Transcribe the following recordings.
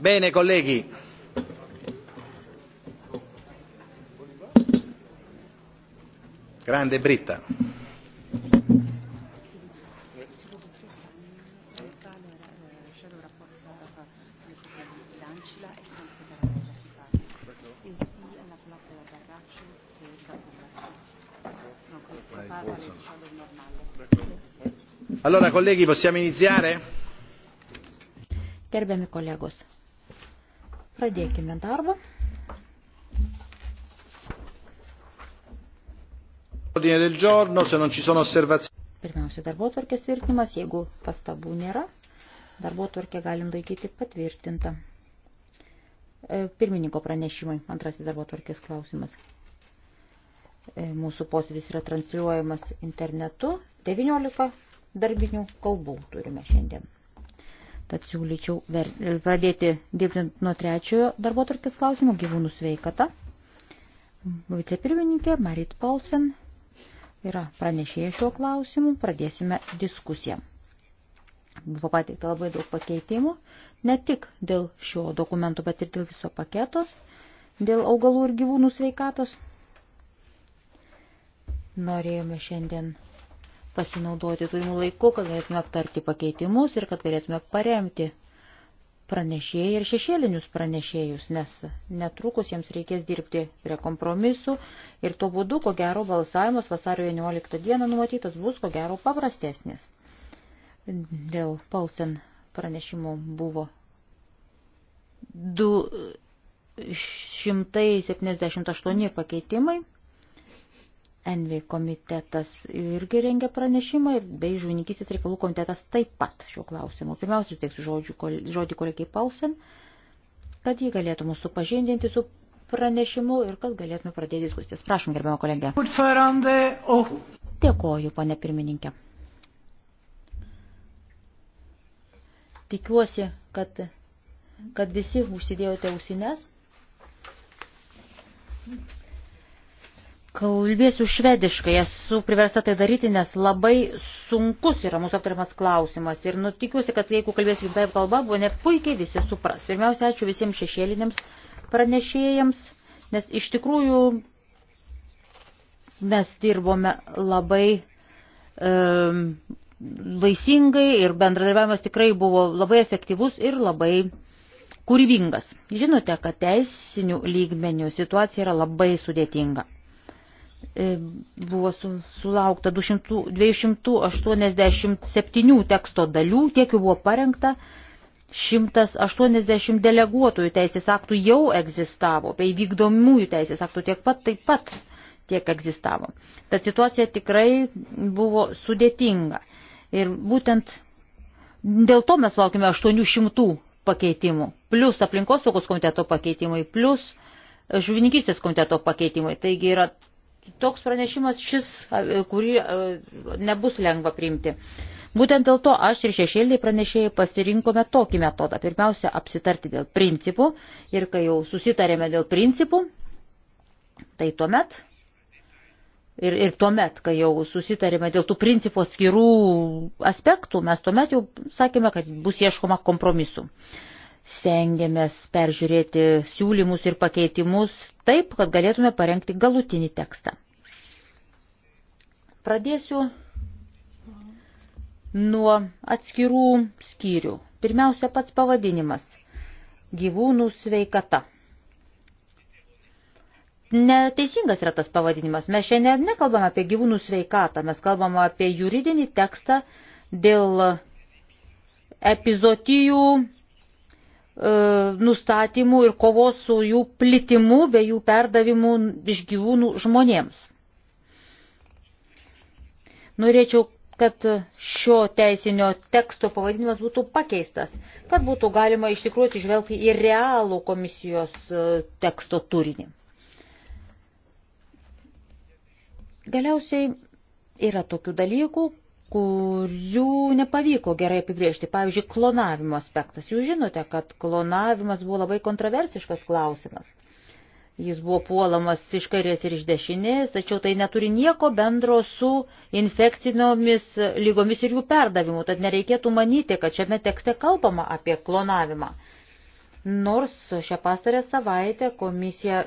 Bene, colleghi. Grande Britta. Allora colleghi possiamo iniziare? Gerbiami kolegos, Pradėkime darbą. Pirmiausia, darbo tvarkės tvirtinimas, jeigu pastabų nėra, darbo tvarkė galim laikyti patvirtintą. E, pirmininko pranešimai, antrasis darbo tvarkės klausimas. E, mūsų posėdis yra transliuojamas internetu, 19 darbinių kalbų turime šiandien. Tad siūlyčiau ver... pradėti dirbti nuo trečiojo darbo tarkis klausimo gyvūnų sveikata. Vicepirmininkė Marit Paulsen yra pranešėja šiuo klausimu. Pradėsime diskusiją. Buvo pateikta labai daug pakeitimų, ne tik dėl šio dokumento, bet ir dėl viso paketo, dėl augalų ir gyvūnų sveikatos. Norėjome šiandien pasinaudoti turimų laikų, kad galėtume aptarti pakeitimus ir kad galėtume paremti pranešėjai ir šešėlinius pranešėjus, nes netrukus jiems reikės dirbti prie kompromisų ir tuo būdu, ko gero, balsavimas vasario 11 dieną numatytas bus, ko gero, paprastesnis. Dėl Paulsen pranešimo buvo 278 pakeitimai. Envi komitetas irgi rengia pranešimą ir bei žuvininkystės reikalų komitetas taip pat šiuo klausimu. Pirmiausia, teiksiu žodžių, žodį kolegiai Pausen, kad jį galėtų mūsų pažindinti su pranešimu ir kad galėtume pradėti diskusijas. Prašom, gerbiamą kolegę. Dėkoju, pane pirmininkė. Tikiuosi, kad, kad visi užsidėjote ausines. Thank you. Kalbėsiu švediškai, esu priversta tai daryti, nes labai sunkus yra mūsų aptariamas klausimas ir nutikiuosi, kad jeigu kalbėsiu gimtąją kalbą, buvo ne puikiai visi supras. Pirmiausia, ačiū visiems šešėlinėms pranešėjams, nes iš tikrųjų mes dirbome labai um, vaisingai ir bendradarbiavimas tikrai buvo labai efektyvus ir labai kūrybingas. Žinote, kad teisinių lygmenių situacija yra labai sudėtinga. E, buvo sulaukta 287 teksto dalių, tiek jų buvo parengta, 180 deleguotojų teisės aktų jau egzistavo, bei vykdomųjų teisės aktų tiek pat taip pat tiek egzistavo. Ta situacija tikrai buvo sudėtinga. Ir būtent dėl to mes laukime 800 pakeitimų, plus aplinkosaugos komiteto pakeitimai, plus žuvininkystės komiteto pakeitimai. Taigi yra toks pranešimas šis, kurį nebus lengva priimti. Būtent dėl to aš ir šešėliai pranešėjai pasirinkome tokį metodą. Pirmiausia, apsitarti dėl principų ir kai jau susitarėme dėl principų, tai tuomet ir, ir tuomet, kai jau susitarėme dėl tų principų atskirų aspektų, mes tuomet jau sakėme, kad bus ieškoma kompromisų. Uh, stengiamės peržiūrėti siūlymus ir pakeitimus taip, kad galėtume parengti galutinį tekstą. Pradėsiu nuo atskirų skyrių. Pirmiausia, pats pavadinimas - gyvūnų sveikata. Neteisingas yra tas pavadinimas. Mes šiandien nekalbam apie gyvūnų sveikatą, mes kalbam apie juridinį tekstą dėl epizotijų E, nustatymų ir kovos su jų plitimu bei jų perdavimu iš gyvūnų žmonėms. Norėčiau, kad šio teisinio teksto pavadinimas būtų pakeistas, kad būtų galima iš tikrųjų atsižvelgti į realų komisijos e, teksto turinį. Galiausiai yra tokių dalykų, kurių nepavyko gerai apibriežti. Pavyzdžiui, klonavimo aspektas. Jūs žinote, kad klonavimas buvo labai kontroversiškas klausimas. Jis buvo puolamas iš kairės ir iš dešinės, tačiau tai neturi nieko bendro su infekcinomis lygomis ir jų perdavimu, tad nereikėtų manyti, kad šiame tekste kalbama apie klonavimą nors šią pastarę savaitę komisija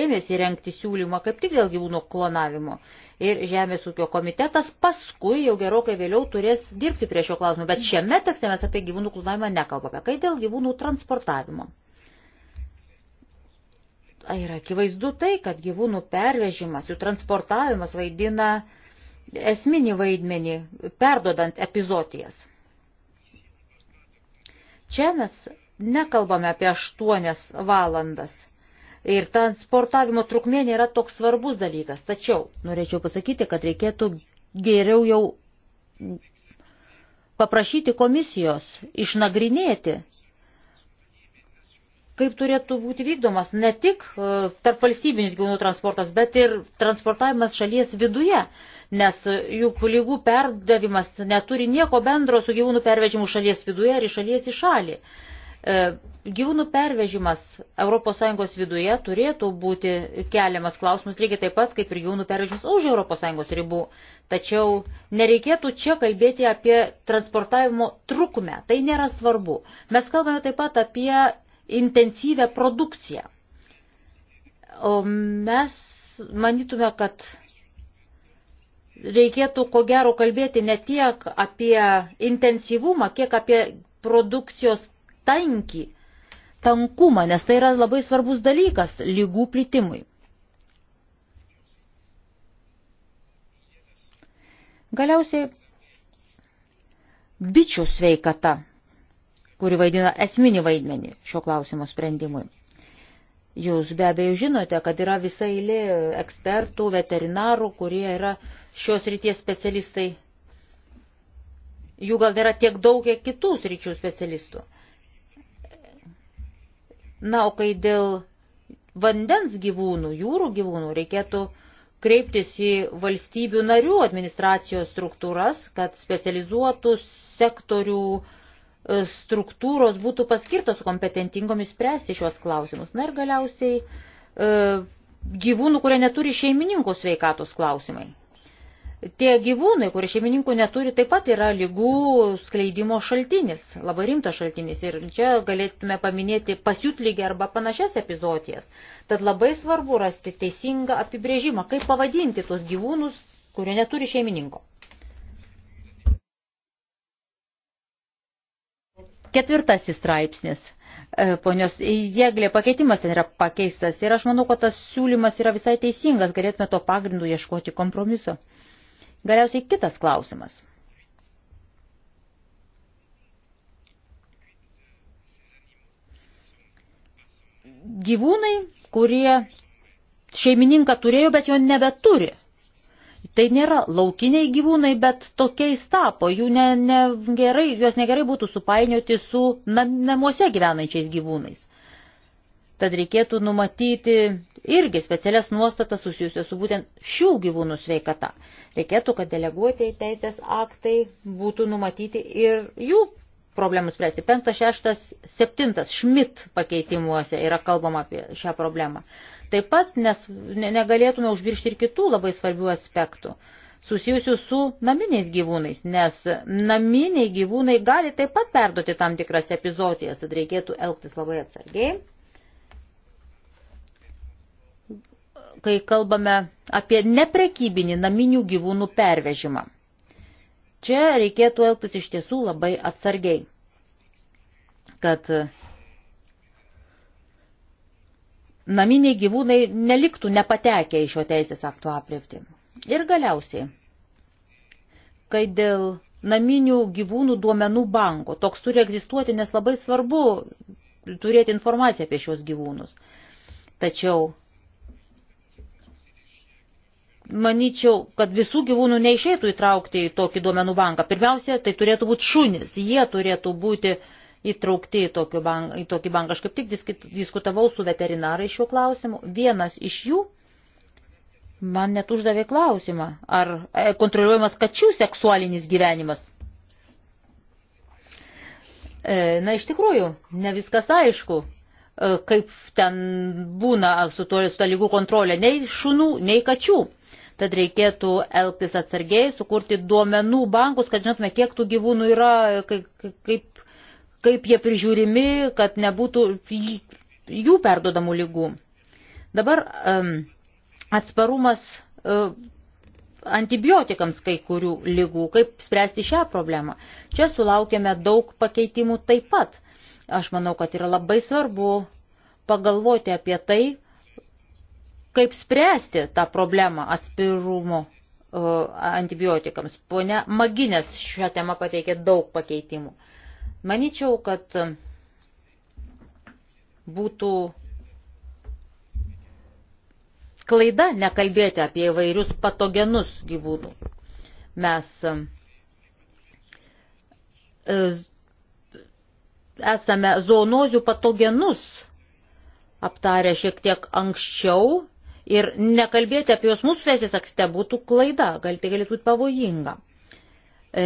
ėmėsi renkti siūlymą kaip tik dėl gyvūnų klonavimo. Ir Žemės ūkio komitetas paskui jau gerokai vėliau turės dirbti prie šio klausimo, bet šiame tekste mes apie gyvūnų klonavimą nekalbame, kai dėl gyvūnų transportavimo. Ir akivaizdu tai, kad gyvūnų pervežimas, jų transportavimas vaidina esminį vaidmenį, perdodant epizotijas. Čia mes nekalbame apie 8 valandas. Ir transportavimo trukmė nėra toks svarbus dalykas. Tačiau norėčiau pasakyti, kad reikėtų geriau jau paprašyti komisijos išnagrinėti, kaip turėtų būti vykdomas ne tik e, tarp valstybinis gyvūnų transportas, bet ir transportavimas šalies viduje, nes e, juk lygų perdavimas neturi nieko bendro su gyvūnų pervežimu šalies viduje ar iš šalies į šalį. šalį E, gyvūnų pervežimas ES viduje turėtų būti keliamas klausimus lygiai taip pat, kaip ir gyvūnų pervežimas už ES ribų. Tačiau nereikėtų čia kalbėti apie transportavimo trukmę. Tai nėra svarbu. Mes kalbame taip pat apie intensyvę produkciją. O mes manytume, kad reikėtų ko gero kalbėti ne tiek apie intensyvumą, kiek apie produkcijos tankį, tankumą, nes tai yra labai svarbus dalykas lygų plitimui. Galiausiai bičių sveikata, kuri vaidina esminį vaidmenį šio klausimo sprendimui. Jūs be abejo žinote, kad yra visa eilė ekspertų, veterinarų, kurie yra šios ryties specialistai. Jų gal yra tiek daug, kiek kitų sričių specialistų. Na, o kai dėl vandens gyvūnų, jūrų gyvūnų reikėtų kreiptis į valstybių narių administracijos struktūras, kad specializuotų sektorių e, struktūros būtų paskirtos kompetentingomis spręsti šios klausimus. Na ir galiausiai e, gyvūnų, kurie neturi šeimininkų sveikatos klausimai tie gyvūnai, kurie šeimininkų neturi, taip pat yra lygų skleidimo šaltinis, labai rimtas šaltinis. Ir čia galėtume paminėti pasiutlygį arba panašias epizodijas. Tad labai svarbu rasti teisingą apibrėžimą, kaip pavadinti tuos gyvūnus, kurie neturi šeimininko. Ketvirtasis straipsnis. E, ponios Jėglė pakeitimas ten yra pakeistas ir aš manau, kad tas siūlymas yra visai teisingas, galėtume to pagrindu ieškoti kompromiso. Galiausiai kitas klausimas. Gyvūnai, kurie šeimininką turėjo, bet jo nebeturi. Tai nėra laukiniai gyvūnai, bet tokiais tapo, jų ne, ne gerai, juos negerai būtų supainioti su nam, namuose gyvenančiais gyvūnais. Tad reikėtų numatyti irgi specialias nuostatas susijusios su būtent šių gyvūnų sveikata. Reikėtų, kad deleguotieji teisės aktai būtų numatyti ir jų problemų spręsti. 5, 6, 7 Šmit pakeitimuose yra kalbama apie šią problemą. Taip pat nes, ne, negalėtume užbiršti ir kitų labai svarbių aspektų susijusių su naminiais gyvūnais, nes naminiai gyvūnai gali taip pat perduoti tam tikras epizodijas, tad reikėtų elgtis labai atsargiai. kai kalbame apie neprekybinį naminių gyvūnų pervežimą. Čia reikėtų elgtis iš tiesų labai atsargiai, kad naminiai gyvūnai neliktų nepatekę į šio teisės aktų apriepti. Ir galiausiai, kai dėl naminių gyvūnų duomenų banko, toks turi egzistuoti, nes labai svarbu turėti informaciją apie šios gyvūnus. Tačiau manyčiau, kad visų gyvūnų neišėtų įtraukti į tokį duomenų banką. Pirmiausia, tai turėtų būti šunys, jie turėtų būti įtraukti į, bank, į tokį banką. Aš kaip tik diskutavau su veterinarai šiuo klausimu. Vienas iš jų man net uždavė klausimą, ar e, kontroliuojamas kačių seksualinis gyvenimas. E, na, iš tikrųjų, ne viskas aišku, e, kaip ten būna su to, su to lygų kontrolė, nei šunų, nei kačių. Tad reikėtų elgtis atsargiai, sukurti duomenų bankus, kad žinotume, kiek tų gyvūnų yra, kaip, kaip jie prižiūrimi, kad nebūtų jų perdodamų lygų. Dabar um, atsparumas um, antibiotikams kai kurių lygų, kaip spręsti šią problemą. Čia sulaukėme daug pakeitimų taip pat. Aš manau, kad yra labai svarbu pagalvoti apie tai, kaip spręsti tą problemą atspirumo e, antibiotikams. Pone Maginės šią temą pateikė daug pakeitimų. Maničiau, kad būtų klaida nekalbėti apie įvairius patogenus gyvūnų. Mes e, esame zoonozių patogenus aptarę šiek tiek anksčiau ir nekalbėti apie juos mūsų teisės akste būtų klaida, gal tai galėtų būti pavojinga. E,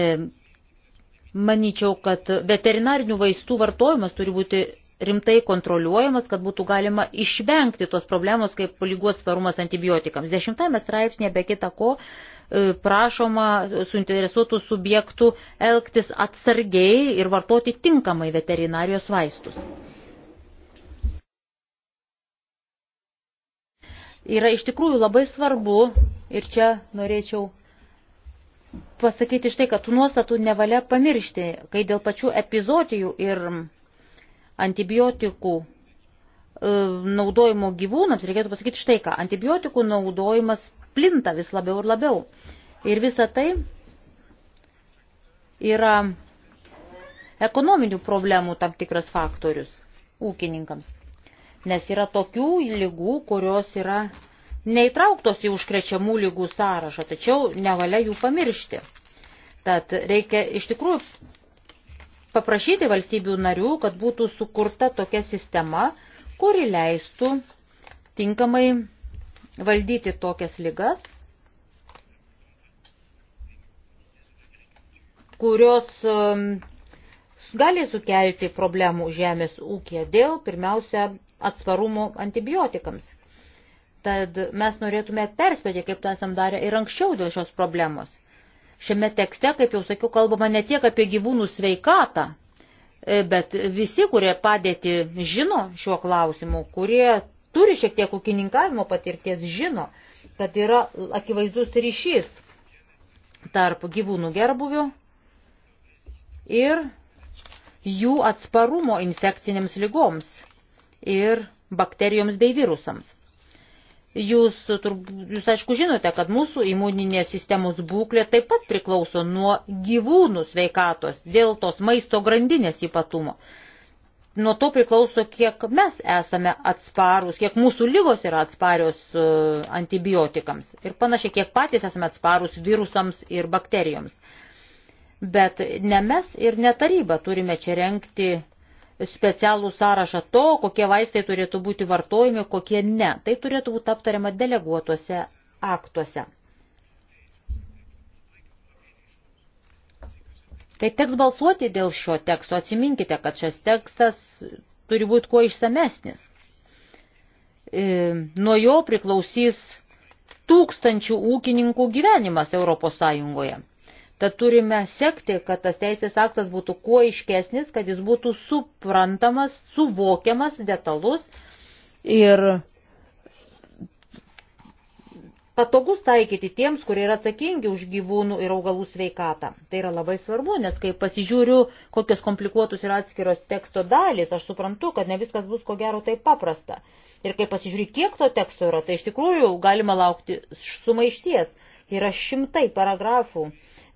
manyčiau, kad veterinarinių vaistų vartojimas turi būti rimtai kontroliuojamas, kad būtų galima išvengti tos problemos, kaip lygų atsparumas antibiotikams. Dešimtame straipsnėje be kita ko e, prašoma suinteresuotų subjektų elgtis atsargiai ir vartoti tinkamai veterinarijos vaistus. yra iš tikrųjų labai svarbu ir čia norėčiau pasakyti štai, kad tų nuostatų nevalia pamiršti, kai dėl pačių epizodijų ir antibiotikų e, naudojimo gyvūnams reikėtų pasakyti štai ką. Antibiotikų naudojimas plinta vis labiau ir labiau. Ir visa tai yra ekonominių problemų tam tikras faktorius ūkininkams nes yra tokių lygų, kurios yra neįtrauktos į užkrečiamų lygų sąrašą, tačiau nevalia jų pamiršti. Tad reikia iš tikrųjų paprašyti valstybių narių, kad būtų sukurta tokia sistema, kuri leistų tinkamai valdyti tokias lygas, kurios um, gali sukelti problemų žemės ūkija dėl pirmiausia atsparumo antibiotikams. Tad mes norėtume perspėti, kaip tą esam darę ir anksčiau dėl šios problemos. Šiame tekste, kaip jau sakiau, kalbama ne tiek apie gyvūnų sveikatą, e, bet visi, kurie padėti žino šiuo klausimu, kurie turi šiek tiek ūkininkavimo patirties, žino, kad yra akivaizdus ryšys tarp gyvūnų gerbuvių ir jų atsparumo infekcinėms lygoms ir bakterijoms bei virusams. Jūs, turbūt, jūs aišku žinote, kad mūsų imuninės sistemos būklė taip pat priklauso nuo gyvūnų sveikatos, dėl tos maisto grandinės ypatumo. Nuo to priklauso, kiek mes esame atsparūs, kiek mūsų lygos yra atsparios e, antibiotikams ir panašiai, kiek patys esame atsparūs virusams ir bakterijoms. Bet ne mes ir ne taryba turime čia renkti specialų sąrašą to, kokie vaistai turėtų būti vartojami, kokie ne. Tai turėtų būti aptariama deleguotuose aktuose. Kai teks balsuoti dėl šio teksto, atsiminkite, kad šis tekstas turi būti kuo išsamesnis. E, nuo jo priklausys tūkstančių ūkininkų gyvenimas Europos Sąjungoje. Tad turime sekti, kad tas teisės aktas būtų kuo iškesnis, kad jis būtų suprantamas, suvokiamas, detalus ir patogus taikyti tiems, kurie yra atsakingi už gyvūnų ir augalų sveikatą. Tai yra labai svarbu, nes kai pasižiūriu, kokios komplikuotus yra atskiros teksto dalys, aš suprantu, kad ne viskas bus ko gero taip paprasta. Ir kai pasižiūri, kiek to teksto yra, tai iš tikrųjų galima laukti sumaišties Yra šimtai paragrafų.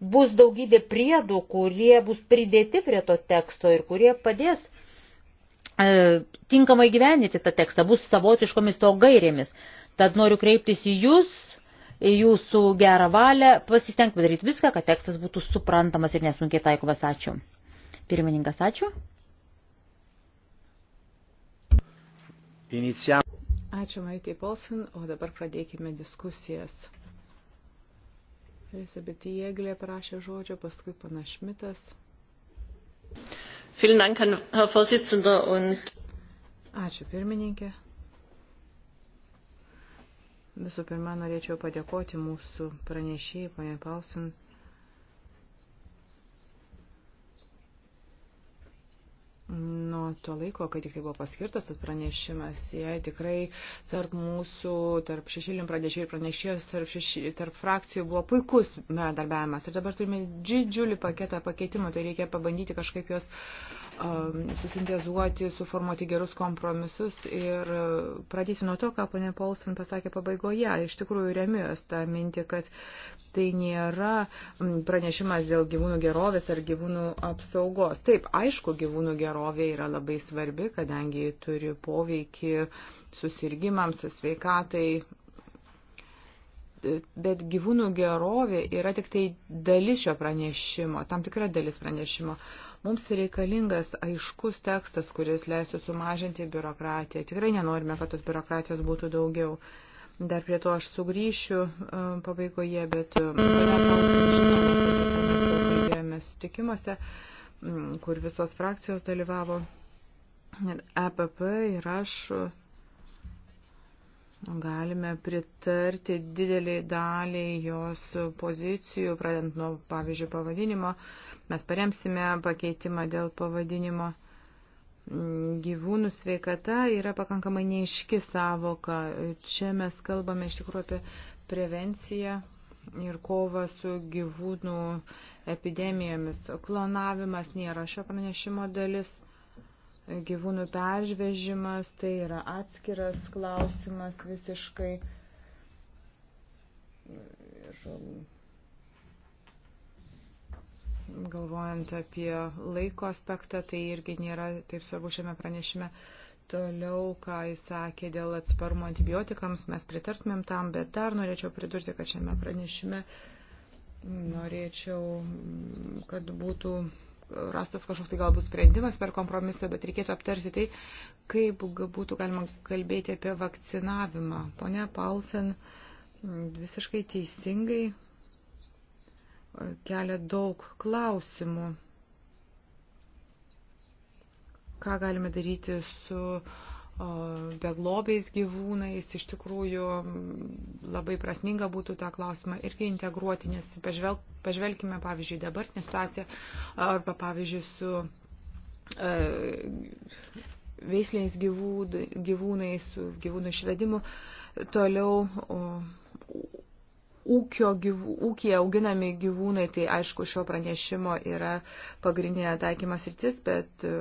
Bus daugybė priedų, kurie bus pridėti prie to teksto ir kurie padės e, tinkamai gyveninti tą tekstą, bus savotiškomis to gairėmis. Tad noriu kreiptis į jūs, į jūsų gerą valią, pasistengti padaryti viską, kad tekstas būtų suprantamas ir nesunkiai taikomas. Ačiū. Pirmininkas, ačiū. Iniciam. Ačiū Maitė Polsin, o dabar pradėkime diskusijas. Elisabeth Jėglė prašė žodžio, paskui panašmitas. Ačiū pirmininkė. Visų pirma, norėčiau padėkoti mūsų pranešėjai, ponė Palsin, Nuo to laiko, kai tik tai buvo paskirtas tas pranešimas, jie tikrai tarp mūsų, tarp šešėlim pranešėjų ir pranešėjos, tarp, šeši, tarp frakcijų buvo puikus bendarbiavimas. Ir dabar turime didžiulį paketą pakeitimų, tai reikia pabandyti kažkaip juos uh, Um, susintezuoti, suformuoti gerus kompromisus ir uh, pradėsiu nuo to, ką ponė Paulson pasakė pabaigoje. Iš tikrųjų remiuos tą mintį, kad tai nėra um, pranešimas dėl gyvūnų gerovės ar gyvūnų apsaugos. Taip, aišku, gyvūnų gerovė yra labai svarbi, kadangi turi poveikį susirgymams, sveikatai bet gyvūnų gerovė yra tik tai dalis šio pranešimo, tam tikra dalis pranešimo. Mums reikalingas aiškus tekstas, kuris leistų sumažinti biurokratiją. Tikrai nenorime, kad tos biurokratijos būtų daugiau. Dar prie to aš sugrįšiu e, pabaigoje, bet e, kalbėjome sutikimuose, kur visos frakcijos dalyvavo. EPP ir aš Galime pritarti dideliai daliai jos pozicijų, pradant nuo, pavyzdžiui, pavadinimo. Mes paremsime pakeitimą dėl pavadinimo. Gyvūnų sveikata yra pakankamai neiški savoka. Čia mes kalbame iš tikrųjų apie prevenciją ir kovą su gyvūnų epidemijomis. Klonavimas nėra šio pranešimo dalis gyvūnų peržvežimas, tai yra atskiras klausimas visiškai. Ir um, galvojant apie laiko aspektą, tai irgi nėra taip svarbu šiame pranešime. Toliau, ką jis sakė dėl atsparumo antibiotikams, mes pritartumėm tam, bet dar norėčiau pridurti, kad šiame pranešime norėčiau, kad būtų rastas kažkoks tai galbūt sprendimas per kompromisą, bet reikėtų aptarti tai, kaip būtų galima kalbėti apie vakcinavimą. Pone Paulsen visiškai teisingai e, kelia daug klausimų. Ką galime daryti su uh, beglobiais gyvūnais, iš tikrųjų labai prasminga būtų tą klausimą irgi integruoti, nes pažvelg, pažvelgime, pavyzdžiui, dabartinę situaciją arba, pavyzdžiui, su uh, e, veisliais gyvūnais, gyvūnų išvedimu, toliau uh, ūkio, gyvų, ūkija auginami gyvūnai, tai aišku, šio pranešimo yra pagrindinė taikymas rytis, bet e,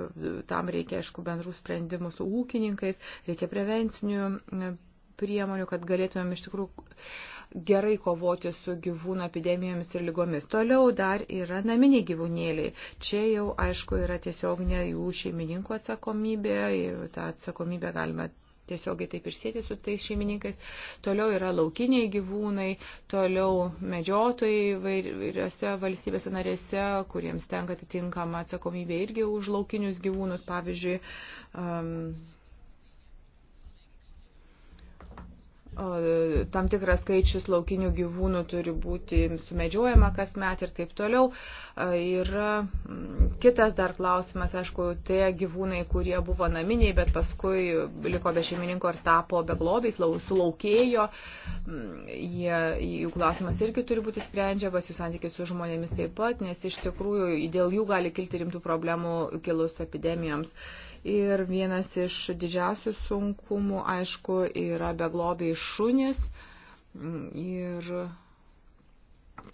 tam reikia, aišku, bendrų sprendimų su ūkininkais, reikia prevencinių e, priemonių, kad galėtumėm iš tikrųjų gerai kovoti su gyvūnų epidemijomis ir lygomis. Toliau dar yra naminiai gyvūnėliai. Čia jau, aišku, yra tiesiog ne jų šeimininkų atsakomybė, ta atsakomybė galime tiesiogiai taip ir sėti su tais šeimininkais. Toliau yra laukiniai gyvūnai, toliau medžiotojai vairiose valstybėse narėse, kuriems tenka atitinkama atsakomybė irgi už laukinius gyvūnus, pavyzdžiui, um, tam tikras skaičius laukinių gyvūnų turi būti sumedžiojama kasmet ir taip toliau. Yra mm, kitas dar klausimas, aišku, tie gyvūnai, kurie buvo naminiai, bet paskui liko be šeimininko ir tapo beglobiais, sulaukėjo, mm, jie, jų klausimas irgi turi būti sprendžiamas, jų santykis su žmonėmis taip pat, nes iš tikrųjų dėl jų gali kilti rimtų problemų kilus epidemijoms. Ir vienas iš didžiausių sunkumų, aišku, yra beglobiai šunys ir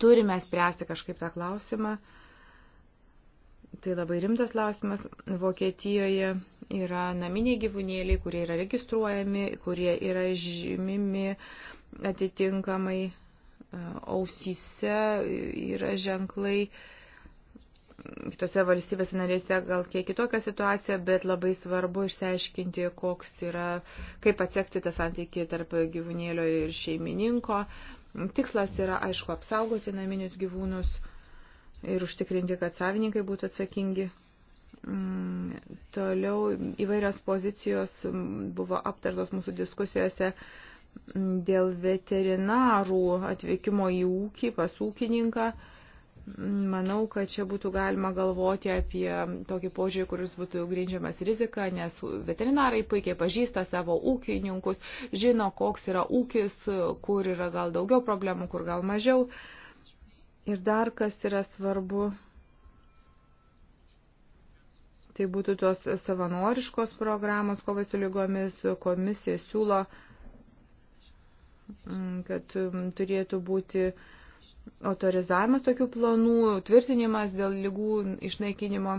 turime spręsti kažkaip tą klausimą. Tai labai rimtas klausimas. Vokietijoje yra naminiai gyvūnėliai, kurie yra registruojami, kurie yra žymimi atitinkamai e, ausyse, yra ženklai kitose valstybės narėse gal kiek kitokia situacija, bet labai svarbu išsiaiškinti, koks yra, kaip atsekti tą santykį tarp gyvūnėlio ir šeimininko. Tikslas yra, aišku, apsaugoti naminius gyvūnus ir užtikrinti, kad savininkai būtų atsakingi. Mm, toliau įvairios pozicijos mm, buvo aptartos mūsų diskusijose mm, dėl veterinarų atvykimo į ūkį pas ūkininką. Manau, kad čia būtų galima galvoti apie tokį požiūrį, kuris būtų grindžiamas rizika, nes veterinarai puikiai pažįsta savo ūkininkus, žino, koks yra ūkis, kur yra gal daugiau problemų, kur gal mažiau. Ir dar kas yra svarbu, tai būtų tos savanoriškos programos kovai su lygomis, komisija siūlo, mm, kad mm, turėtų būti uh, autorizavimas tokių planų, tvirtinimas dėl lygų išnaikinimo.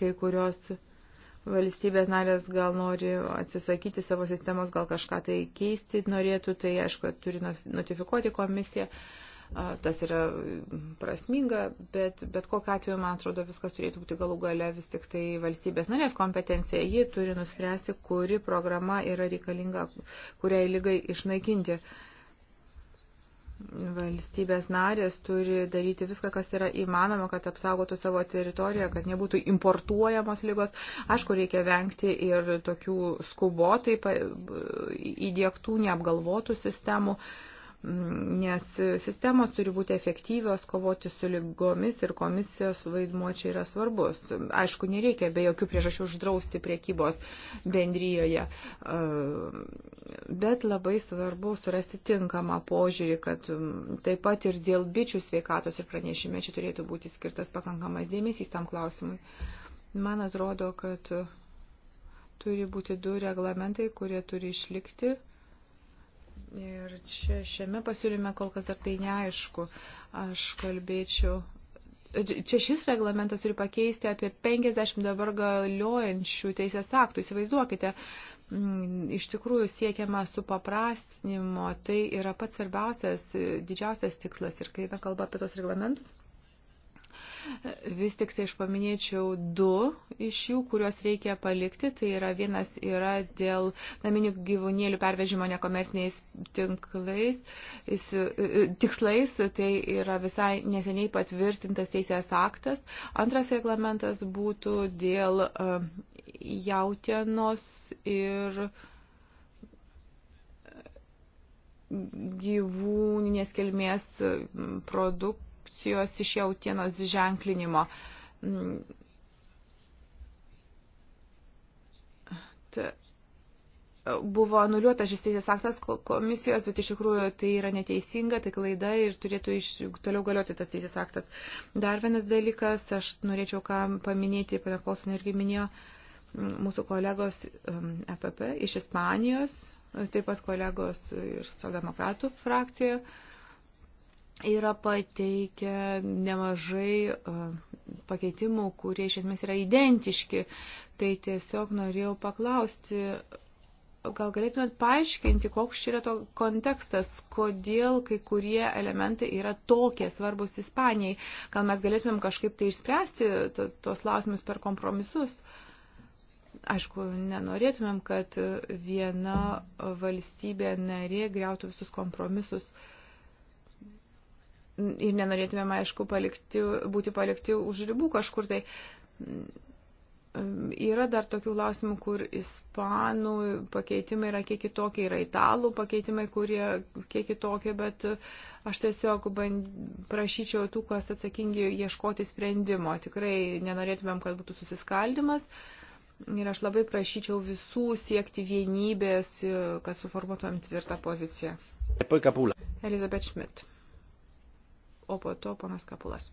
Kai kurios valstybės narės gal nori atsisakyti savo sistemos, gal kažką tai keisti norėtų, tai aišku, turi notifikuoti komisiją. Tas yra prasminga, bet, bet kokiu atveju, man atrodo, viskas turėtų būti galų gale vis tik tai valstybės narės kompetencija. Ji turi nuspręsti, kuri programa yra reikalinga, kuriai lygai išnaikinti. Uh, valstybės narės turi daryti viską, kas yra įmanoma, kad apsaugotų savo teritoriją, kad nebūtų importuojamos lygos. Aišku, reikia vengti ir tokių skubotai įdėktų, neapgalvotų sistemų. Uh, nes sistemos turi būti efektyvios kovoti su lygomis ir komisijos vaidmuo čia yra svarbus. Aišku, nereikia be jokių priežasčių uždrausti priekybos bendryjoje, bet labai svarbu surasti tinkamą požiūrį, kad taip pat ir dėl bičių sveikatos ir pranešime čia turėtų būti skirtas pakankamas dėmesys tam klausimui. Man atrodo, kad turi būti du reglamentai, kurie turi išlikti Ir čia šiame pasiūlyme kol kas dar tai neaišku. Aš kalbėčiau. Čia šis reglamentas turi pakeisti apie 50 dabar galiojančių teisės aktų. Įsivaizduokite, mm, iš tikrųjų siekiama supaprastinimo, tai yra pats svarbiausias, didžiausias tikslas. Ir kai eina kalba apie tos reglamentus, Vis tik tai aš paminėčiau du iš jų, kuriuos reikia palikti. Tai yra vienas yra dėl naminių gyvūnėlių pervežimo nekomerciniais tinklais, e, e, tikslais. Tai yra visai neseniai patvirtintas teisės aktas. Antras reglamentas būtų dėl e, jautienos ir gyvūninės kilmės produktų produkcijos iš jautienos ženklinimo. Mm. Ta, buvo nuliuotas šis teisės aktas komisijos, bet iš tikrųjų tai yra neteisinga, tai klaida ir turėtų iš, toliau galioti tas teisės aktas. Dar vienas dalykas, aš norėčiau ką paminėti, pana Polson irgi minėjo, mūsų kolegos EPP iš Ispanijos, taip pat kolegos ir socialdemokratų frakcijoje yra pateikę nemažai e, pakeitimų, kurie iš esmės yra identiški. Tai tiesiog norėjau paklausti, gal galėtumėt paaiškinti, koks čia yra to kontekstas, kodėl kai kurie elementai yra tokie svarbus Ispanijai. Gal mes galėtumėm kažkaip tai išspręsti tos lausimus per kompromisus? Aišku, nenorėtumėm, kad viena valstybė narė greutų visus kompromisus. Uh, ir nenorėtumėm, aišku, palikti, būti palikti už ribų kažkur. Tai mm, yra dar tokių klausimų, kur ispanų pakeitimai yra kiek kitokie, yra italų pakeitimai, kurie kiek kitokie, bet aš tiesiog band, prašyčiau tų, kas atsakingi, ieškoti sprendimo. Tikrai nenorėtumėm, kad būtų susiskaldimas. Ir aš labai prašyčiau visų siekti vienybės, kad suformuotumėm tvirtą poziciją. Elizabeth Schmidt o po to ponas Kapulas.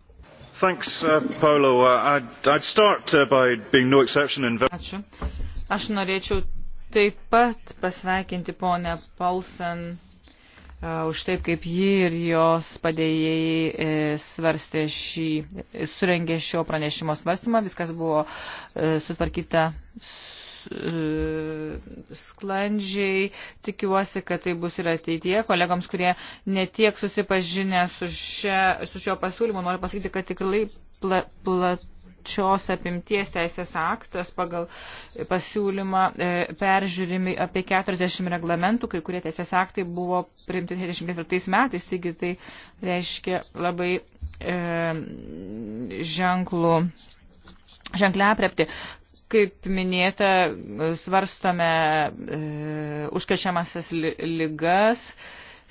Thanks, uh, Paulo. Uh, I'd, I'd start uh, by being no exception in... Ačiū. Aš norėčiau taip pat pasveikinti ponę Paulsen uh, už taip, kaip ji ir jos padėjėjai e, svarstė šį, e, surengė šio pranešimo svarstymą. Viskas buvo e, sutvarkyta E, sklandžiai. Tikiuosi, kad tai bus ir ateityje. Kolegams, kurie netiek susipažinę su, šia, su šio pasiūlymu, noriu pasakyti, kad tikrai pla, plačios apimties teisės aktas pagal pasiūlymą e, peržiūrimi apie 40 reglamentų, kai kurie teisės aktai buvo priimti 24 metais, taigi tai reiškia labai e, ženklų ženklę aprepti kaip minėta, svarstome e, užkačiamasias li ligas,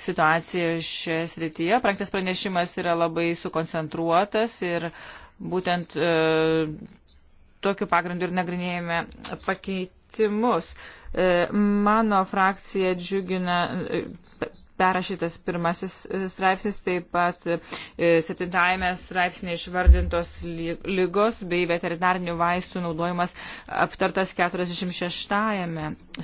situacija šioje srityje. Praktis pranešimas yra labai sukoncentruotas ir būtent e, tokiu pagrindu ir nagrinėjame pakeitimus. E, mano frakcija džiugina. E, perrašytas pirmasis e, straipsnis, taip pat e, septintajame straipsnėje išvardintos lygos bei veterinarinių vaistų naudojimas aptartas 46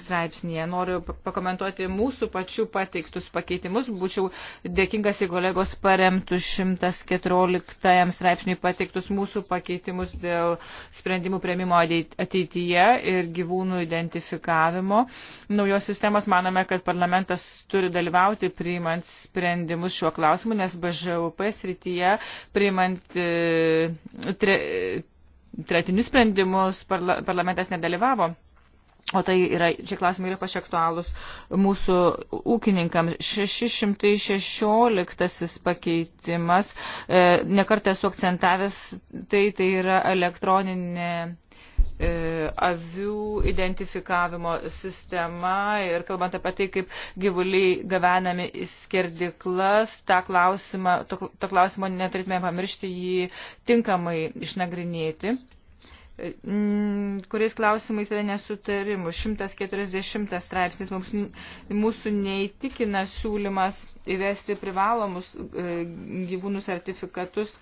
straipsnėje. Noriu pakomentuoti mūsų pačių pateiktus pakeitimus. Būčiau dėkingas, jeigu kolegos paremtų 114 straipsniui pateiktus mūsų pakeitimus dėl sprendimų prieimimo ateityje ir gyvūnų identifikavimo. Naujos sistemos manome, kad parlamentas turi dalyvauti pasinaudoti priimant sprendimus šiuo klausimu, nes BŽUP srityje priimant e, tre, tretinius sprendimus parla, parlamentas nedalyvavo. O tai yra, čia klausimai yra pašiektualūs mūsų ūkininkams. 616 pakeitimas, e, nekartą esu akcentavęs, tai tai yra elektroninė E, avių identifikavimo sistema ir kalbant apie tai, kaip gyvuliai gavenami į skerdiklas, tą klausimą, to, to klausimo neturėtume pamiršti jį tinkamai išnagrinėti. E, kuriais klausimais yra nesutarimų. 140 straipsnis mums, mūsų neįtikina siūlymas įvesti privalomus e, gyvūnų sertifikatus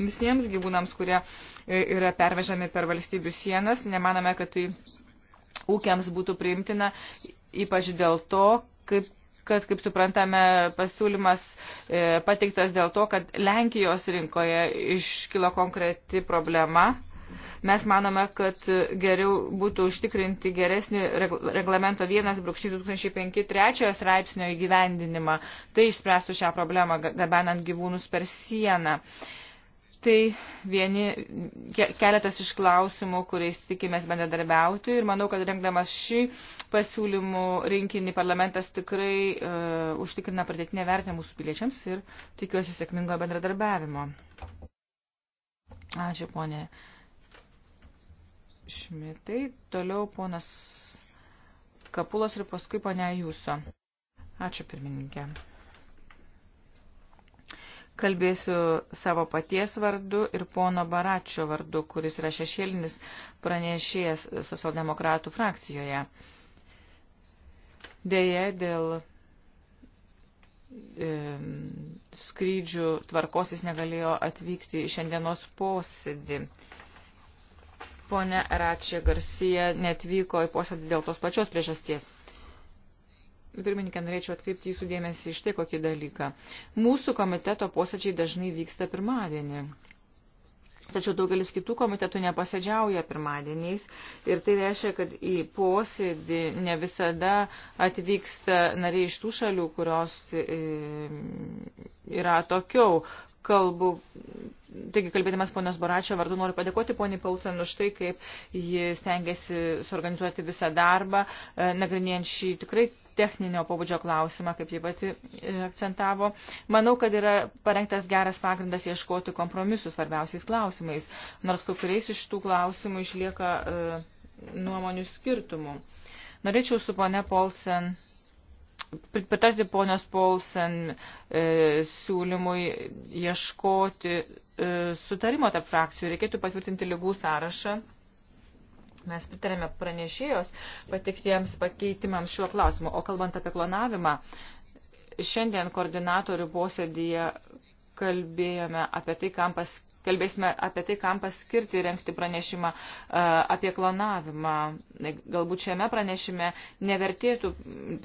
visiems gyvūnams, kurie e, yra pervežami per valstybių sienas. Nemaname, kad tai ūkiams būtų priimtina, ypač dėl to, kaip kad, kaip suprantame, pasiūlymas e, pateiktas dėl to, kad Lenkijos rinkoje iškilo konkreti problema. Mes manome, kad geriau būtų užtikrinti geresnį reglamento 1.2005 trečiojo straipsnio įgyvendinimą. Tai išspręstų šią problemą, gabenant gyvūnus per sieną. E, tai vieni, keletas iš klausimų, kuriais tikimės bendradarbiauti ir manau, kad rengdamas šį pasiūlymų rinkinį parlamentas tikrai uh, užtikrina pradėtinę vertę mūsų piliečiams ir tikiuosi sėkmingo bendradarbiavimo. Ačiū, ponė Šmitai. Toliau ponas Kapulas ir paskui ponia Jūso. Ačiū, pirmininkė. Kalbėsiu savo paties vardu ir pono Baračio vardu, kuris yra šešėlinis pranešėjas socialdemokratų frakcijoje. Deja, dėl skrydžių tvarkos jis negalėjo atvykti į šiandienos posėdį. Pone Račia Garcia netvyko į posėdį dėl tos pačios priežasties. Pirmininkė, norėčiau atkreipti jūsų dėmesį iš tai kokį dalyką. Mūsų komiteto posėdžiai dažnai vyksta pirmadienį. Tačiau daugelis kitų komitetų nepasėdžiauja pirmadieniais ir tai reiškia, kad į posėdį ne visada atvyksta nariai iš tų šalių, kurios e, yra atokiau. Kalbu, taigi kalbėdamas ponios Boračio vardu noriu padėkoti poniai Paulsen už tai, kaip ji stengiasi suorganizuoti visą darbą, e, nagrinėjant šį tikrai techninio pobūdžio klausimą, kaip jie pati e, akcentavo. Manau, kad yra parengtas geras pagrindas ieškoti kompromisų svarbiausiais klausimais, nors kai kuriais iš tų klausimų išlieka e, nuomonių skirtumų. Norėčiau su pone Polsen pritarti ponios Paulsen e, siūlymui ieškoti e, sutarimo tarp frakcijų. Reikėtų patvirtinti lygų sąrašą Mes pritarėme pranešėjos patiktiems pakeitimams šiuo klausimu. O kalbant apie klonavimą, šiandien koordinatorių posėdėje kalbėjome apie tai, kam pas, kalbėsime apie tai, kam paskirti renkti pranešimą e, apie klonavimą. Galbūt šiame pranešime nevertėtų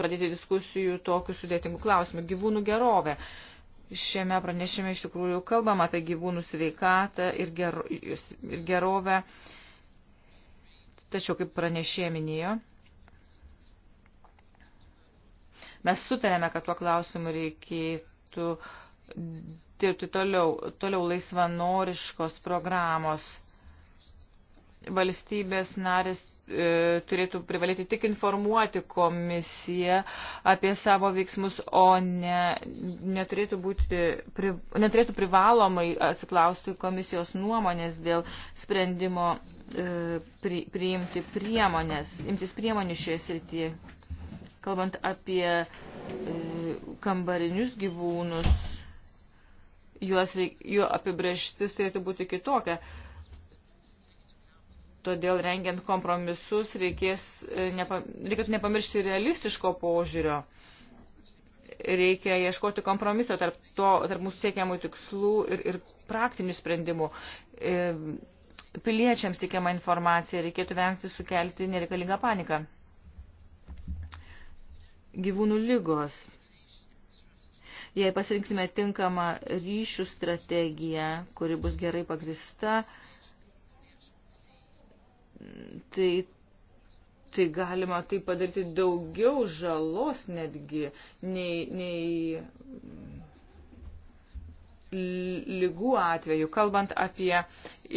pradėti diskusijų tokių sudėtingų klausimų. Gyvūnų gerovė. Šiame pranešime iš tikrųjų kalbam apie gyvūnų sveikatą ir, ger, ir gerovę. Uh, Tačiau, kaip pranešė minėjo, mes sutarėme, kad tuo klausimu reikėtų dirbti toliau, toliau laisvanoriškos programos valstybės narės e, turėtų privalėti tik informuoti komisiją apie savo veiksmus, o ne, neturėtų, būti, pri, neturėtų privalomai atsiklausti komisijos nuomonės dėl sprendimo e, pri, priimti priemonės, imtis priemonių šioje srityje. Kalbant apie e, kambarinius gyvūnus, juos reik, jų apibrieštis turėtų būti kitokia. E, Todėl rengiant kompromisus reikės, e, nepa, reikėtų nepamiršti realistiško požiūrio. Reikia ieškoti kompromiso tarp, to, tarp mūsų siekiamų tikslų ir, ir praktinių sprendimų. E, piliečiams teikiama informacija reikėtų vengti sukelti nereikalingą paniką. Gyvūnų lygos. Jei pasirinksime tinkamą ryšių strategiją, kuri bus gerai pagrista, tai, tai galima tai padaryti daugiau žalos netgi nei, nei lygų atveju. Kalbant apie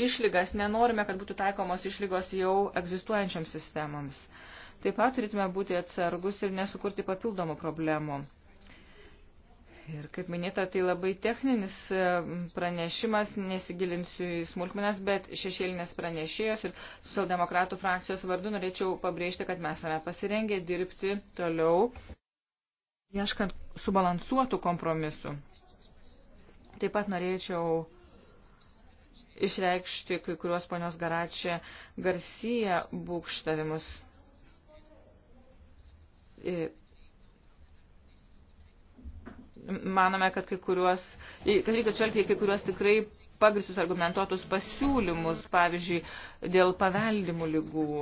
išlygas, nenorime, kad būtų taikomos išlygos jau egzistuojančiams sistemams. Taip pat turėtume būti atsargus ir nesukurti papildomų problemų. Ir kaip minėta, tai labai techninis e, pranešimas, nesigilinsiu į smulkmenas, bet šešėlinės pranešėjos ir socialdemokratų frakcijos vardu norėčiau pabrėžti, kad mes esame pasirengę dirbti toliau, ieškant subalansuotų kompromisų. Taip pat norėčiau išreikšti kai kuriuos ponios garačia Garcia būkštavimus e, manome, kad kai kuriuos, kad reikia atšvelgti kai kuriuos tikrai pagristus argumentuotus pasiūlymus, pavyzdžiui, dėl paveldimų lygų.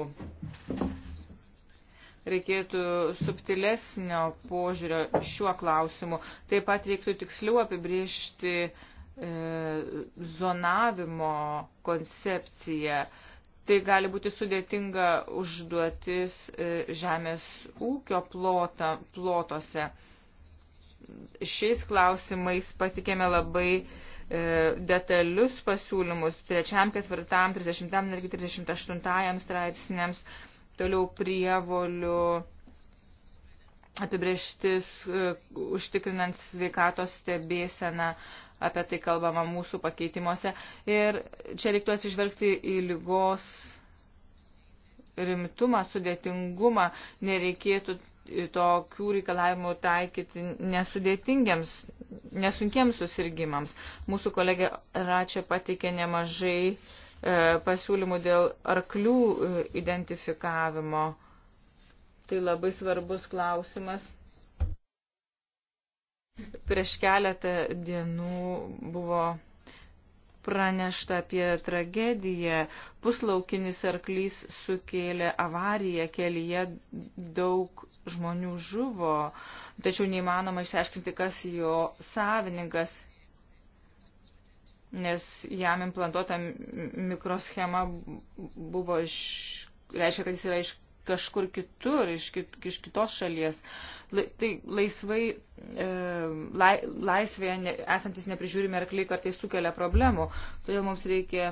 Reikėtų subtilesnio požiūrio šiuo klausimu. Taip pat reiktų tiksliau apibriežti e, zonavimo koncepciją. Tai gali būti sudėtinga užduotis e, žemės ūkio plota, plotose. E, šiais klausimais patikėme labai e, detalius pasiūlymus trečiam, ketvirtam, 30, netgi 38 straipsniams, toliau prievolių apibrieštis e, užtikrinant sveikatos stebėseną, apie tai kalbama mūsų pakeitimuose. Ir čia reiktų atsižvelgti į lygos rimtumą, sudėtingumą, nereikėtų tokių reikalavimų taikyti nesudėtingiams, nesunkiems susirgymams. Mūsų kolegė Račia pateikė nemažai e, pasiūlymų dėl arklių e, identifikavimo. Tai labai svarbus klausimas. Prieš keletą dienų buvo pranešta apie tragediją. Puslaukinis arklys sukėlė avariją kelyje, daug žmonių žuvo, tačiau neįmanoma išsiaiškinti, kas jo savininkas, nes jam implantuota mikroschema buvo iš, reiškia, kad jis yra iš kažkur kitur, iš, kit, iš kitos šalies. La, tai laisvai, e, lai, laisvėje ne, esantis neprižiūrimi arkliai kartais sukelia problemų. Todėl mums reikia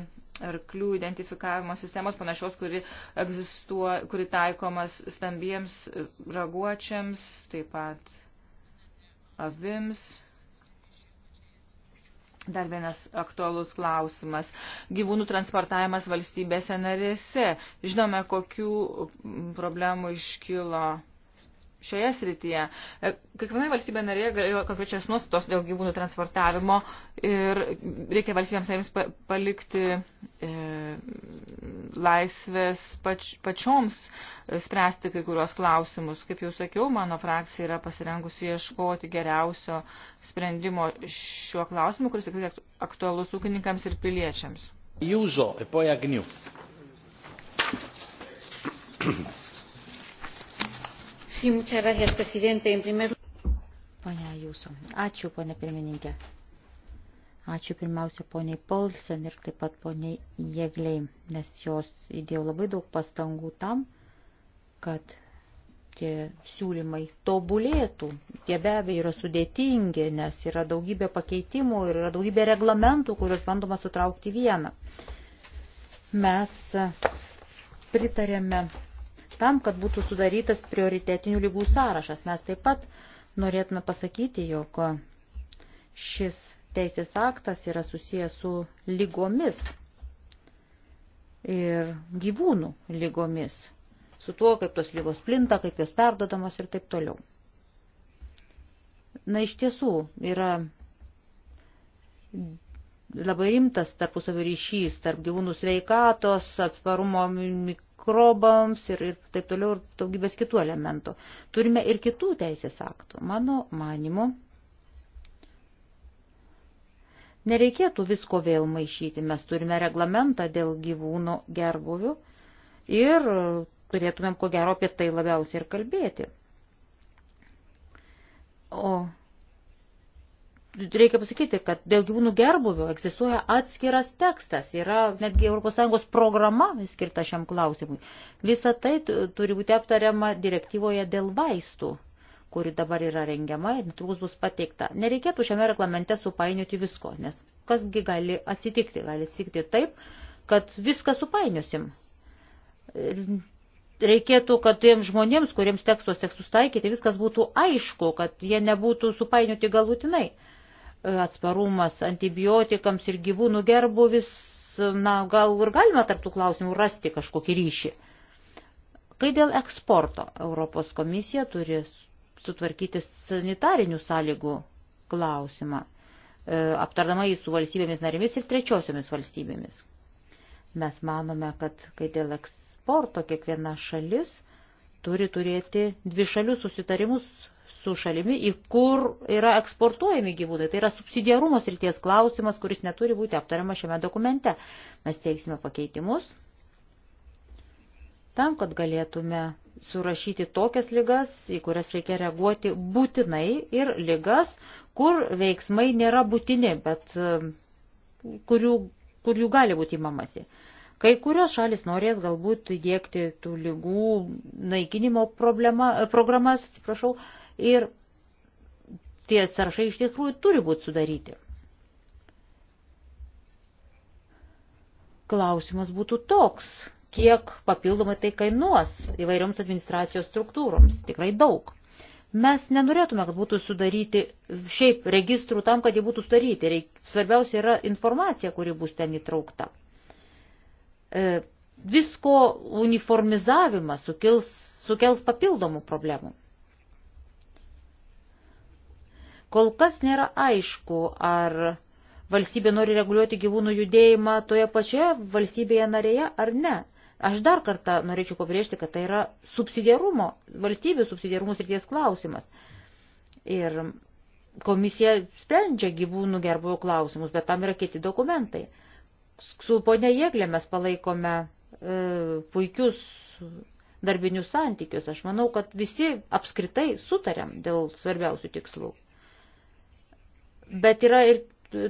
arklių identifikavimo sistemos panašios, kuri, egzistuo, kuri taikomas stambiems raguočiams, taip pat avims Dar vienas aktualus klausimas. Gyvūnų transportavimas valstybėse narėse. Žinome, kokių problemų iškilo šioje srityje. E, Kiekvienai valstybė narėje galėjo konkrečias nuostatos dėl gyvūnų transportavimo ir reikia valstybėms narėms palikti e, laisvės pač, pačioms spręsti kai kurios klausimus. Kaip jau sakiau, mano frakcija yra pasirengusi ieškoti geriausio sprendimo šiuo klausimu, kuris tikrai aktualus ūkininkams ir piliečiams. Jūzo, e poi agniu. Sí, muchas gracias, presidente. En primer... Pane Jūsų. Ačiū, pane pirmininkė. Ačiū pirmiausia poniai Paulsen ir taip pat poniai Jėgliai, nes jos įdėjo labai daug pastangų tam, kad tie siūlymai tobulėtų. Tie be abejo yra sudėtingi, nes yra daugybė pakeitimų ir yra daugybė reglamentų, kuriuos bandoma sutraukti vieną. Mes pritarėme tam, kad būtų sudarytas prioritetinių lygų sąrašas. Mes taip pat norėtume pasakyti, jog šis teisės aktas yra susijęs su lygomis ir gyvūnų lygomis, su tuo, kaip tos lygos plinta, kaip jos perdodamos ir taip toliau. Na, iš tiesų yra labai rimtas tarpusavio ryšys tarp gyvūnų sveikatos, atsparumo mikrobams ir, ir taip toliau ir daugybės kitų elementų. Turime ir kitų teisės aktų. Mano manimu, nereikėtų visko vėl maišyti. Mes turime reglamentą dėl gyvūno gerbuvių ir turėtumėm ko gero apie tai labiausiai ir kalbėti. O reikia pasakyti, kad dėl gyvūnų gerbuvio egzistuoja atskiras tekstas, yra netgi ES programa skirta šiam klausimui. Visa tai turi būti aptariama direktyvoje dėl vaistų kuri dabar yra rengiama ir netrukus bus pateikta. Nereikėtų šiame reglamente supainioti visko, nes kasgi gali atsitikti, gali atsitikti taip, kad viską supainiosim. Reikėtų, kad tiems žmonėms, kuriems tekstos tekstus taikyti, viskas būtų aišku, kad jie nebūtų supainioti galutinai atsparumas antibiotikams ir gyvūnų gerbuvis, na, gal ir galima tarptų klausimų rasti kažkokį ryšį. Kai dėl eksporto Europos komisija turi sutvarkyti sanitarinių sąlygų klausimą, e, aptardama jį su valstybėmis narėmis ir trečiosiomis valstybėmis. Mes manome, kad kai dėl eksporto kiekviena šalis turi turėti dvišalius susitarimus su šalimi, į kur yra eksportuojami gyvūnai. Tai yra subsidiarumos ryties klausimas, kuris neturi būti aptariamas šiame dokumente. Mes teiksime pakeitimus tam, kad galėtume surašyti tokias lygas, į kurias reikia reaguoti būtinai ir lygas, kur veiksmai nėra būtini, bet e, kurių, kur jų gali būti įmamasi. Kai kurios šalis norės galbūt įdėkti tų lygų naikinimo problema, programas, atsiprašau, ir tie sąrašai iš tikrųjų turi būti sudaryti. Klausimas būtų toks, kiek papildomai tai kainuos įvairioms administracijos struktūroms. Tikrai daug. Mes nenorėtume, kad būtų sudaryti šiaip registrų tam, kad jie būtų sudaryti. Svarbiausia yra informacija, kuri bus ten įtraukta. E, visko uniformizavimas sukils, sukels papildomų problemų. Kol kas nėra aišku, ar valstybė nori reguliuoti gyvūnų judėjimą toje pačioje valstybėje narėje ar ne. Aš dar kartą norėčiau pabrėžti, kad tai yra subsidiarumo, valstybių subsidiarumo srities klausimas. Ir komisija sprendžia gyvūnų gerbojo klausimus, bet tam yra kiti dokumentai. Su ponia Jėglė mes palaikome e, puikius darbinius santykius. Aš manau, kad visi apskritai sutarėm dėl svarbiausių tikslų. Bet yra ir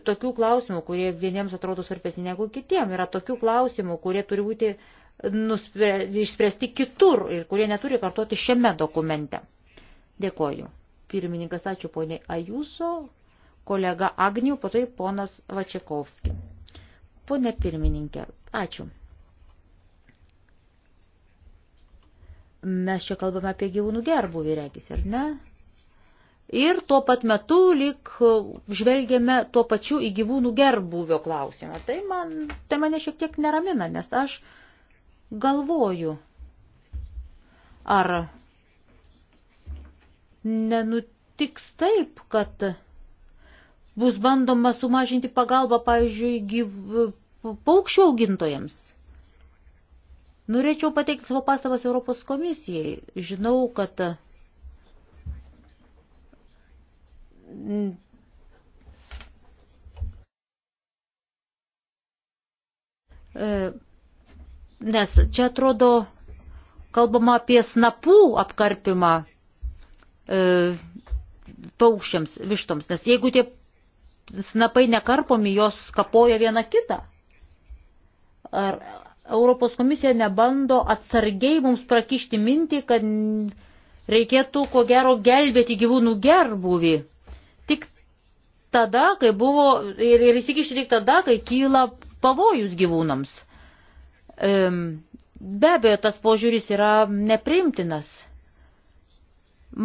tokių klausimų, kurie vieniems atrodo svarbesni negu kitiem. Yra tokių klausimų, kurie turi būti nuspre, išspręsti kitur ir kurie neturi kartoti šiame dokumente. Dėkoju. Pirmininkas, ačiū poniai Ajuso, kolega Agnių, po tai ponas Vačiakovski. Pone pirmininkė, ačiū. Mes čia kalbame apie gyvūnų gerbuvį, regis, ar ne? ir tuo pat metu lyg e, žvelgėme tuo pačiu į gyvūnų gerbūvio klausimą. Tai, man, tai mane šiek tiek neramina, nes aš galvoju, ar nenutiks taip, kad bus bandoma sumažinti pagalbą, pavyzdžiui, gyv... paukščių augintojams. Norėčiau pateikti savo pastabas Europos komisijai. Žinau, kad E, nes čia atrodo kalbama apie snapų apkarpimą e, paukščiams, vištoms, nes jeigu tie snapai nekarpomi, jos kapoja vieną kitą. Ar Europos komisija nebando atsargiai mums prakišti mintį, kad reikėtų ko gero gelbėti gyvūnų gerbuvį tik tada, kai buvo ir, ir įsikišti tik tada, kai kyla pavojus gyvūnams. Be abejo, tas požiūris yra neprimtinas.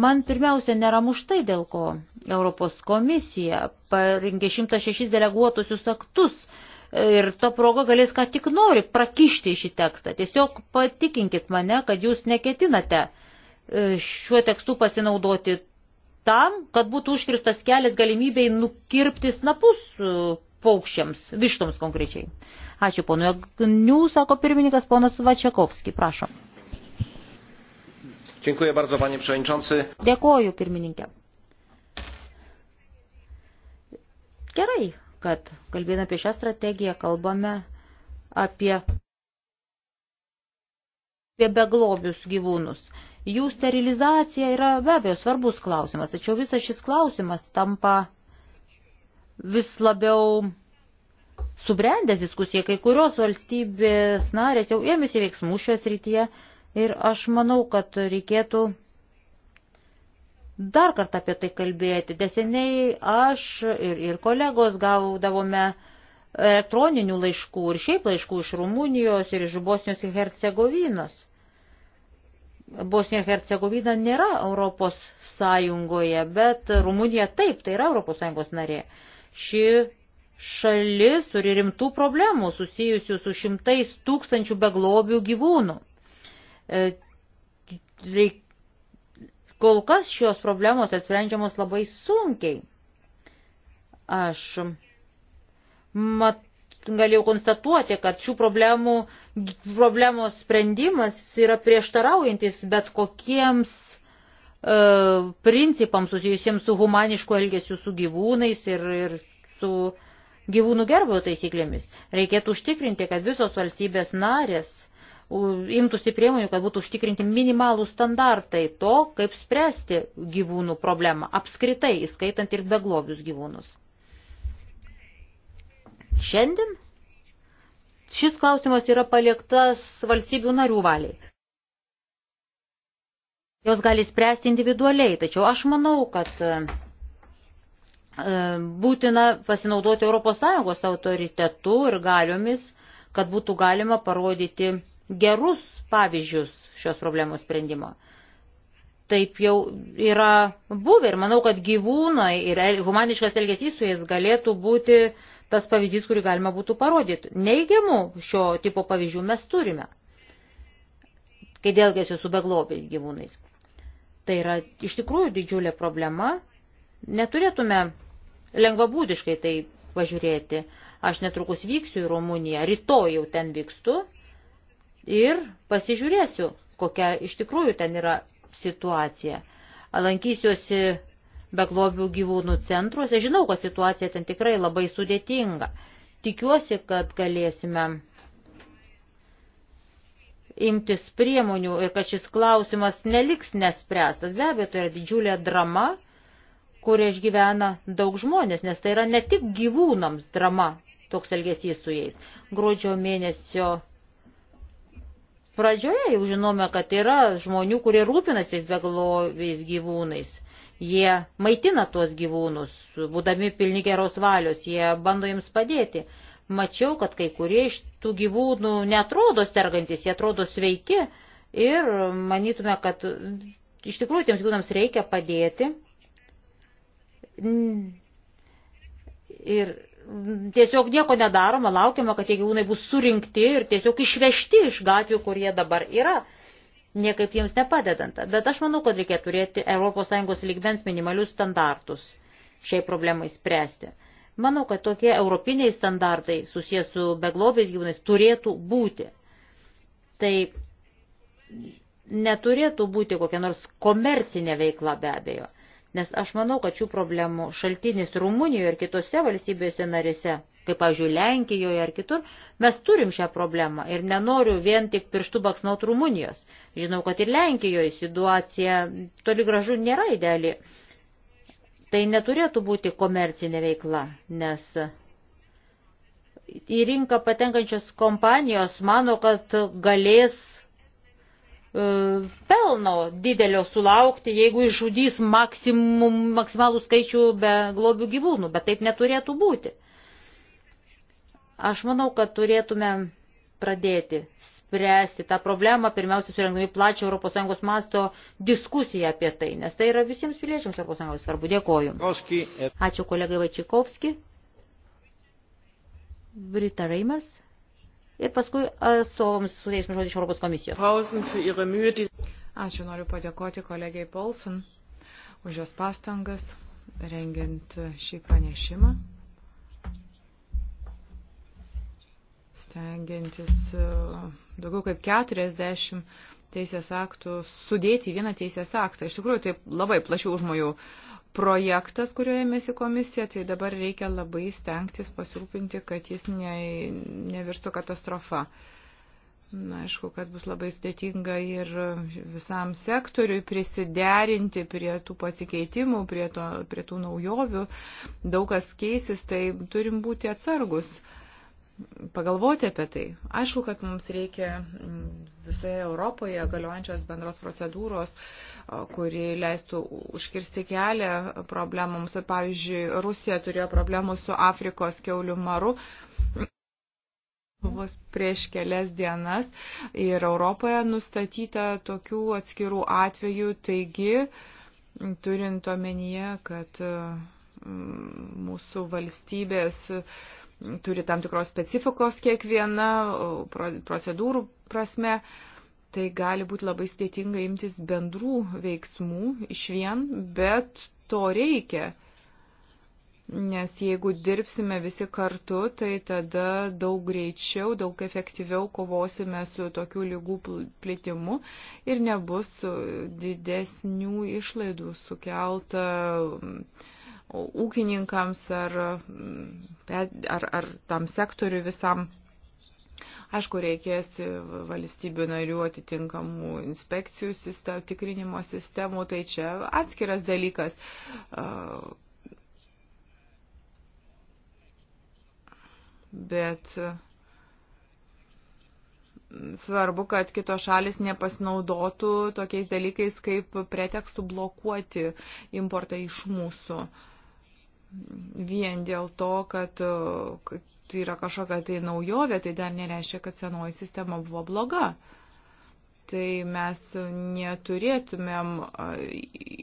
Man pirmiausia neramu štai dėl ko Europos komisija parengė 106 deleguotusius aktus ir ta proga galės ką tik nori prakišti šį tekstą. Tiesiog patikinkit mane, kad jūs neketinate e, šiuo tekstu pasinaudoti tam, kad būtų užkirstas kelias galimybei nukirpti snapus e, paukščiams, vištoms konkrečiai. Ačiū ponui Agnių, sako pirmininkas ponas Vačiakovski, prašom. Dziękuję bardzo, panie przewodniczący. Dėkoju, pirmininkė. Gerai, kad kalbėdami apie šią strategiją kalbame apie, apie beglobius gyvūnus. Jų sterilizacija yra be abejo svarbus klausimas, tačiau visas šis klausimas tampa vis labiau subrendęs diskusija, kai kurios valstybės narės jau ėmėsi veiksmų šios rytyje ir aš manau, kad reikėtų dar kartą apie tai kalbėti. Deseniai aš ir, ir kolegos gaudavome elektroninių laiškų ir šiaip laiškų iš Rumunijos ir iš Bosnijos ir Hercegovinos. Bosnija ir Hercegovina nėra Europos Sąjungoje, bet Rumunija taip, tai yra Europos Sąjungos narė. Ši šalis turi rimtų problemų susijusių su šimtais tūkstančių beglobių gyvūnų. E, kol kas šios problemos atsprendžiamos labai sunkiai. Aš matau galėjau konstatuoti, kad šių problemų, problemos sprendimas yra prieštaraujantis bet kokiems e, principams susijusiems su humanišku elgesiu su gyvūnais ir, ir su gyvūnų gerbėjo taisyklėmis. Reikėtų užtikrinti, kad visos valstybės narės imtųsi priemonių, kad būtų užtikrinti minimalų standartai to, kaip spręsti gyvūnų problemą apskritai, įskaitant ir beglobius gyvūnus. Šiandien šis klausimas yra paliektas valstybių narių valiai. Jos gali spręsti individualiai, tačiau aš manau, kad e, būtina pasinaudoti ES autoritetu ir galiomis, kad būtų galima parodyti gerus pavyzdžius šios problemos sprendimo. Taip jau yra buvę ir manau, kad gyvūnai ir humaniškas elgesys su jais galėtų būti uh, tas pavyzdys, kurį galima būtų parodyti. Neigiamų šio tipo pavyzdžių mes turime, kai dėlgėsiu su beglobiais gyvūnais. Tai yra iš tikrųjų didžiulė problema. Neturėtume lengvabūdiškai tai pažiūrėti. Aš netrukus vyksiu į Rumuniją, rytoj jau ten vykstu ir pasižiūrėsiu, kokia iš tikrųjų ten yra situacija. Lankysiuosi beglobių gyvūnų centruose. Žinau, kad situacija ten tikrai labai sudėtinga. Tikiuosi, kad galėsime imtis priemonių ir kad šis klausimas neliks nespręstas. Be abejo, tai yra didžiulė drama, kurią išgyvena daug žmonės, nes tai yra ne tik gyvūnams drama, toks elgesys su jais. Gruodžio mėnesio pradžioje jau žinome, kad yra žmonių, kurie rūpinasi tais beglobiais gyvūnais. Jie maitina tuos gyvūnus, būdami pilni geros valios, jie bando jiems padėti. Mačiau, kad kai kurie iš tų gyvūnų netrodo sergantis, jie atrodo sveiki ir manytume, kad iš tikrųjų tiems gyvūnams reikia padėti. Ir tiesiog nieko nedaroma, laukiama, kad tie gyvūnai bus surinkti ir tiesiog išvežti iš gatvių, kur jie dabar yra niekaip jiems nepadedant. Bet aš manau, kad reikia turėti ES lygmens minimalius standartus šiai problemai spręsti. Manau, kad tokie europiniai standartai susijęs su beglobiais gyvūnais turėtų būti. Tai neturėtų būti kokia nors komercinė veikla be abejo, nes aš manau, kad šių problemų šaltinis Rumunijoje ir kitose valstybėse narėse kaip, pavyzdžiui, Lenkijoje ar kitur, mes turim šią problemą ir nenoriu vien tik pirštų baksnaut Rumunijos. Žinau, kad ir Lenkijoje situacija toli gražu nėra ideali. Tai neturėtų būti komercinė veikla, nes į rinką patenkančios kompanijos mano, kad galės e, pelno didelio sulaukti, jeigu išžudys maksimum, maksimalų skaičių be globių gyvūnų, bet taip neturėtų būti. Aš manau, kad turėtume pradėti spręsti tą problemą, pirmiausia, surengdami plačią ES masto diskusiją apie tai, nes tai yra visiems piliečiams ES svarbu. Dėkoju. Ačiū kolegai Vačikovski, Brita Reimers ir paskui atstovams suteiksime žodį iš Europos komisijos. Ačiū, noriu padėkoti kolegiai Paulson už jos pastangas rengiant šį pranešimą. stengiantis e, daugiau kaip 40 teisės aktų sudėti į vieną teisės aktą. Iš tikrųjų, tai labai plačių užmojų projektas, kurio ėmėsi komisija, tai dabar reikia labai stengtis pasirūpinti, kad jis ne, nevirstų katastrofa. Na, aišku, kad bus labai sudėtinga ir visam sektoriui prisiderinti prie tų pasikeitimų, prie, to, prie tų naujovių. Daug kas keisis, tai turim būti atsargus. Uh, pagalvoti apie tai. Aišku, kad mums reikia mm, visoje Europoje galiojančios bendros procedūros, kuri leistų užkirsti kelią problemams. Pavyzdžiui, Rusija turėjo problemų su Afrikos keulių maru vos prieš kelias dienas ir Europoje nustatyta tokių atskirų atvejų, taigi turint omenyje, kad mm, mūsų valstybės uh, turi tam tikros specifikos kiekviena procedūrų prasme. Tai gali būti labai sudėtinga imtis bendrų veiksmų iš vien, bet to reikia. Nes jeigu dirbsime visi kartu, tai tada daug greičiau, daug efektyviau kovosime su tokių lygų plitimu ir nebus didesnių išlaidų sukelta uh, ūkininkams ar, mm, ar, ar tam sektoriui visam. Aišku, reikės valstybių narių atitinkamų inspekcijų sistemų, tikrinimo sistemų, tai čia atskiras dalykas. Bet svarbu, kad kitos šalis nepasinaudotų tokiais dalykais kaip pretekstų blokuoti importą iš mūsų. Uh, vien dėl to, kad e, tai yra kažkokia tai naujovė, tai dar nereiškia, kad senoji sistema buvo bloga. Uh, tai mes neturėtumėm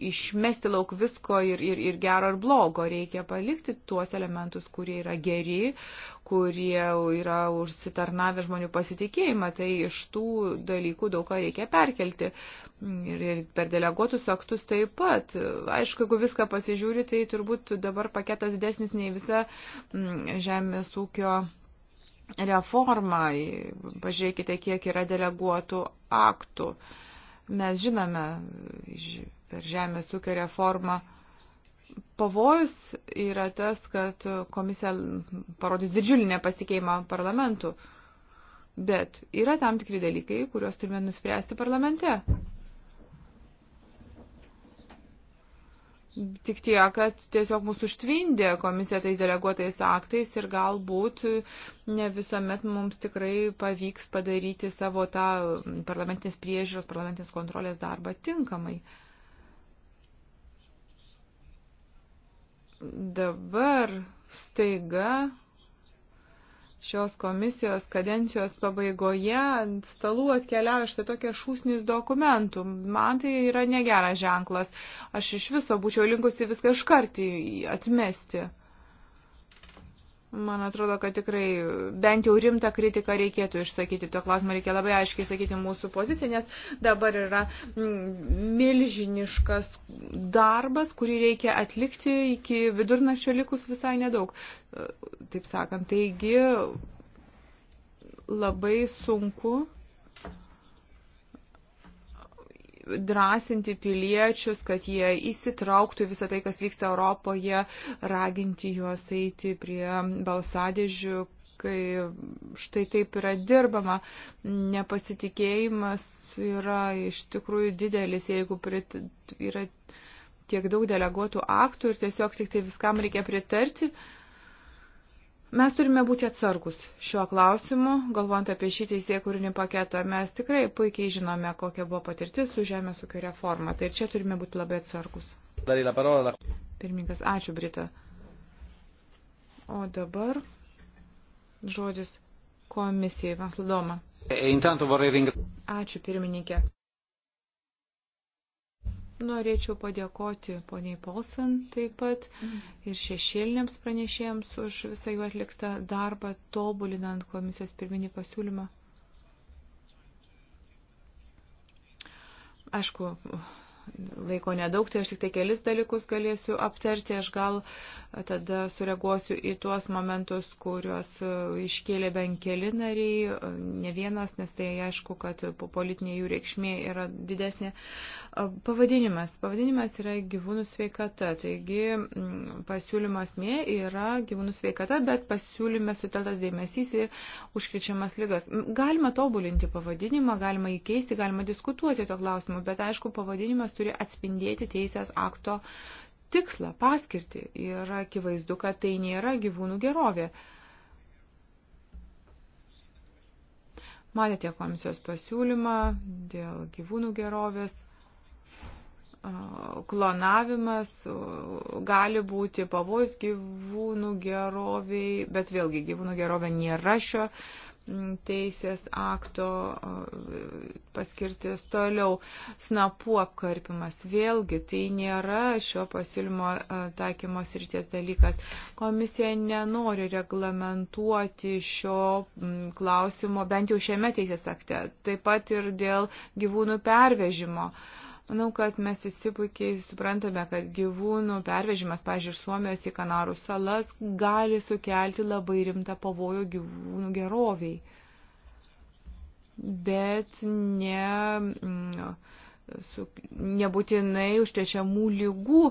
išmesti lauk visko ir, ir, ir gero ir blogo. Reikia palikti tuos elementus, kurie yra geri, kurie yra užsitarnavę žmonių pasitikėjimą. Tai iš tų dalykų daug ką reikia perkelti. Ir, ir per deleguotus aktus taip pat. Aišku, jeigu viską pasižiūri, tai turbūt dabar paketas didesnis nei visa mm, žemės ūkio reformai. Pažiūrėkite, kiek yra deleguotų aktų. Mes žinome per žemės ūkio reformą. Pavojus yra tas, kad komisija parodys didžiulį nepasitikėjimą parlamentų. Bet yra tam tikri dalykai, kuriuos turime nuspręsti parlamente. Tik tie, kad tiesiog mūsų užtvindė komisija tais deleguotais aktais ir galbūt ne visuomet mums tikrai pavyks padaryti savo tą parlamentinės priežiūros, parlamentinės kontrolės darbą tinkamai. Dabar staiga šios komisijos kadencijos pabaigoje ant stalų atkeliauja štai tokie šūsnis dokumentų. Man tai yra negeras ženklas. Aš iš viso būčiau linkusi viską iškart atmesti. Man atrodo, kad tikrai bent jau rimtą kritiką reikėtų išsakyti. Tuo klausimą reikia labai aiškiai sakyti mūsų poziciją, nes dabar yra mm, milžiniškas darbas, kurį reikia atlikti iki vidurnačio likus visai nedaug. Taip sakant, taigi labai sunku drąsinti piliečius, kad jie įsitrauktų visą tai, kas vyksta Europoje, raginti juos eiti prie balsadėžių, kai štai taip yra dirbama. Nepasitikėjimas yra iš tikrųjų didelis, jeigu prit, yra tiek daug deleguotų aktų ir tiesiog tik tai viskam reikia pritarti. Uh, Mes turime būti atsargus šiuo klausimu, galvant apie šį teisėkūrinį paketą. Mes tikrai puikiai žinome, kokia buvo patirtis su žemės ūkio reforma. Tai ir čia turime būti labai atsargus. Pirmininkas, ačiū, Brita. O dabar žodis komisijai Vaslodoma. E, ačiū, pirmininkė. Norėčiau padėkoti poniai Polson taip pat ir šešėliniams pranešėjams už visą jų atliktą darbą, tobulinant komisijos pirminį pasiūlymą. Aišku, laiko nedaug, tai aš tik tai kelis dalykus galėsiu aptarti. Aš gal tada sureaguosiu į tuos momentus, kuriuos iškėlė bent keli nariai, ne vienas, nes tai aišku, kad politinė jų reikšmė yra didesnė. Pavadinimas. Pavadinimas yra gyvūnų sveikata. Taigi mm, pasiūlymas mė yra gyvūnų sveikata, bet pasiūlyme suteltas dėmesys į užkričiamas lygas. Galima tobulinti pavadinimą, galima įkeisti, galima diskutuoti to klausimu, bet aišku, pavadinimas taisyklės turi atspindėti teisės akto tikslą, paskirtį. Ir akivaizdu, kad tai nėra gyvūnų gerovė. Matėte komisijos pasiūlymą dėl gyvūnų gerovės klonavimas gali būti pavojus gyvūnų geroviai, bet vėlgi gyvūnų gerovė nėra šio teisės akto paskirtis toliau. Snapų apkarpimas. Vėlgi, tai nėra šio pasiūlymo e, taikymos ryties dalykas. Komisija nenori reglamentuoti šio klausimo, bent jau šiame teisės akte. Taip pat ir dėl gyvūnų pervežimo. Uh, Manau, kad mes visi puikiai suprantame, kad gyvūnų pervežimas, pažiūrėjau, iš Suomijos į Kanarų salas gali sukelti labai rimtą pavojų gyvūnų geroviai. Bet ne, mm, su, nebūtinai užtečiamų lygų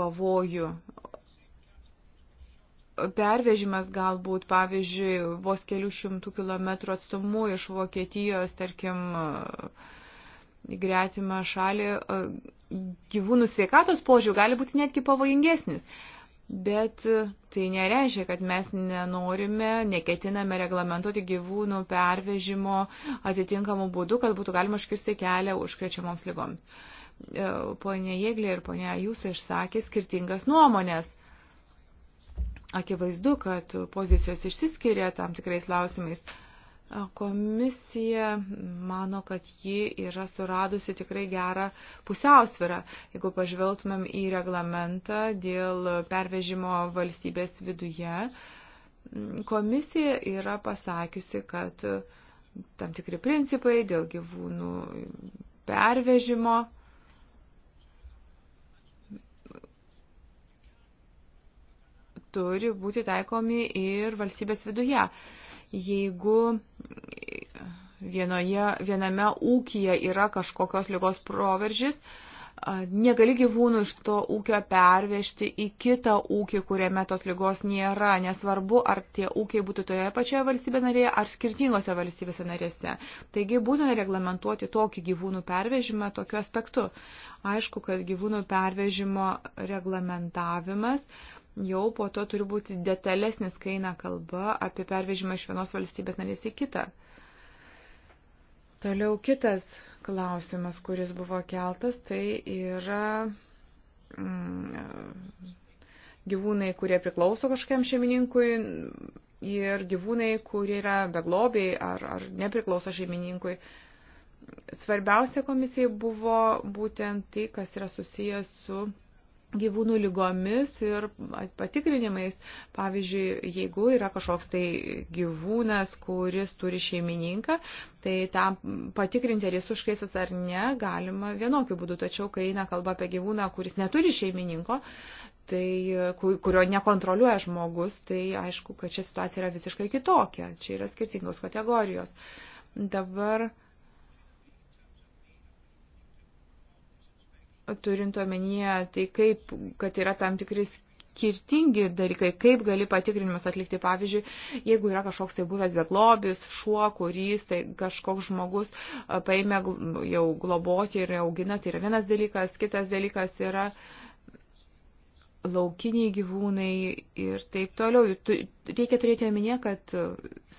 pavojų. Pervežimas galbūt, pavyzdžiui, vos kelių šimtų kilometrų atstumu iš Vokietijos, tarkim, a, gretimą šalį e, gyvūnų sveikatos požiūrių gali būti netgi pavojingesnis. Bet e, tai nereiškia, kad mes nenorime, neketiname reglamentuoti gyvūnų pervežimo atitinkamų būdų, kad būtų galima užkirsti kelią užkrečiamoms lygoms. E, pone Jėglė ir pone Jūsų išsakė skirtingas nuomonės. Akivaizdu, kad pozicijos išsiskiria tam tikrais klausimais. Komisija mano, kad ji yra suradusi tikrai gerą pusiausvirą. Jeigu pažvelgtumėm į reglamentą dėl pervežimo valstybės viduje, komisija yra pasakiusi, kad tam tikri principai dėl gyvūnų pervežimo turi būti taikomi ir valstybės viduje jeigu vienoje, viename ūkija yra kažkokios lygos proveržys, negali gyvūnų iš to ūkio pervežti į kitą ūkį, kuriame tos lygos nėra, nesvarbu, ar tie ūkiai būtų toje pačioje valstybė narėje ar skirtingose valstybėse narėse. Taigi būtina reglamentuoti tokį gyvūnų pervežimą tokiu aspektu. Aišku, kad gyvūnų pervežimo reglamentavimas uh, jau po to turi būti detalesnis, kai eina kalba apie pervežimą iš vienos valstybės narės į kitą. Toliau kitas klausimas, kuris buvo keltas, tai yra mm, gyvūnai, kurie priklauso kažkokiam šeimininkui ir gyvūnai, kurie yra beglobiai ar, ar nepriklauso šeimininkui svarbiausia komisijai buvo būtent tai, kas yra susijęs su gyvūnų lygomis ir patikrinimais. Pavyzdžiui, jeigu yra kažkoks tai gyvūnas, kuris turi šeimininką, tai tam patikrinti, ar jis užkaisas ar ne, galima vienokiu būdu. Tačiau, kai eina kalba apie gyvūną, kuris neturi šeimininko, tai, kurio nekontroliuoja žmogus, tai aišku, kad čia situacija yra visiškai kitokia. Čia yra skirtingos kategorijos. Dabar uh, turint omenyje tai kaip, kad yra tam tikris skirtingi dalykai, kaip gali patikrinimus atlikti. Pavyzdžiui, jeigu yra kažkoks tai buvęs beglobis, šuo, kuris, tai kažkoks žmogus paėmė jau globoti ir augina, tai yra vienas dalykas, kitas dalykas yra laukiniai gyvūnai ir taip toliau. Reikia turėti omenyje, kad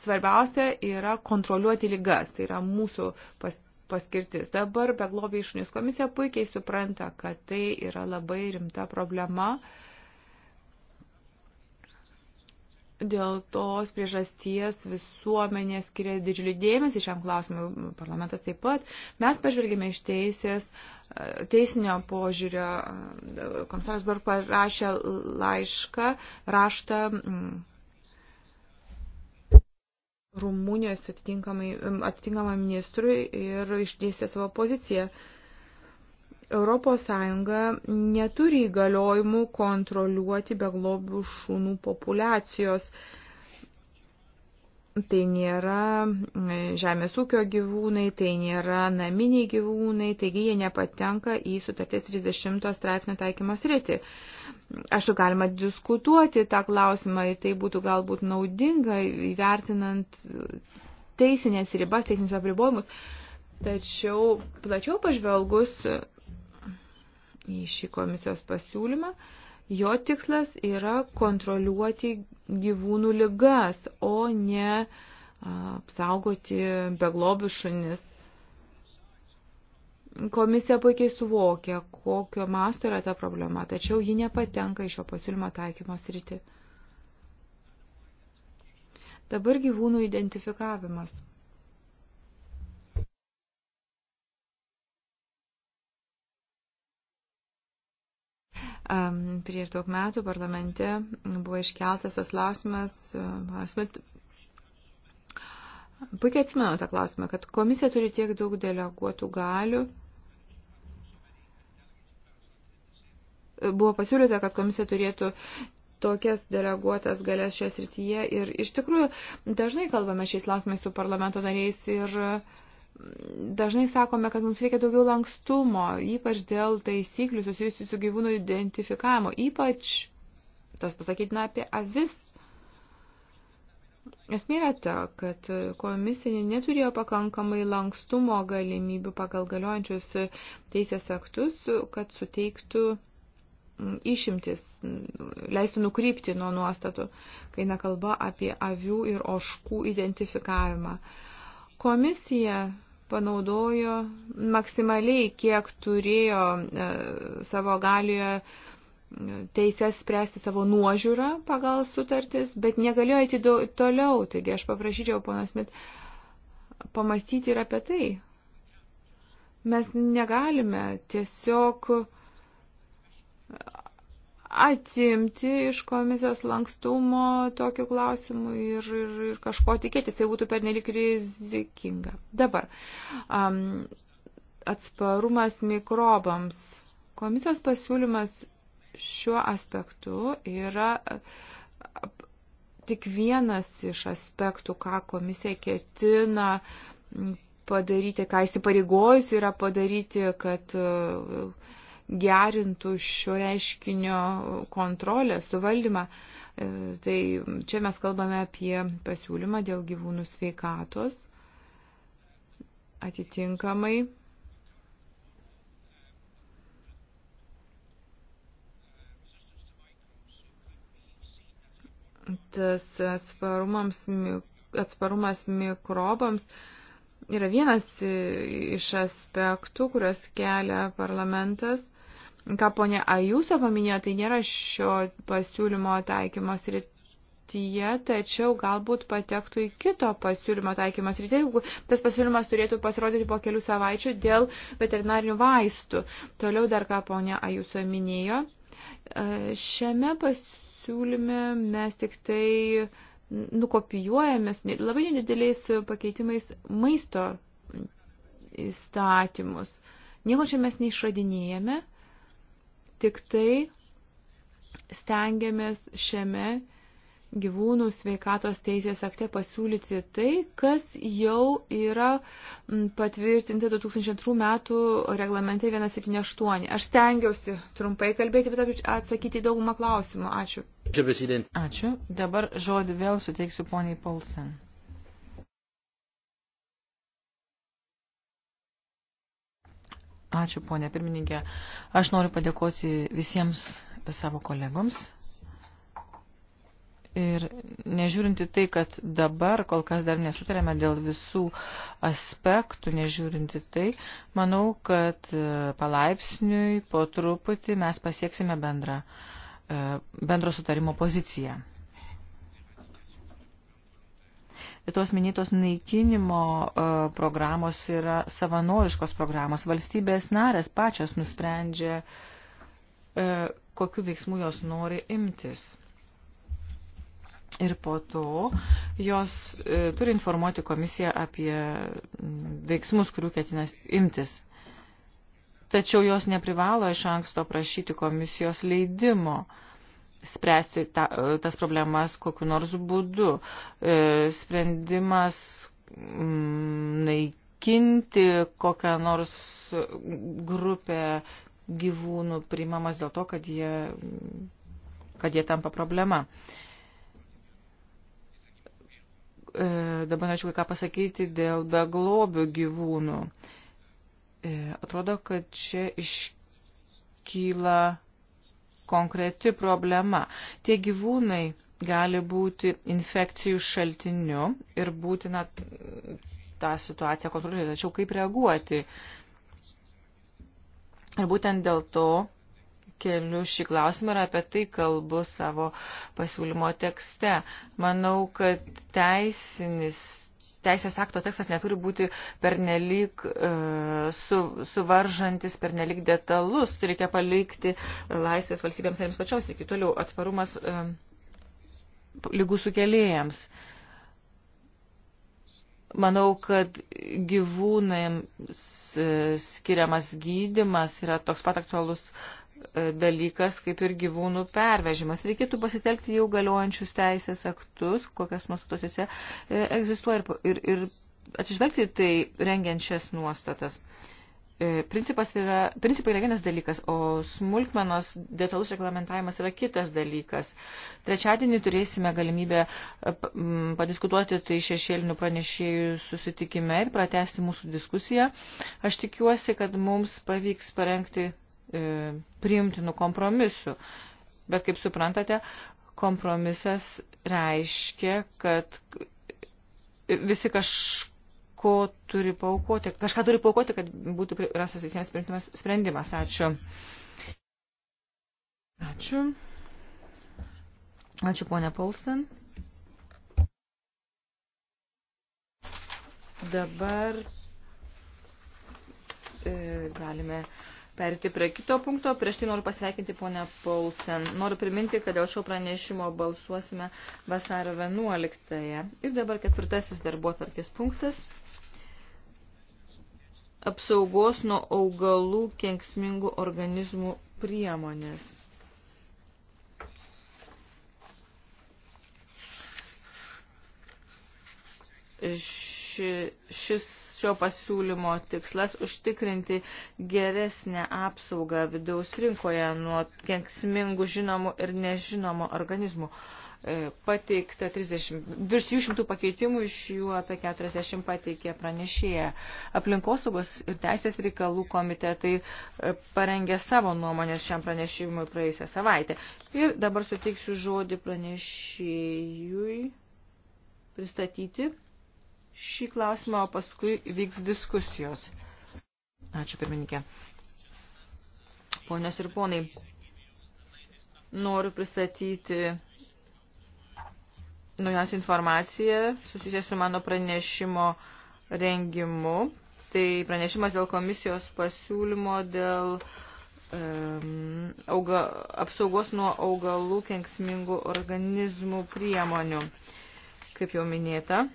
svarbiausia yra kontroliuoti lygas. Tai yra mūsų pas, paskirtis. Dabar beglobiai šunys komisija puikiai supranta, kad tai yra labai rimta problema. Dėl tos priežasties visuomenė skiria didžiulį dėmesį šiam klausimui, parlamentas taip pat. Mes pažvelgėme iš teisės, teisinio požiūrio. Komisaras Bar parašė laišką, raštą mm, Rumunijos atitinkamam ministrui ir išdėstė savo poziciją. ES neturi įgaliojimų kontroliuoti beglobių šunų populacijos. Tai nėra e, žemės ūkio gyvūnai, tai nėra naminiai gyvūnai, taigi jie nepatenka į sutarties 30 straipsnio taikymas rytį. Aišku, galima diskutuoti tą klausimą, tai būtų galbūt naudinga įvertinant teisinės ribas, teisinius apribojimus. Tačiau plačiau pažvelgus į šį komisijos pasiūlymą, jo tikslas yra kontroliuoti gyvūnų ligas, o ne apsaugoti beglobius šunis Komisija puikiai suvokia, kokio masto yra ta problema, tačiau ji nepatenka iš šio pasiūlymo taikymo sritį. Dabar gyvūnų identifikavimas. Prieš daug metų parlamente buvo iškeltas tas klausimas, Puikiai atsimenu tą klausimą, kad komisija turi tiek daug deleguotų galių buvo pasiūlyta, kad komisija turėtų tokias deleguotas galės šioje srityje. Ir iš tikrųjų dažnai kalbame šiais klausimais su parlamento nariais ir mm, dažnai sakome, kad mums reikia daugiau lankstumo, ypač dėl taisyklių susijusių su gyvūnų identifikavimo, ypač tas pasakytina apie avis. Esmė yra ta, kad komisija neturėjo pakankamai lankstumo galimybių pagal galiojančius teisės aktus, kad suteiktų išimtis, leisti nukrypti nuo nuostatų, kai nekalba apie avių ir oškų identifikavimą. Komisija panaudojo maksimaliai, kiek turėjo e, savo galioje teisės spręsti savo nuožiūrą pagal sutartis, bet negalėjo eiti toliau. Taigi aš paprašyčiau, ponas Mit, pamastyti ir apie tai. Mes negalime tiesiog uh, atsimti iš komisijos lankstumo tokiu klausimu ir, ir, ir kažko tikėtis, tai būtų pernelik rizikinga. Dabar, um, atsparumas mikrobams. Komisijos pasiūlymas šiuo aspektu yra tik vienas iš aspektų, ką komisija ketina padaryti, ką įsipareigojus yra padaryti, kad uh, gerintų šio reiškinio kontrolę, suvaldymą. E, tai čia mes kalbame apie pasiūlymą dėl gyvūnų sveikatos. Atitinkamai. Tas atsparumas mikrobams yra vienas e, iš aspektų, kurias kelia parlamentas ką ponė Ajuso paminėjo, tai nėra šio pasiūlymo taikymos rytis srityje, tačiau galbūt patektų į kito pasiūlymo taikymą srityje, jeigu tas pasiūlymas turėtų pasirodyti po kelių savaičių dėl veterinarinių vaistų. Toliau dar ką ponia Ajuso minėjo. E, šiame pasiūlyme mes tik tai nukopijuojame labai nedideliais pakeitimais maisto įstatymus. Nieko čia mes neišradinėjame. Tik tai stengiamės šiame gyvūnų sveikatos teisės akte pasiūlyti tai, kas jau yra patvirtinti 2002 metų reglamente 178. Aš stengiausi trumpai kalbėti, bet atsakyti daugumą klausimų. Ačiū. Ačiū. Dabar žodį vėl suteiksiu poniai Polsen. Ačiū, ponė pirmininkė. Aš noriu padėkoti visiems savo kolegoms. Ir nežiūrinti tai, kad dabar kol kas dar nesutarėme dėl visų aspektų, nežiūrinti tai, manau, kad e, palaipsniui po truputį mes pasieksime bendrą, e, bendro sutarimo poziciją. tos minėtos naikinimo e, programos yra savanoriškos programos. Valstybės narės pačios nusprendžia, e, kokiu veiksmu jos nori imtis. Ir po to jos e, turi informuoti komisiją apie veiksmus, kurių ketinas imtis. Tačiau jos neprivalo iš anksto prašyti komisijos leidimo. Uh, spręsti ta, tas problemas kokiu nors būdu. E, sprendimas mm, naikinti kokią nors grupę gyvūnų priimamas dėl to, kad jie, kad jie tampa problema. E, dabar norėčiau ką pasakyti dėl beglobių gyvūnų. E, atrodo, kad čia iškyla konkreti problema. Tie gyvūnai gali būti infekcijų šaltiniu ir būtina tą situaciją kontroliuoti. Tačiau kaip reaguoti? Ir būtent dėl to keliu šį klausimą ir apie tai kalbu savo pasiūlymo tekste. Manau, kad teisinis teisės akto tekstas neturi būti pernelyg e, su, suvaržantis, pernelyg detalus, tai reikia palikti laisvės valstybėms narėms pačios, iki toliau atsparumas e, lygų sukėlėjams. Manau, kad gyvūnams e, skiriamas gydimas yra toks pat aktualus E, dalykas kaip ir gyvūnų pervežimas. Reikėtų pasitelkti jau galiojančius teisės aktus, kokias nuostatos jose e, egzistuoja ir, ir, ir atsižvelgti tai rengiančias nuostatas. E, principas yra, principai yra vienas dalykas, o smulkmenos detalus reglamentavimas yra kitas dalykas. Trečiadienį turėsime galimybę padiskutuoti tai šešėlinių pranešėjų susitikime ir pratesti mūsų diskusiją. Aš tikiuosi, kad mums pavyks parengti E, priimtinų kompromisų. Bet kaip suprantate, kompromisas reiškia, kad visi kažko turi paukoti, kažką turi paukoti, kad būtų rastas visiems sprendimas. Ačiū. Ačiū. Ačiū, ponia Paulsen. Dabar e, galime Perti prie kito punkto. Prieš tai noriu pasveikinti ponę Paulsen. Noriu priminti, kad dėl šio pranešimo balsuosime vasario 11. -ąją. Ir dabar ketvirtasis darbo tvarkės punktas. Apsaugos nuo augalų kenksmingų organizmų priemonės. Ši, šis šio pasiūlymo tikslas užtikrinti geresnę apsaugą vidaus rinkoje nuo kenksmingų žinomų ir nežinomų organizmų. E, pateikta 30, virš 300 pakeitimų, iš jų apie 40 pateikė pranešėja. Aplinkosaugos ir teisės reikalų komitetai e, parengė savo nuomonės šiam pranešimui praėjusią savaitę. Ir dabar suteiksiu žodį pranešėjui pristatyti šį klausimą, o paskui vyks diskusijos. Ačiū, pirmininkė. Ponios ir ponai, noriu pristatyti naujas informaciją susijusią su mano pranešimo rengimu. Tai pranešimas dėl komisijos pasiūlymo dėl um, auga, apsaugos nuo augalų kenksmingų organizmų priemonių, kaip jau minėta.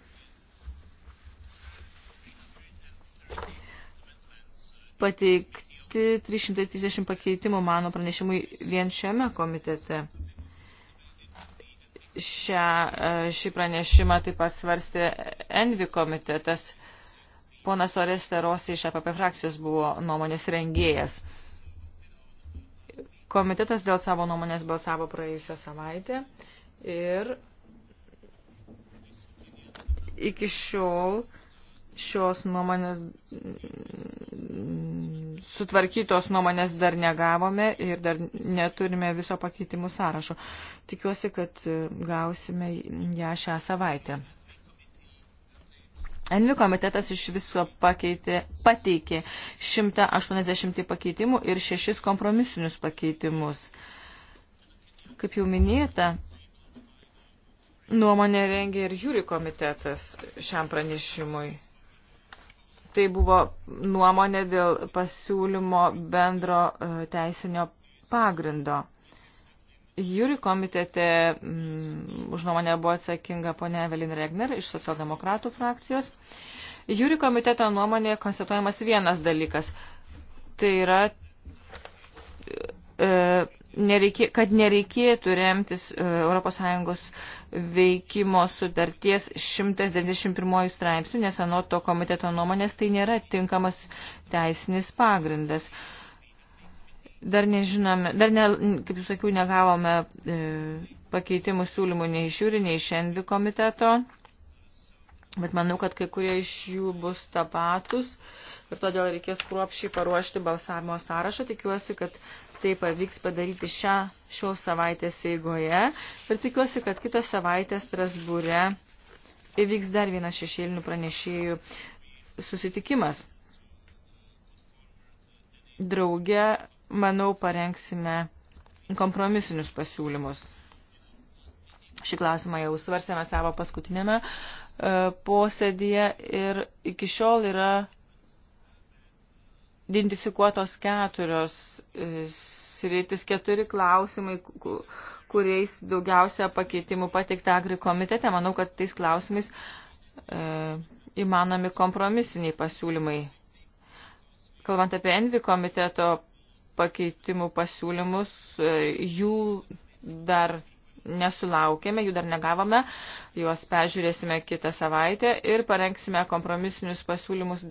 pateikti 330 pakeitimų mano pranešimui vien šiame komitete. Šią, e, šį pranešimą taip pat svarstė Envi komitetas. Ponas Oreste Rosi iš APP frakcijos buvo nuomonės rengėjas. Komitetas dėl savo nuomonės balsavo praėjusią savaitę ir iki šiol uh, šios nuomonės, sutvarkytos nuomonės dar negavome ir dar neturime viso pakeitimų sąrašo. Tikiuosi, kad gausime ją šią savaitę. Envi komitetas iš viso pakeitė, pateikė 180 pakeitimų ir 6 kompromisinius pakeitimus. Kaip jau minėta, nuomonė rengė ir jūri komitetas šiam pranešimui. Tai buvo nuomonė dėl pasiūlymo bendro e, teisinio pagrindo. Jūri komitete mm, už nuomonę buvo atsakinga ponia Evelin Regner iš socialdemokratų frakcijos. Jūri komiteto nuomonė konstatuojamas vienas dalykas. Tai yra e, nereikė, kad nereikėtų remtis ES veikimo sutarties 191 straipsnių, nes anot to komiteto nuomonės tai nėra tinkamas teisinis pagrindas. Dar nežinome, dar, ne, kaip jūs sakiau, negavome e, pakeitimų siūlymų nei iš jūrį, nei iš envi komiteto, bet manau, kad kai kurie iš jų bus tapatus ir todėl reikės kruopšiai paruošti balsavimo sąrašą. Tikiuosi, kad tai pavyks padaryti šią, šios savaitės eigoje ir tikiuosi, kad kitą savaitę Strasbūre įvyks dar vienas šešėlinių pranešėjų susitikimas. Drauge, manau, parengsime kompromisinius pasiūlymus. Šį klausimą jau svarsėme savo paskutinėme e, posėdėje ir iki šiol yra identifikuotos keturios e, sritis, keturi klausimai, kuriais daugiausia pakeitimų pateikta agri komitete. Manau, kad tais klausimais e, įmanomi kompromisiniai pasiūlymai. Kalbant apie Envi komiteto pakeitimų pasiūlymus, e, jų dar nesulaukėme, jų dar negavome, juos peržiūrėsime kitą savaitę ir parengsime kompromisinius pasiūlymus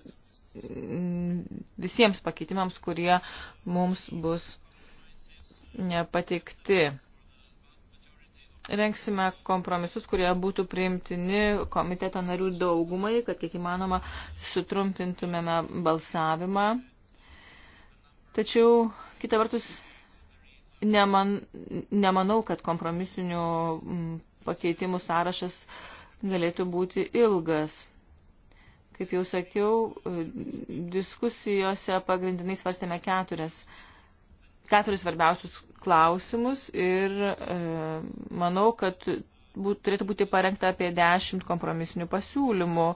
visiems pakeitimams, kurie mums bus nepateikti. Rengsime kompromisus, kurie būtų priimtini komiteto narių daugumai, kad kiek įmanoma sutrumpintumėme balsavimą. Tačiau, kita vertus, neman, nemanau, kad kompromisinių pakeitimų sąrašas galėtų būti ilgas. Kaip jau sakiau, diskusijose pagrindinai svarstėme keturias keturis svarbiausius klausimus ir e, manau, kad būt, turėtų būti parengta apie dešimt kompromisinių pasiūlymų.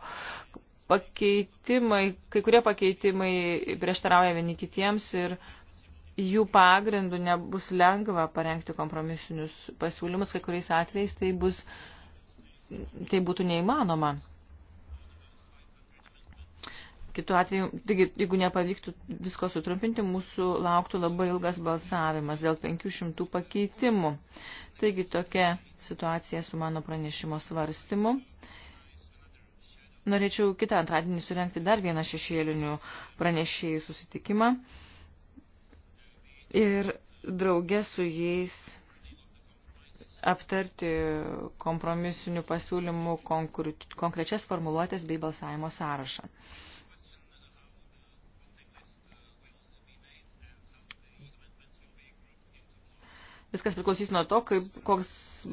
Pakeitimai, kai kurie pakeitimai prieštarauja vieni kitiems ir e, jų pagrindų nebus lengva parengti kompromisinius pasiūlymus, kai kuriais atvejais tai, bus, tai būtų neįmanoma. Kitu atveju, taigi, jeigu nepavyktų visko sutrumpinti, mūsų lauktų labai ilgas balsavimas dėl 500 pakeitimų. Taigi tokia situacija su mano pranešimo svarstymu. Norėčiau kitą antradienį surenkti dar vieną šešėlinių pranešėjų susitikimą ir draugė su jais aptarti kompromisinių pasiūlymų konkrečias formuluotės bei balsavimo sąrašą. Viskas priklausys nuo to, kaip, koks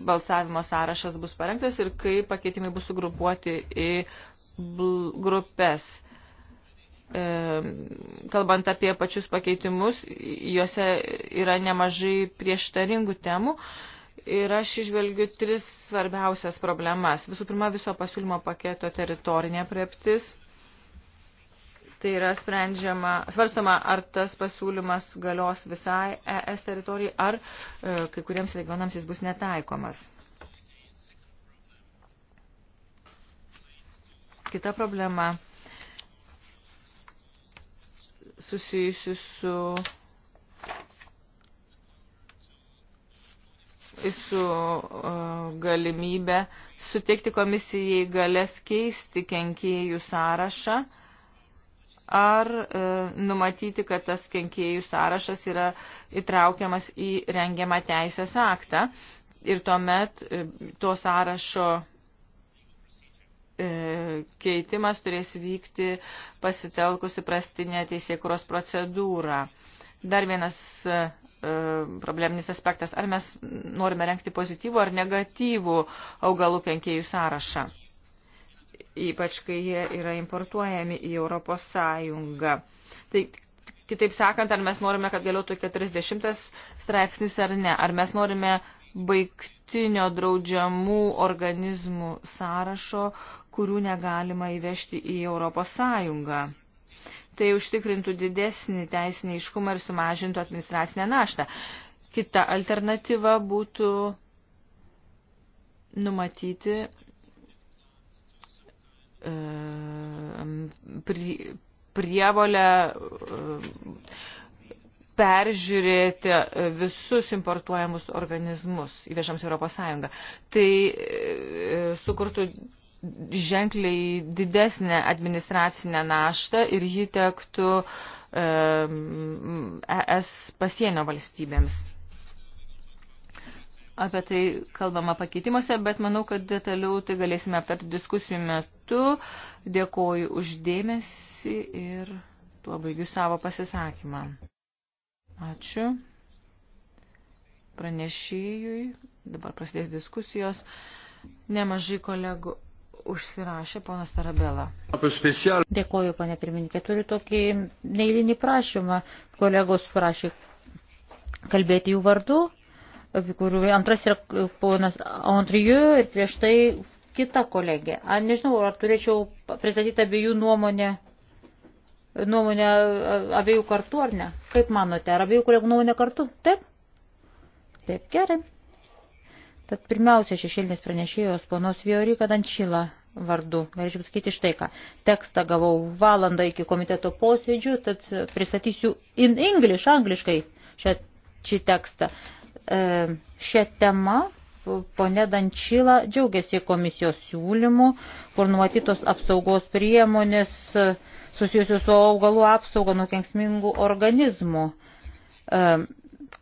balsavimo sąrašas bus parengtas ir kaip pakeitimai bus sugrupuoti į grupės. E, kalbant apie pačius pakeitimus, juose yra nemažai prieštaringų temų. Ir aš išvelgiu tris svarbiausias problemas. Visų pirma, viso pasiūlymo paketo teritorinė prieptis. Tai yra sprendžiama, svarstama, ar tas pasiūlymas galios visai ES teritorijai, ar e, kai kuriems regionams jis bus netaikomas. Kita problema susijusių su su uh, galimybė suteikti komisijai galės keisti kenkėjų sąrašą ar uh, numatyti, kad tas kenkėjų sąrašas yra įtraukiamas į rengiamą teisės aktą ir tuomet uh, to sąrašo E, keitimas turės vykti pasitelkus įprastinę teisėkuros procedūrą. Dar vienas e, e, probleminis aspektas, ar mes norime renkti pozityvų ar negatyvų augalų kenkėjų sąrašą, ypač kai jie yra importuojami į Europos Sąjungą. Tai kitaip sakant, ar mes norime, kad galiotų 40 straipsnis ar ne, ar mes norime baigtinio draudžiamų organizmų sąrašo, kurių negalima įvežti į Europos Sąjungą. Tai užtikrintų didesnį teisinį iškumą ir sumažintų administracinę naštą. Kita alternatyva būtų numatyti prievolę peržiūrėti visus importuojamus organizmus įvežams Europos Sąjungą. Tai e, sukurtų ženkliai didesnę administracinę naštą ir ji tektų ES e pasienio valstybėms. Apie tai kalbama pakeitimuose, bet manau, kad detaliau tai galėsime aptarti diskusijų metu. Dėkoju uždėmesi ir tuo baigiu savo pasisakymą. Ačiū pranešėjui. Dabar prasidės diskusijos. Nemažai kolegų užsirašė ponas Tarabela. Dėkoju, ponė pirmininkė. Turiu tokį neįlinį prašymą. Kolegos prašė kalbėti jų vardu, kurių antras yra ponas Andriju ir prieš tai kita kolegė. A, nežinau, ar turėčiau pristatyti abiejų nuomonę, nuomonę abiejų kartu ar ne? Kaip manote, ar abiejų kolegų nuomonę kartu? Taip? Taip, gerai. Tad pirmiausia šešėlinės pranešėjos ponos Viorika Dančila vardu. Norėčiau pasakyti štai ką. Tekstą gavau valandą iki komiteto posėdžių, tad pristatysiu in English, angliškai šią, šį tekstą. E, šią temą ponė Dančila džiaugiasi komisijos siūlymu, kur numatytos apsaugos priemonės susijusios su augalų apsauga nuo kenksmingų organizmų. E,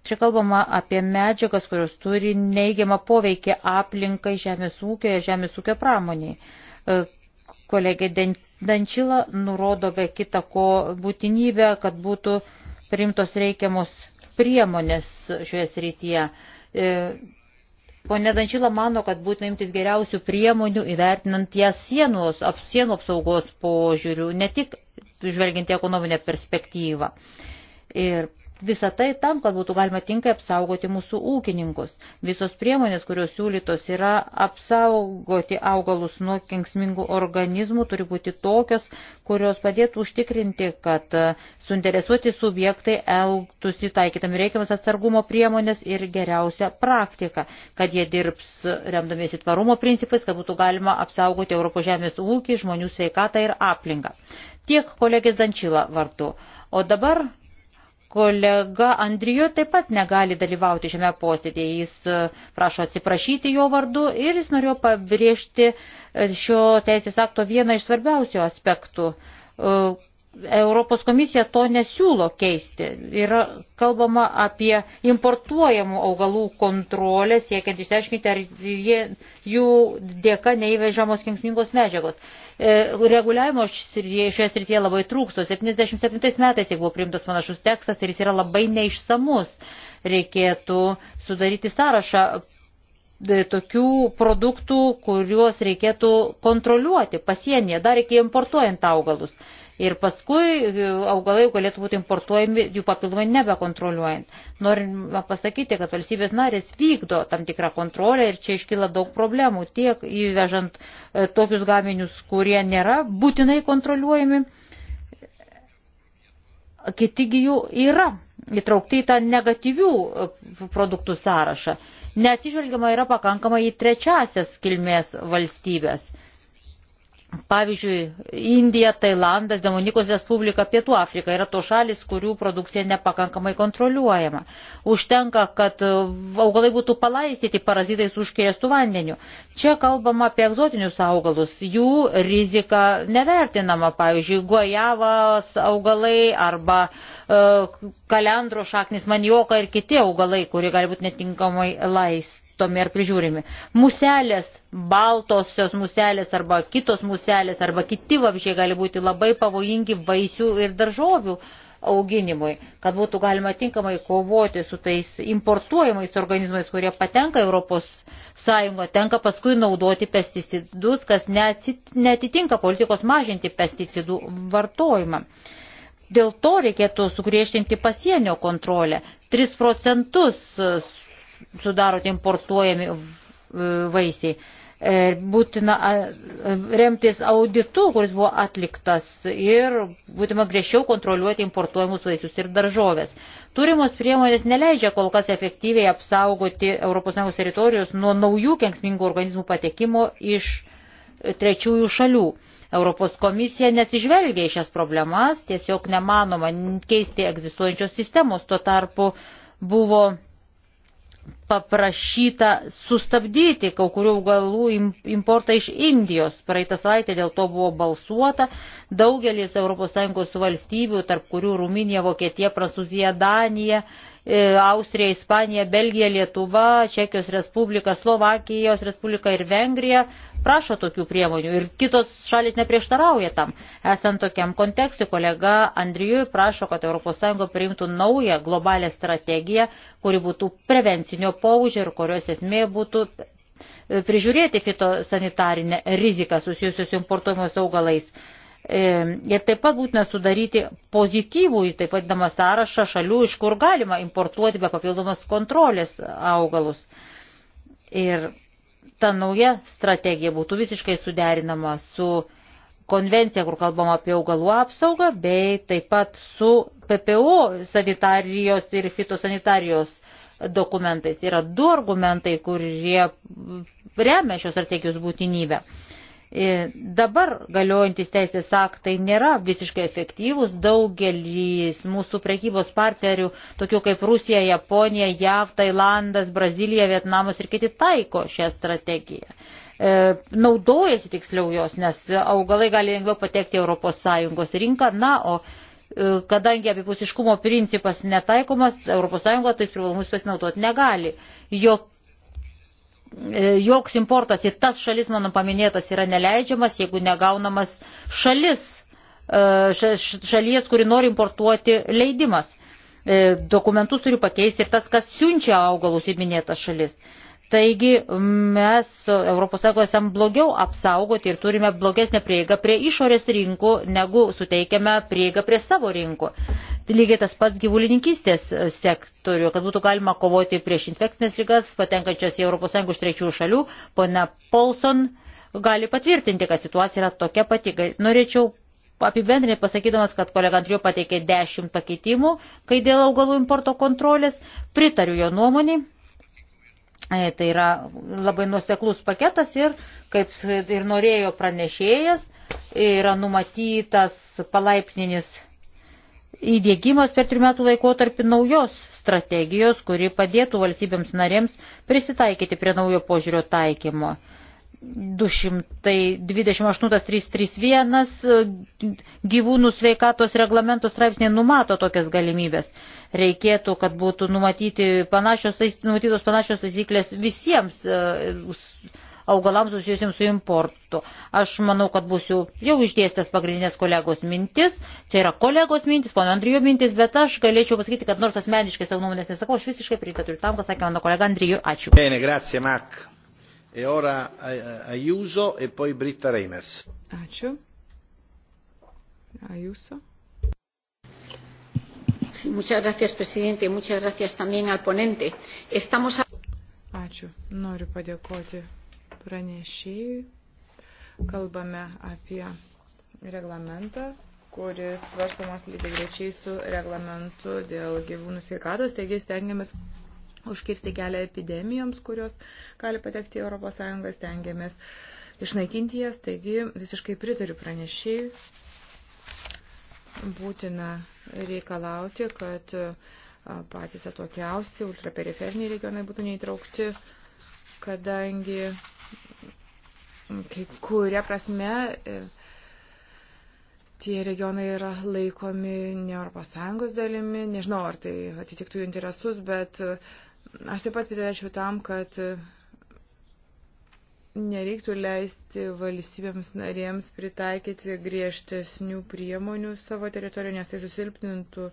Čia kalbama apie medžiagas, kurios turi neigiamą poveikį aplinkai žemės ūkioje, žemės ūkio pramoniai. E, kolegė Dančila nurodo be kita ko būtinybę, kad būtų priimtos reikiamos priemonės šioje srityje. E, Pone Dančila mano, kad būtina imtis geriausių priemonių įvertinant ją sienos, ap, sienų apsaugos požiūrių, ne tik žvelgiant į ekonominę perspektyvą. Ir Visą tai tam, kad būtų galima tinkai apsaugoti mūsų ūkininkus. Visos priemonės, kurios siūlytos yra apsaugoti augalus nuo kenksmingų organizmų, turi būti tokios, kurios padėtų užtikrinti, kad suinteresuoti subjektai elgtųsi taikydami reikiamas atsargumo priemonės ir geriausią praktiką, kad jie dirbs remdamiesi tvarumo principais, kad būtų galima apsaugoti Europos žemės ūkį, žmonių sveikatą ir aplinką. Tiek kolegės Dančila vardu. O dabar Kolega Andrijo taip pat negali dalyvauti šiame posėdėje. Jis e, prašo atsiprašyti jo vardu ir jis norėjo pabrėžti e, šio teisės akto vieną iš svarbiausių aspektų. E, Europos komisija to nesiūlo keisti. Yra kalbama apie importuojamų augalų kontrolę, siekiant išsiaiškinti, ar jie, jų dėka neįvežamos kengsmingos medžiagos. E, reguliavimo šioje srityje labai trūksto. 77 metais, jeigu buvo priimtas panašus tekstas ir tai jis yra labai neišsamus, reikėtų sudaryti sąrašą e, tokių produktų, kuriuos reikėtų kontroliuoti pasienyje, dar iki importuojant augalus ir paskui e, augalai galėtų būti importuojami jų papildomai nebekontroliuojant. Norime pasakyti, kad valstybės narės vykdo tam tikrą kontrolę ir čia iškyla daug problemų tiek įvežant e, tokius gaminius, kurie nėra būtinai kontroliuojami, kitigi jų yra įtraukti į tą negatyvių e, produktų sąrašą. Neatsižvelgiama yra pakankamai į trečiasias kilmės valstybės Pavyzdžiui, Indija, Tailandas, Demonikos Respublika, Pietų Afrika yra to šalis, kurių produkcija nepakankamai kontroliuojama. Užtenka, kad augalai būtų palaistyti parazitais užkėstų vandeniu. Čia kalbama apie egzotinius augalus. Jų rizika nevertinama. Pavyzdžiui, guajavas augalai arba e, kalendro šaknis manioka ir kiti augalai, kurie gali būti netinkamai laist vystomi ar prižiūrimi. Muselės, baltosios muselės arba kitos muselės arba kiti vabžiai gali būti labai pavojingi vaisių ir daržovių auginimui, kad būtų galima tinkamai kovoti su tais importuojamais organizmais, kurie patenka Europos Sąjungo, tenka paskui naudoti pesticidus, kas netitinka politikos mažinti pesticidų vartojimą. Dėl to reikėtų sugriežtinti pasienio kontrolę. 3 procentus sudaro tie importuojami e, vaisiai. E, būtina remtis auditu, kuris buvo atliktas ir būtina griežčiau kontroliuoti importuojamus vaisius ir daržovės. Turimos priemonės neleidžia kol kas efektyviai apsaugoti ES teritorijos nuo naujų kenksmingų organizmų patekimo iš trečiųjų šalių. Europos komisija neatsižvelgia į šias problemas, tiesiog nemanoma keisti egzistuojančios sistemos. Tuo tarpu buvo paprašyta sustabdyti kaukurių augalų importą iš Indijos. Praeitą savaitę dėl to buvo balsuota. Daugelis ES valstybių, tarp kurių Rumunija, Vokietija, Prancūzija, Danija, E, Austrija, Ispanija, Belgija, Lietuva, Čekijos Respublika, Slovakijos Respublika ir Vengrija prašo tokių priemonių ir kitos šalis neprieštarauja tam. Esant tokiam kontekstui, kolega Andrijui prašo, kad ES priimtų naują globalę strategiją, kuri būtų prevencinio paužio ir kurios esmė būtų e, prižiūrėti fitosanitarinę riziką susijusios importuojamos augalais E, ir taip pat būtina sudaryti pozityvų, taip vadinamą sąrašą šalių, iš kur galima importuoti be papildomas kontrolės augalus. Ir ta nauja strategija būtų visiškai suderinama su konvencija, kur kalbama apie augalų apsaugą, bei taip pat su PPO sanitarijos ir fitosanitarijos dokumentais. Yra du argumentai, kurie remia šios strategijos būtinybę. E, dabar galiojantis teisės aktai nėra visiškai efektyvūs, daugelis mūsų prekybos partnerių, tokių kaip Rusija, Japonija, JAV, Tailandas, Brazilija, Vietnamas ir kiti taiko šią strategiją. E, naudojasi tiksliau jos, nes augalai gali lengviau patekti ES rinką, na, o e, kadangi abipusiškumo principas netaikomas, ES tais privalumus pasinaudoti negali. Jok E, joks importas į tas šalis, mano paminėtas, yra neleidžiamas, jeigu negaunamas šalis, e, šalies, kuri nori importuoti leidimas. E, dokumentus turi pakeisti ir tas, kas siunčia augalus į minėtas šalis. Taigi mes ES esam blogiau apsaugoti ir turime blogesnę prieigą prie išorės rinkų, negu suteikiame prieigą prie savo rinkų. Tai lygiai tas pats gyvulininkystės sektorių, kad būtų galima kovoti prieš infekcinės lygas, patenkančias į ES iš trečiųjų šalių. Pone Paulson gali patvirtinti, kad situacija yra tokia pati. Norėčiau apibendrinai pasakydamas, kad kolega Andriu pateikė 10 pakeitimų, kai dėl augalų importo kontrolės, pritariu jo nuomonį Tai yra labai nuseklus paketas ir, kaip ir norėjo pranešėjas, yra numatytas palaipsninis įdėgymas per trijų metų laikotarpį naujos strategijos, kuri padėtų valstybėms narėms prisitaikyti prie naujo požiūrio taikymo. 228.331 e, gyvūnų sveikatos reglamento straipsniai numato tokias galimybės reikėtų, kad būtų panašios, numatytos panašios taisyklės visiems e, augalams susijusiems su importu. Aš manau, kad būsiu jau išdėstęs pagrindinės kolegos mintis. Čia yra kolegos mintis, pono Andrijo mintis, bet aš galėčiau pasakyti, kad nors asmeniškai savo nuomonės nesakau, aš visiškai pritariu tam, ką sakė mano kolega Andrijo. Ačiū. Bene, grazie, Mark. E ora Ajuso e poi Britta Reimers. Ačiū. Ajuso. Gracias, presidente. Muchas gracias también al ponente. Estamos... Ačiū. Noriu padėkoti pranešėjui. Kalbame apie reglamentą, kuris svarstamas lygiai grečiai su reglamentu dėl gyvūnų sveikatos, taigi stengiamės užkirsti kelią epidemijoms, kurios gali patekti į ES, stengiamės išnaikinti jas, taigi visiškai pritariu pranešėjui būtina reikalauti, kad e, patys atokiausi ultraperiferiniai regionai būtų neįtraukti, kadangi kai kuria prasme e, tie regionai yra laikomi ne Europos Sąjungos dalimi, nežinau, ar tai atitiktų jų interesus, bet e, aš taip pat pritarčiau tam, kad nereiktų leisti valstybėms narėms pritaikyti griežtesnių priemonių savo teritorijoje, nes tai susilpnintų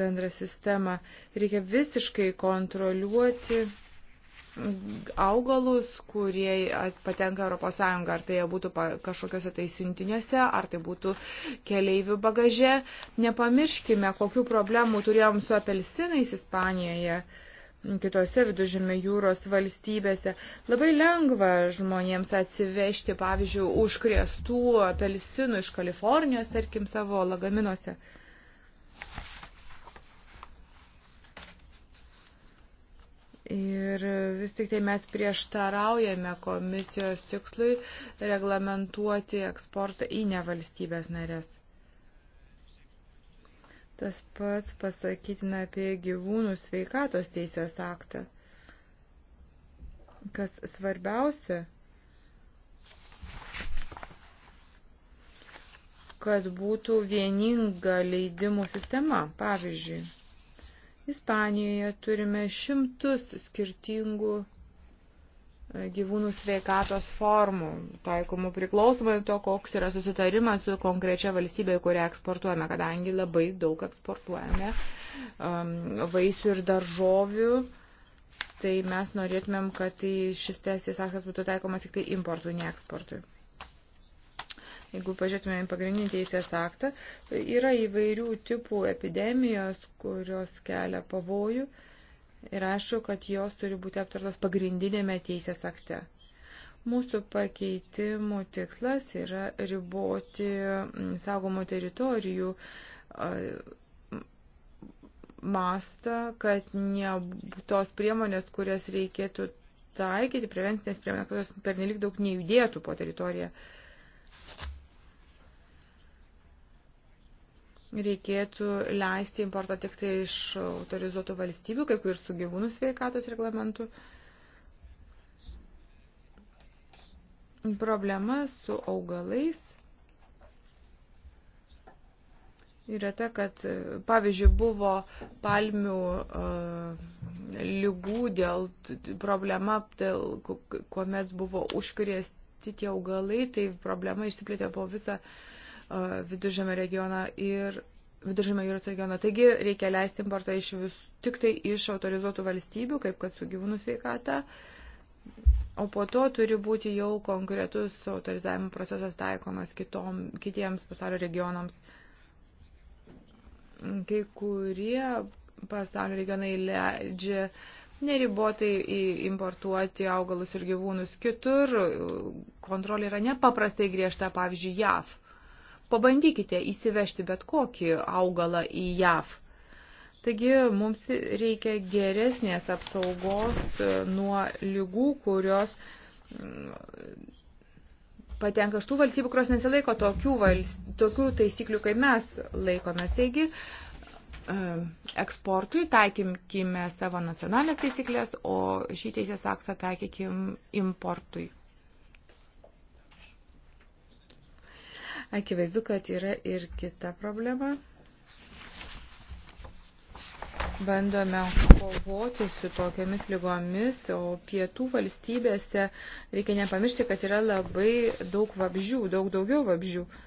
bendrą sistemą. Reikia visiškai kontroliuoti augalus, kurie patenka ES, ar tai būtų kažkokiuose tai siuntiniuose, ar tai būtų keleivių bagaže. Nepamirškime, kokių problemų turėjom su apelsinais Ispanijoje. Uh, kitose viduržėmio jūros valstybėse. Labai lengva žmonėms atsivežti, pavyzdžiui, užkriestų apelsinų iš Kalifornijos, tarkim, savo lagaminuose. Ir vis tik tai mes prieštaraujame komisijos tikslui reglamentuoti eksportą į nevalstybės narės. Tas pats pasakytina apie gyvūnų sveikatos teisės aktą. Kas svarbiausia, kad būtų vieninga leidimų sistema. Pavyzdžiui, Ispanijoje turime šimtus skirtingų E, gyvūnų sveikatos formų, taikomų priklausomai to, koks yra susitarimas su konkrečia valstybė, kurią eksportuojame, kadangi labai daug eksportuojame um, vaisių ir daržovių, tai mes norėtumėm, kad šis teisės aktas būtų taikomas tik tai importui, ne eksportui. Jeigu pažiūrėtumėm pagrindinį teisės aktą, yra įvairių tipų epidemijos, kurios kelia pavojų. Uh, ir aišku, kad jos turi būti aptartos pagrindinėme teisės akte. Mūsų pakeitimų tikslas yra riboti mm, saugomų teritorijų mastą, kad ne tos priemonės, kurias reikėtų taikyti, prevencinės priemonės, kurios pernelik daug nejudėtų po teritoriją. Uh, reikėtų leisti importą tik tai iš autorizuotų valstybių, kaip ir su gyvūnų sveikatos reglamentu. Problema su augalais yra ta, kad pavyzdžiui buvo palmių uh, e, lygų dėl problema, dėl, kuomet buvo užkrėsti tie augalai, tai problema išsiplėtė po visą uh, viduržėmio regioną ir viduržėmio jūros regioną. Taigi reikia leisti importą iš vis, tik tai iš autorizuotų valstybių, kaip kad su gyvūnų sveikata. O po to turi būti jau konkretus autorizavimo procesas taikomas kitom, kitiems pasaulio regionams. Kai kurie pasaulio regionai leidžia neribotai importuoti augalus ir gyvūnus kitur. Kontrolė yra nepaprastai griežta, pavyzdžiui, JAV. Pabandykite įsivežti bet kokį augalą į JAV. Taigi mums reikia geresnės apsaugos e, nuo lygų, kurios mm, patenka iš tų valstybių, kurios nesilaiko tokių, valst, tokių taisyklių, kaip mes laikomės. Taigi, e, eksportui taikymkime savo nacionalinės taisyklės, o šį teisės aktą taikykim importui. Akivaizdu, kad yra ir kita problema. Bandome kovoti su tokiamis lygomis, o pietų valstybėse reikia nepamiršti, kad yra labai daug vabžių, daug daugiau vabžių. Uh,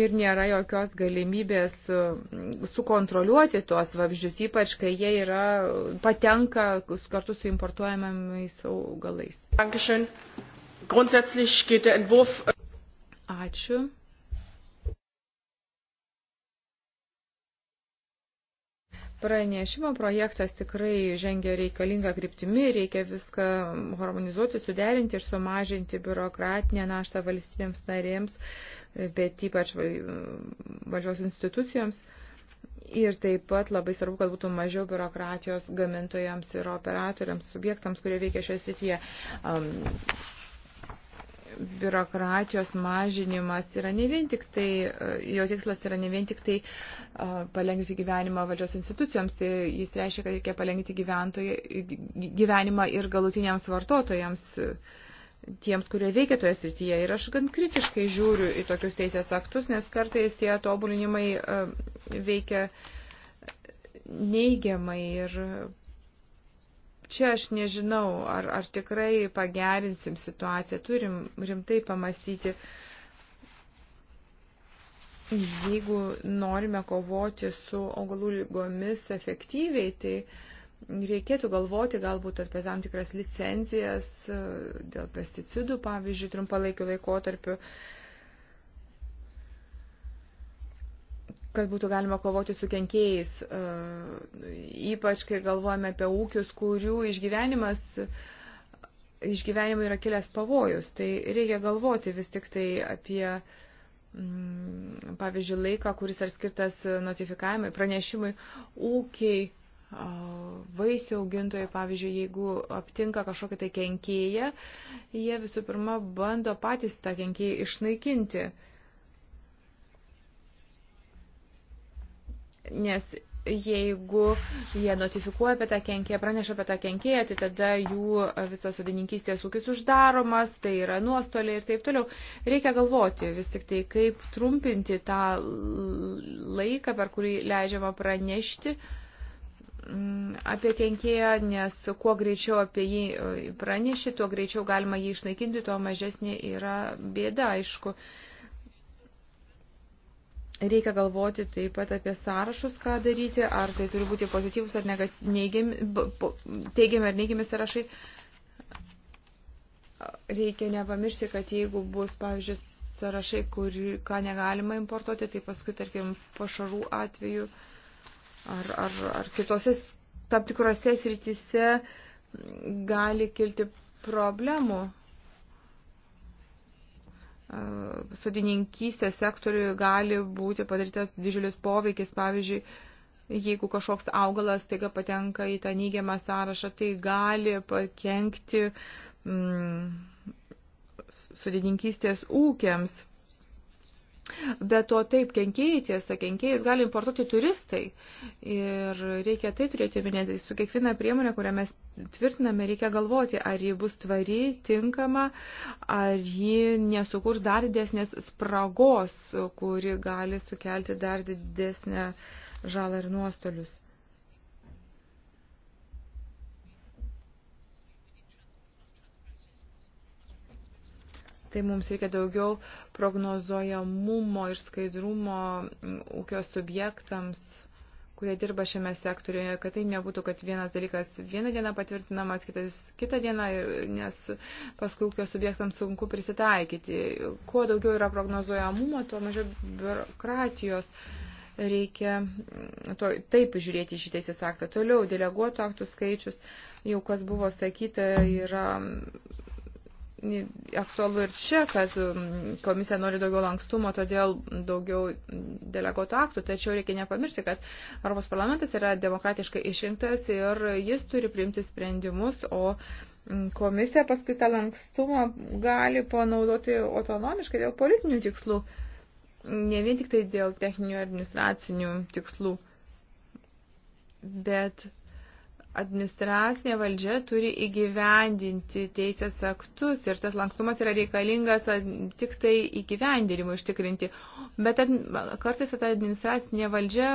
Ir nėra jokios galimybės e, sukontroliuoti tuos vabzdžius, ypač kai jie yra, patenka kartu su importuojamais augalais. Äh, Ačiū. Pranešimo projektas tikrai žengia reikalingą kryptimį, reikia viską harmonizuoti, suderinti ir sumažinti biurokratinę naštą valstybėms narėms, bet ypač valdžios institucijoms. Ir taip pat labai svarbu, kad būtų mažiau biurokratijos gamintojams ir operatoriams, subjektams, kurie veikia šioje srityje. Um, biurokratijos mažinimas yra ne vien tik tai, e, jo tikslas yra ne vien tik tai e, palengvinti gyvenimą valdžios institucijoms, tai jis reiškia, kad reikia palengvinti gyvenimą ir galutiniams vartotojams, e, tiems, kurie veikia toje srityje. Ir aš gan kritiškai žiūriu į tokius teisės aktus, nes kartais tie tobulinimai veikia neigiamai ir Čia aš nežinau, ar, ar tikrai pagerinsim situaciją. Turim rimtai pamastyti, jeigu norime kovoti su augalų lygomis efektyviai, tai reikėtų galvoti galbūt apie tam tikras licencijas dėl pesticidų, pavyzdžiui, trumpalaikiu laikotarpiu. laikotarpiu kad būtų galima kovoti su kenkėjais, e, ypač kai galvojame apie ūkius, kurių išgyvenimas išgyvenimui yra kilęs pavojus. Tai reikia galvoti vis tik tai apie, mm, pavyzdžiui, laiką, kuris ar skirtas notifikavimui, pranešimui, ūkiai, vaisių augintojai, pavyzdžiui, jeigu aptinka kažkokį tai kenkėją, jie visų pirma bando patys tą kenkėją išnaikinti nes jeigu jie notifikuoja apie tą kenkėją, praneša apie tą kenkėją, tai tada jų visas sodininkystės ūkis uždaromas, tai yra nuostoliai ir taip toliau. Reikia galvoti vis tik tai, kaip trumpinti tą laiką, per kurį leidžiama pranešti mm, apie kenkėją, nes kuo greičiau apie jį e, praneši, tuo greičiau galima jį išnaikinti, tuo mažesnė yra bėda, aišku. Reikia galvoti taip pat apie sąrašus, ką daryti, ar tai turi būti pozityvus ar neigiami, teigiami ar neigiami sąrašai. Reikia nepamiršti, kad jeigu bus, pavyzdžiui, sąrašai, kur, ką negalima importuoti, tai paskui, tarkim, pašarų atveju ar, ar, ar kitose tam tikrose srityse gali kilti problemų sodininkystės sektoriui gali būti padarytas didžiulis poveikis, pavyzdžiui, jeigu kažkoks augalas taiga patenka į tą neigiamą sąrašą, tai gali pakenkti mm, sodininkystės ūkiams. Bet to taip, kenkėjai tiesa, kenkėjus gali importuoti turistai. Ir reikia tai turėti omenyje. Tai su kiekviena priemonė, kurią mes tvirtiname, reikia galvoti, ar ji bus tvari, tinkama, ar ji nesukurs dar didesnės spragos, kuri gali sukelti dar didesnę žalą ir nuostolius. tai mums reikia daugiau prognozojamumo ir skaidrumo ūkio subjektams kurie dirba šiame sektoriuje, kad tai nebūtų, kad vienas dalykas vieną dieną patvirtinamas, kitas kitą dieną, nes paskui ūkio subjektams sunku prisitaikyti. Kuo daugiau yra prognozuojamumo, tuo mažiau biurokratijos reikia to, taip žiūrėti šį teisės aktą. Toliau deleguotų aktų skaičius, jau kas buvo sakyta, yra aktualu ir čia, kad um, komisija nori daugiau lankstumo, todėl daugiau deleguotų aktų, tačiau reikia nepamiršti, kad Europos parlamentas yra demokratiškai išrinktas ir jis turi priimti sprendimus, o mm, komisija paskui tą lankstumą gali panaudoti autonomiškai dėl politinių tikslų, ne vien tik tai dėl techninių administracinių tikslų, bet administracinė valdžia turi įgyvendinti teisės aktus ir tas lankstumas yra reikalingas tik tai įgyvendinimui ištikrinti. Bet at, kartais ta administracinė valdžia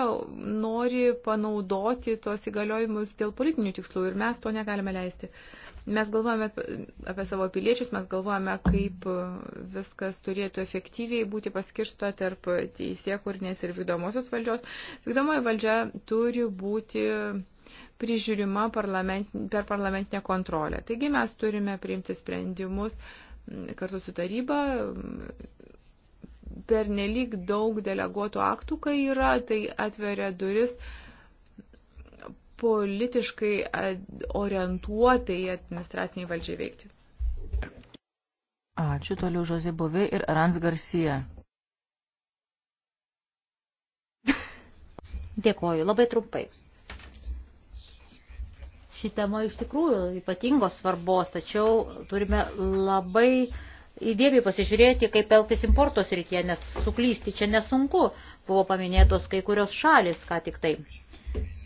nori panaudoti tos įgaliojimus dėl politinių tikslų ir mes to negalime leisti. Mes galvojame apie savo piliečius, mes galvojame, kaip viskas turėtų efektyviai būti paskirsto tarp teisėkurnės ir vykdomosios valdžios. Vykdomoji valdžia turi būti prižiūrima parlament, per parlamentinę kontrolę. Taigi mes turime priimti sprendimus kartu su taryba. Per nelik daug deleguotų aktų, kai yra, tai atveria duris politiškai orientuotai administraciniai valdžiai veikti. Ačiū toliau Žozė Bovė ir Rans Garcia. Dėkoju, labai trumpai. Ši tema iš tikrųjų ypatingos svarbos, tačiau turime labai įdėmiai pasižiūrėti, kaip elgtis importo srityje, nes suklysti čia nesunku. Buvo paminėtos kai kurios šalis, ką tik tai.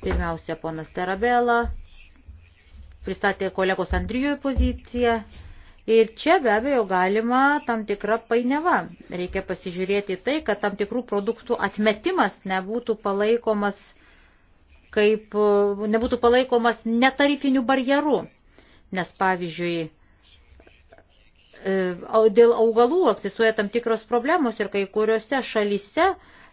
Pirmiausia, ponas Terabela pristatė kolegos Andrijoje poziciją. Ir čia be abejo galima tam tikrą painiavą. Reikia pasižiūrėti tai, kad tam tikrų produktų atmetimas nebūtų palaikomas kaip e, nebūtų palaikomas netarifiniu barjeru. Nes pavyzdžiui, e, dėl augalų egzistuoja tam tikros problemos ir kai kuriuose šalyse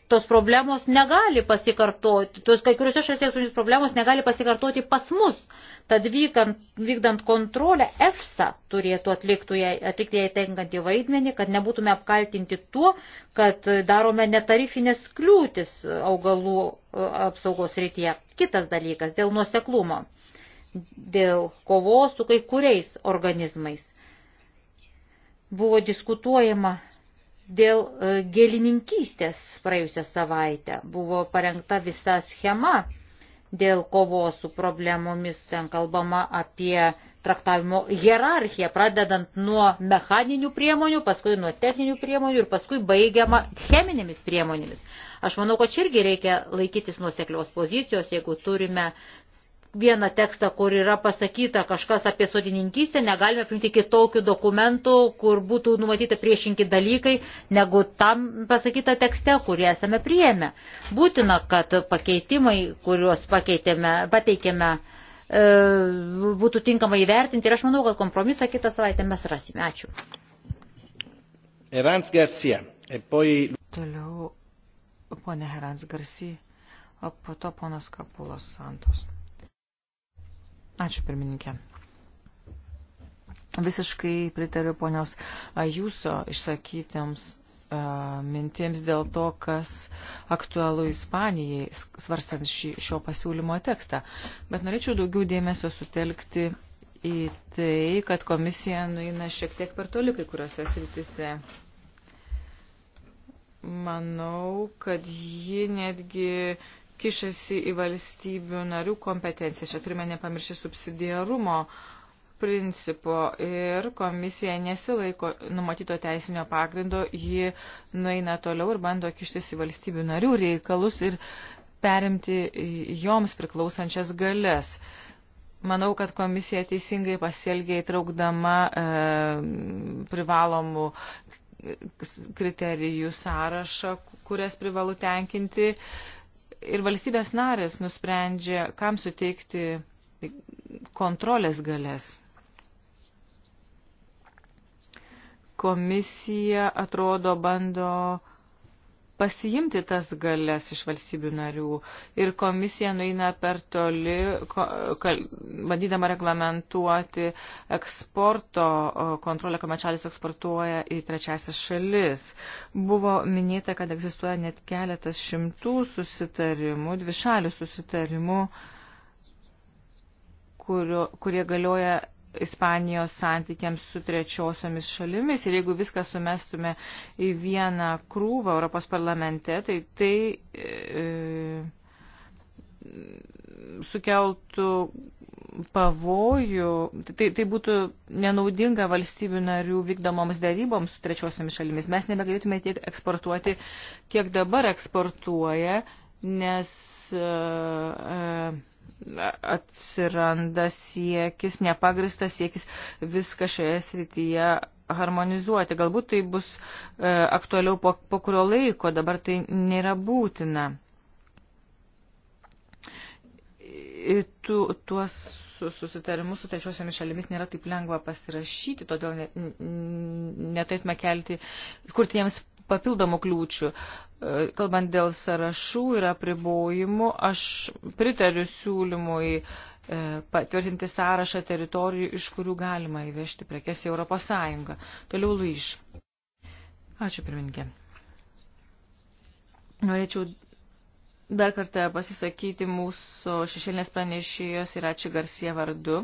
tos problemos negali pasikartoti, tos kai kuriuose šalyse tos problemos negali pasikartoti pas mus. Tad vykant, vykdant kontrolę, EFSA turėtų jai, atlikti jai tenkantį vaidmenį, kad nebūtume apkaltinti tuo, kad darome netarifinės kliūtis augalų e, apsaugos rytyje. Kitas dalykas dėl nuoseklumo, dėl kovos su kai kuriais organizmais. Buvo diskutuojama dėl e, gelininkystės praėjusią savaitę. Buvo parengta visa schema dėl kovos su problemomis. Ten kalbama apie traktavimo hierarchiją, pradedant nuo mechaninių priemonių, paskui nuo techninių priemonių ir paskui baigiama cheminėmis priemonėmis. Aš manau, kad čia irgi reikia laikytis nuoseklios pozicijos, jeigu turime vieną tekstą, kur yra pasakyta kažkas apie sodininkystę, negalime priimti kitokių dokumentų, kur būtų numatyti priešinki dalykai, negu tam pasakyta tekste, kurį esame priėmę. Būtina, kad pakeitimai, kuriuos pateikėme, e, būtų tinkamai įvertinti ir aš manau, kad kompromisą kitą savaitę mes rasime. Ačiū. Erans Garcia. E poi... Toliau, ponė Herans Garcia, o po to ponas Kapulos Santos. Ačiū pirmininkė. Visiškai pritariu ponios Jūso išsakytiems mintims dėl to, kas aktualu Ispanijai, svarstant šį, šio pasiūlymo tekstą. Bet norėčiau daugiau dėmesio sutelkti į tai, kad komisija nueina šiek tiek per toli kai kuriuose sritise. Manau, kad ji netgi uh, kišasi į valstybių narių kompetenciją. Čia turime nepamiršti subsidiarumo principo ir komisija nesilaiko numatyto teisinio pagrindo, ji nueina toliau ir bando kištis į valstybių narių reikalus ir perimti joms priklausančias galės. Manau, kad komisija teisingai pasielgė įtraukdama e, privalomų kriterijų sąrašą, kurias privalu tenkinti. E, ir valstybės narės nusprendžia, kam suteikti kontrolės galės. Komisija atrodo bando pasiimti tas galės iš valstybių narių ir komisija nueina per toli, bandydama reglamentuoti eksporto kontrolę, kuomet šalis eksportuoja į trečiasias šalis. Buvo minėta, kad egzistuoja net keletas šimtų susitarimų, dvišalių susitarimų, kurio, kurie galioja Ispanijos santykiams su trečiosiomis šalimis. Ir jeigu viską sumestume į vieną krūvą Europos parlamente, tai tai e, sukeltų pavojų, tai, tai būtų nenaudinga valstybių narių vykdomoms daryboms su trečiosiomis šalimis. Mes nebegalėtume tiek eksportuoti, kiek dabar eksportuoja, nes. E, e, atsiranda siekis, nepagristas siekis viską šioje srityje harmonizuoti. Galbūt tai bus e, aktualiau po, po kurio laiko, dabar tai nėra būtina. Tu, tuos susitarimus su trečiosiamis šalimis nėra taip lengva pasirašyti, todėl netaipme kelti, kurti jiems papildomų kliūčių. E, kalbant dėl sąrašų ir apribojimų, aš pritariu siūlymui e, patvirtinti sąrašą teritorijų, iš kurių galima įvežti prekes į Europos Sąjungą. Toliau Luiš. Ačiū, pirmininkė. Norėčiau dar kartą pasisakyti mūsų šešėlinės pranešėjos ir ačiū Garsie vardu.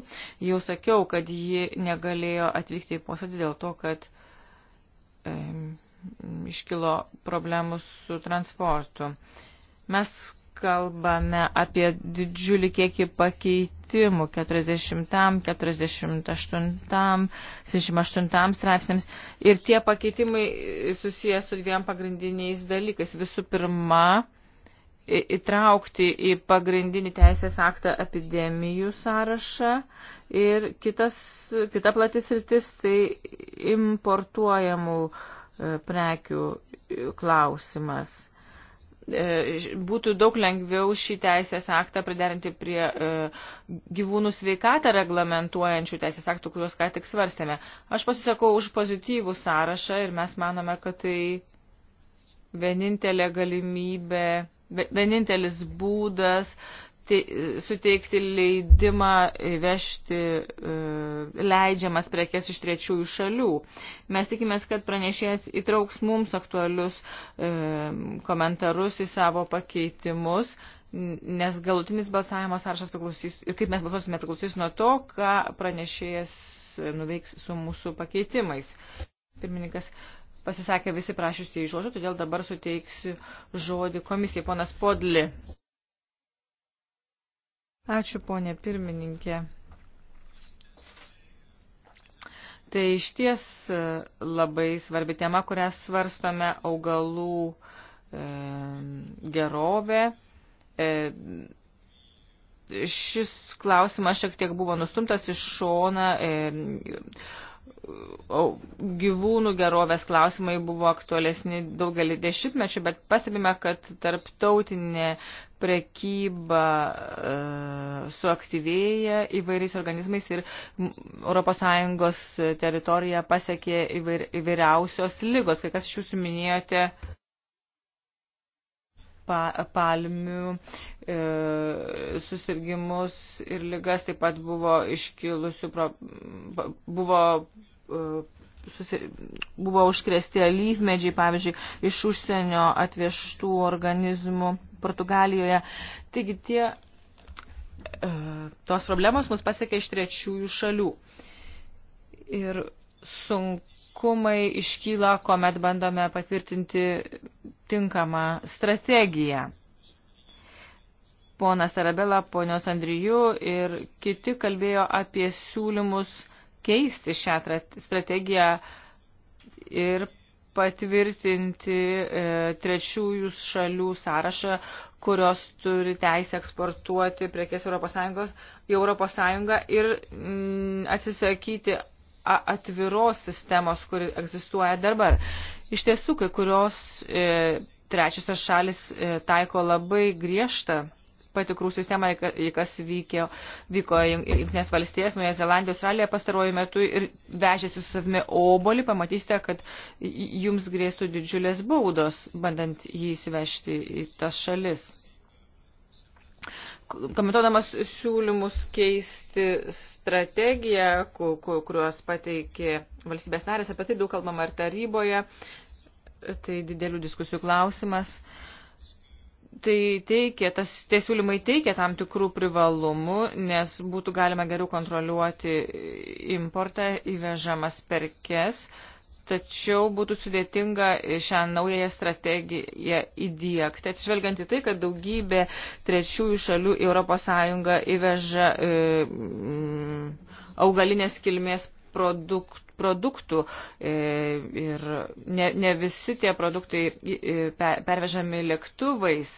Jau sakiau, kad ji negalėjo atvykti į posėdį dėl to, kad e, iškilo problemų su transportu. Mes kalbame apie didžiulį kiekį pakeitimų 40, 48, 78 straipsniams ir tie pakeitimai susijęs su dviem pagrindiniais dalykais. Visų pirma, įtraukti į pagrindinį teisės aktą epidemijų sąrašą ir kitas, kita platis rytis tai importuojamų e, prekių e, klausimas. E, būtų daug lengviau šį teisės aktą priderinti prie gyvūnų sveikatą reglamentuojančių teisės aktų, kuriuos ką tik svarstėme. Aš pasisakau už pozityvų sąrašą ir mes manome, kad tai vienintelė galimybė vienintelis būdas te, suteikti leidimą vežti e, leidžiamas prekes iš trečiųjų šalių. Mes tikimės, kad pranešėjas įtrauks mums aktualius e, komentarus į savo pakeitimus, nes galutinis balsavimo sąrašas priklausys ir kaip mes balsuosime priklausys nuo to, ką pranešėjas nuveiks su mūsų pakeitimais. Pirmininkas, pasisakė visi prašysiu į žodžių, todėl dabar suteiksiu žodį komisijai. Ponas Podli. Ačiū, ponė pirmininkė. Tai iš ties labai svarbi tema, kurią svarstome augalų e, gerovė. E, šis klausimas šiek tiek buvo nustumtas iš šona. E, gyvūnų gerovės klausimai buvo aktualesni daugelį dešimtmečių, bet pastebime, kad tarptautinė prekyba e, suaktyvėja įvairiais organizmais ir ES teritoriją pasiekė įvairiausios lygos. Kai kas iš jūsų minėjote pa, palmių e, susirgymus ir lygas taip pat buvo iškilusių, pro, buvo E, susi, buvo užkrėsti alyvmedžiai, pavyzdžiui, iš užsienio atvežtų organizmų Portugalijoje. Taigi tie, e, tos problemos mus pasiekia iš trečiųjų šalių. Ir sunkumai iškyla, kuomet bandome patvirtinti tinkamą strategiją. Ponas Arabela, ponios Andriju ir kiti kalbėjo apie siūlymus keisti šią strategiją ir patvirtinti e, trečiųjų šalių sąrašą, kurios turi teisę eksportuoti prekes ES į ES ir mm, atsisakyti atviros sistemos, kuri egzistuoja dabar. Iš tiesų, kai kurios e, trečiosios šalis e, taiko labai griežtą patikrų sistemą, kas vykė, vyko Junktinės valstijas, Nuoja Zelandija, Australija pastaruoju metu ir vežėsi su savimi obolį, pamatysite, kad jums grėstų didžiulės baudos, bandant jį įsivežti į tas šalis. Komentuodamas siūlymus keisti strategiją, kuriuos pateikė valstybės narės, apie tai daug kalbama ir taryboje, tai didelių diskusijų klausimas. Uh, Tai teikia, tas, tie siūlymai teikia tam tikrų privalumų, nes būtų galima geriau kontroliuoti importą įvežamas perkes, tačiau būtų sudėtinga šią naująją strategiją įdėkti, atsižvelgiant į tai, kad daugybė trečiųjų šalių ES įveža e, augalinės kilmės produktų produktų e, ir ne, ne visi tie produktai pervežami lėktuvais.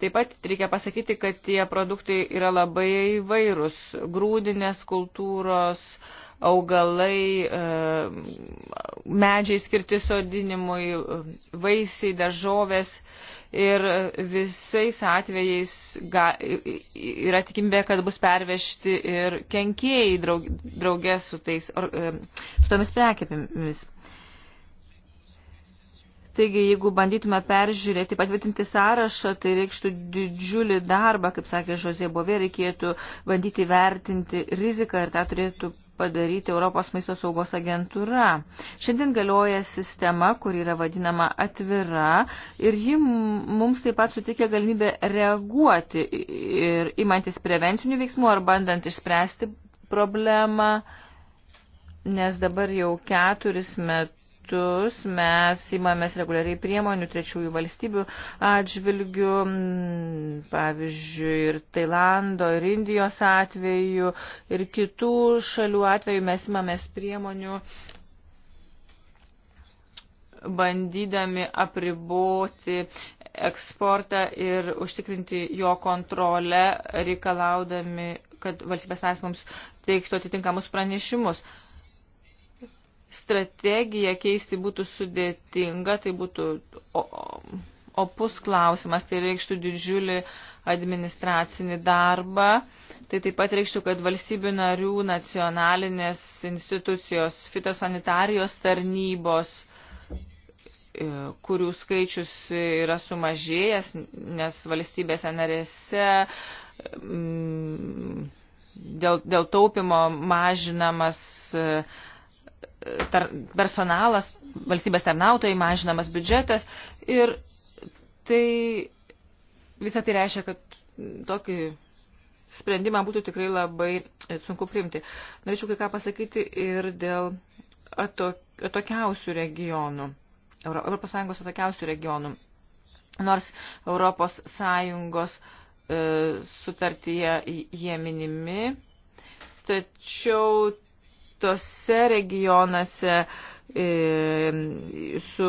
Taip pat reikia pasakyti, kad tie produktai yra labai vairūs - grūdinės kultūros, augalai, e, medžiai skirti sodinimui, vaisiai, daržovės ir visais atvejais ga, yra tikimybė, kad bus pervežti ir kenkėjai draug, draugė su, tais, or, e, su tomis prekėmis. Taigi, jeigu bandytume peržiūrėti, patvirtinti sąrašą, tai reikštų didžiulį darbą, kaip sakė Žozė Bovė, reikėtų bandyti vertinti riziką ir tą turėtų padaryti Europos maisto saugos agentūra. Šiandien galioja sistema, kur yra vadinama atvira ir ji mums taip pat sutikė galimybę reaguoti ir imantis prevencinių veiksmų ar bandant išspręsti problemą, nes dabar jau keturis metus metus mes įmamės reguliariai priemonių trečiųjų valstybių atžvilgių, pavyzdžiui, ir Tailando, ir Indijos atveju, ir kitų šalių atveju mes įmamės priemonių bandydami apriboti eksportą ir užtikrinti jo kontrolę, reikalaudami, kad valstybės narės mums teiktų atitinkamus pranešimus. Uh, strategiją keisti būtų sudėtinga, tai būtų opus klausimas, tai reikštų didžiulį administracinį darbą. Tai taip pat reikštų, kad valstybių narių nacionalinės institucijos, fitosanitarijos tarnybos, e, kurių skaičius yra sumažėjęs, nes valstybėse narėse dėl, dėl taupimo mažinamas e, tar, personalas, valstybės tarnautojai, mažinamas biudžetas ir tai visą tai reiškia, kad tokį sprendimą būtų tikrai labai sunku priimti. Norėčiau kai ką pasakyti ir dėl atok, atokiausių regionų, Europos Sąjungos atokiausių regionų. Nors Europos Sąjungos e, sutartyje jie minimi, tačiau tose regionuose e, su,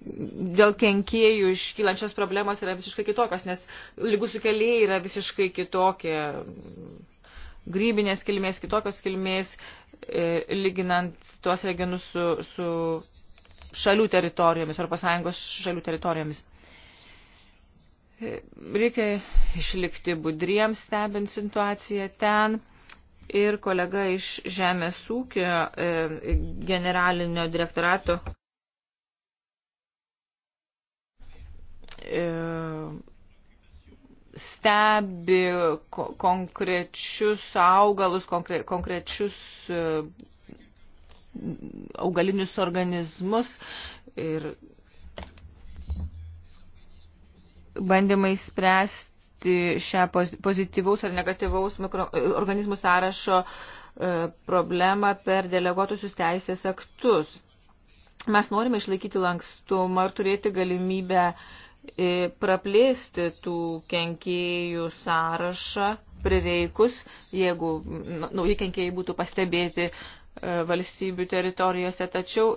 dėl kenkėjų iškylančios problemos yra visiškai kitokios, nes lygų sukeliai yra visiškai kitokie, grybinės kilmės, kitokios kilmės, e, lyginant tuos regionus su, su šalių teritorijomis, Europos Sąjungos šalių teritorijomis. E, reikia išlikti budriems, stebint situaciją ten ir kolega iš Žemės ūkio e, generalinio direktorato e, stebi konkrečius augalus, konkre, konkrečius e, augalinius organizmus ir bandymai spręsti keisti šią pozityvaus ar negatyvaus mikro, e, organizmų sąrašo e, problemą per deleguotusius teisės aktus. Mes norime išlaikyti lankstumą ir turėti galimybę e, praplėsti tų kenkėjų sąrašą prireikus, jeigu nauji kenkėjai būtų pastebėti valstybių teritorijose. Tačiau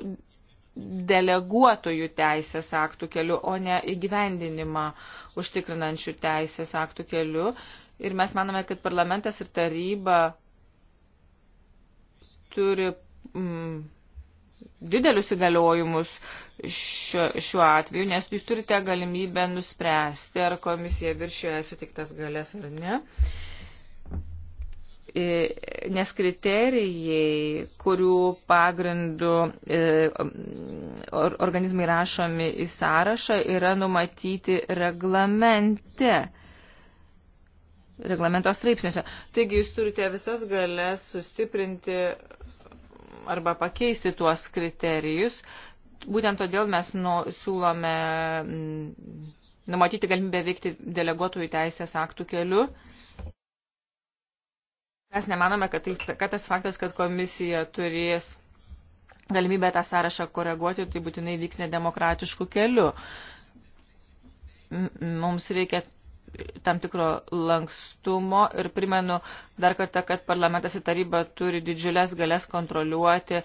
deleguotojų teisės aktų keliu, o ne įgyvendinimą užtikrinančių teisės aktų keliu. Ir mes manome, kad parlamentas ir taryba turi mm, didelius įgaliojimus šiuo, šiuo atveju, nes jūs turite galimybę nuspręsti, ar komisija viršioje sutiktas galės ar ne. Uh, E, nes kriterijai, kurių pagrindų e, organizmai rašomi į sąrašą, yra numatyti reglamente. Reglamento straipsniuose. Taigi jūs turite visas galės sustiprinti arba pakeisti tuos kriterijus. Būtent todėl mes nu, siūlome numatyti galimybę veikti deleguotojų teisės aktų keliu. Uh, Mes nemanome, kad, tai, kad tas faktas, kad komisija turės galimybę tą sąrašą koreguoti, tai būtinai vyks nedemokratiškų kelių. Mums reikia tam tikro lankstumo ir primenu dar kartą, kad parlamentas ir taryba turi didžiulės galės kontroliuoti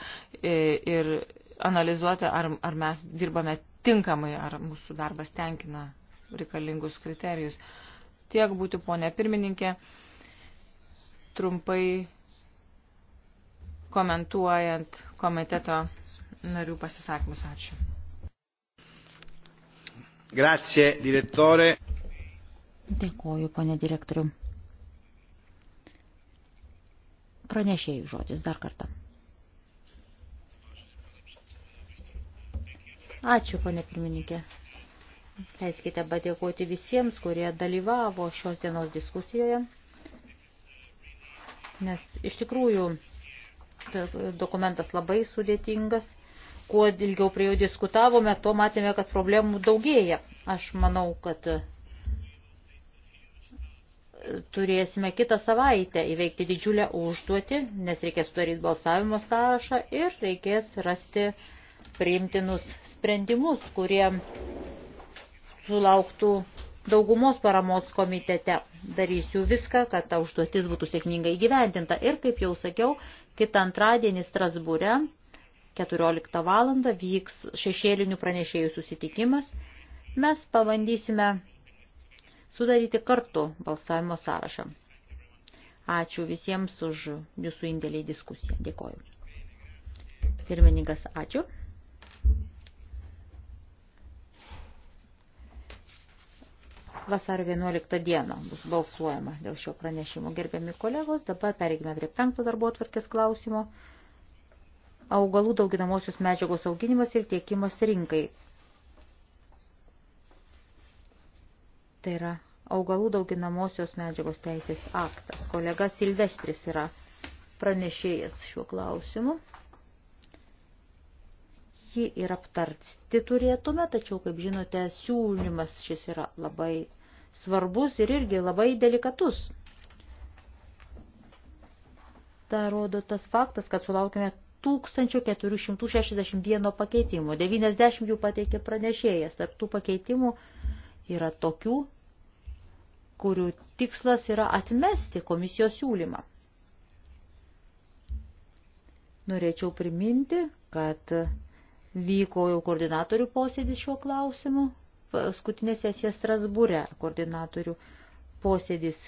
ir analizuoti, ar, ar mes dirbame tinkamai, ar mūsų darbas tenkina reikalingus kriterijus. Tiek būtų, ponė pirmininkė trumpai komentuojant komiteto narių pasisakymus. Ačiū. Grazie, direktorė. Dėkoju, ponė direktoriu. Pranešėjų žodis dar kartą. Ačiū, ponė pirmininkė. Leiskite padėkoti visiems, kurie dalyvavo šios dienos diskusijoje nes iš tikrųjų dokumentas labai sudėtingas. Kuo ilgiau prie jo diskutavome, to matėme, kad problemų daugėja. Aš manau, kad e, turėsime kitą savaitę įveikti didžiulę užduotį, nes reikės sudaryti balsavimo sąrašą ir reikės rasti priimtinus sprendimus, kurie sulauktų daugumos paramos komitete. Darysiu viską, kad ta užduotis būtų sėkmingai gyvendinta. Ir, kaip jau sakiau, kitą antradienį Strasbūre 14 val. vyks šešėlinių pranešėjų susitikimas. Mes pabandysime sudaryti kartu balsavimo sąrašą. Ačiū visiems už jūsų indėlį į diskusiją. Dėkoju. Pirmininkas, ačiū. Vasario 11 dieną bus balsuojama dėl šio pranešimo. Gerbiami kolegos, dabar pereikime prie penkto darbo atvarkės klausimo. Augalų dauginamosios medžiagos auginimas ir tiekimas rinkai. Tai yra augalų dauginamosios medžiagos teisės aktas. Kolega Silvestris yra pranešėjas šiuo klausimu. Jį ir aptarti turėtume, tačiau, kaip žinote, siūlymas šis yra labai svarbus ir irgi labai delikatus. Ta rodo tas faktas, kad sulaukime 1461 pakeitimo. 90 jų pateikė pranešėjas. Tarp tų pakeitimų yra tokių, kurių tikslas yra atmesti komisijos siūlymą. Norėčiau priminti, kad vyko jau koordinatorių posėdis šiuo klausimu paskutinė sesija Strasbūre koordinatorių posėdis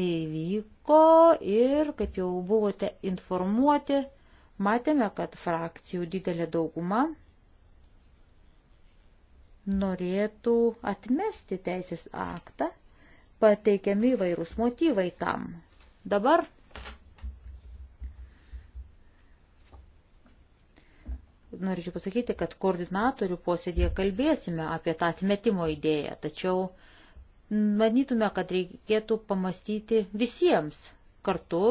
įvyko ir, kaip jau buvote informuoti, matėme, kad frakcijų didelė dauguma norėtų atmesti teisės aktą, pateikiami įvairūs motyvai tam. Dabar norėčiau pasakyti, kad koordinatorių posėdėje kalbėsime apie tą atmetimo idėją, tačiau manytume, kad reikėtų pamastyti visiems kartu,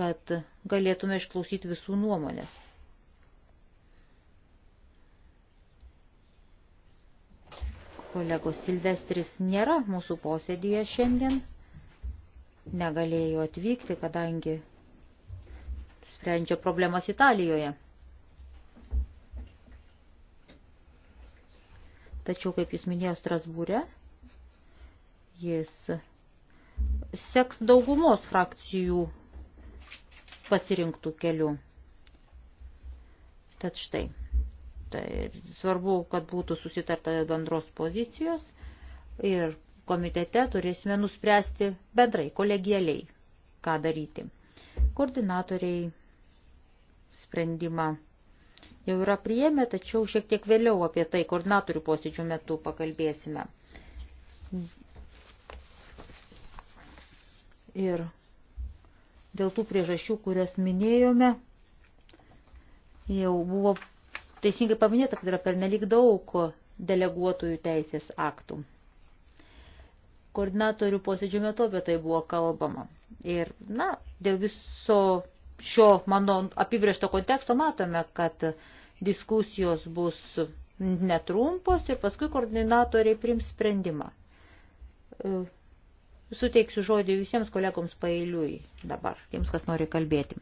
kad galėtume išklausyti visų nuomonės. Kolegos Silvestris nėra mūsų posėdėje šiandien, negalėjo atvykti, kadangi sprendžia problemas Italijoje. Tačiau, kaip jis minėjo Strasbūre, jis seks daugumos frakcijų pasirinktų kelių. Tad štai. Tai svarbu, kad būtų susitarta bendros pozicijos ir komitete turėsime nuspręsti bendrai, kolegialiai, ką daryti. Koordinatoriai sprendimą jau yra priėmę, tačiau šiek tiek vėliau apie tai koordinatorių posėdžių metu pakalbėsime. Ir dėl tų priežasčių, kurias minėjome, jau buvo teisingai paminėta, kad yra pernelik daug deleguotojų teisės aktų. Koordinatorių posėdžio metu apie tai buvo kalbama. Ir, na, dėl viso šio mano apibriešto konteksto matome, kad diskusijos bus netrumpos ir paskui koordinatoriai prims sprendimą. E, suteiksiu žodį visiems kolegoms pailiui dabar, tiems, kas nori kalbėti.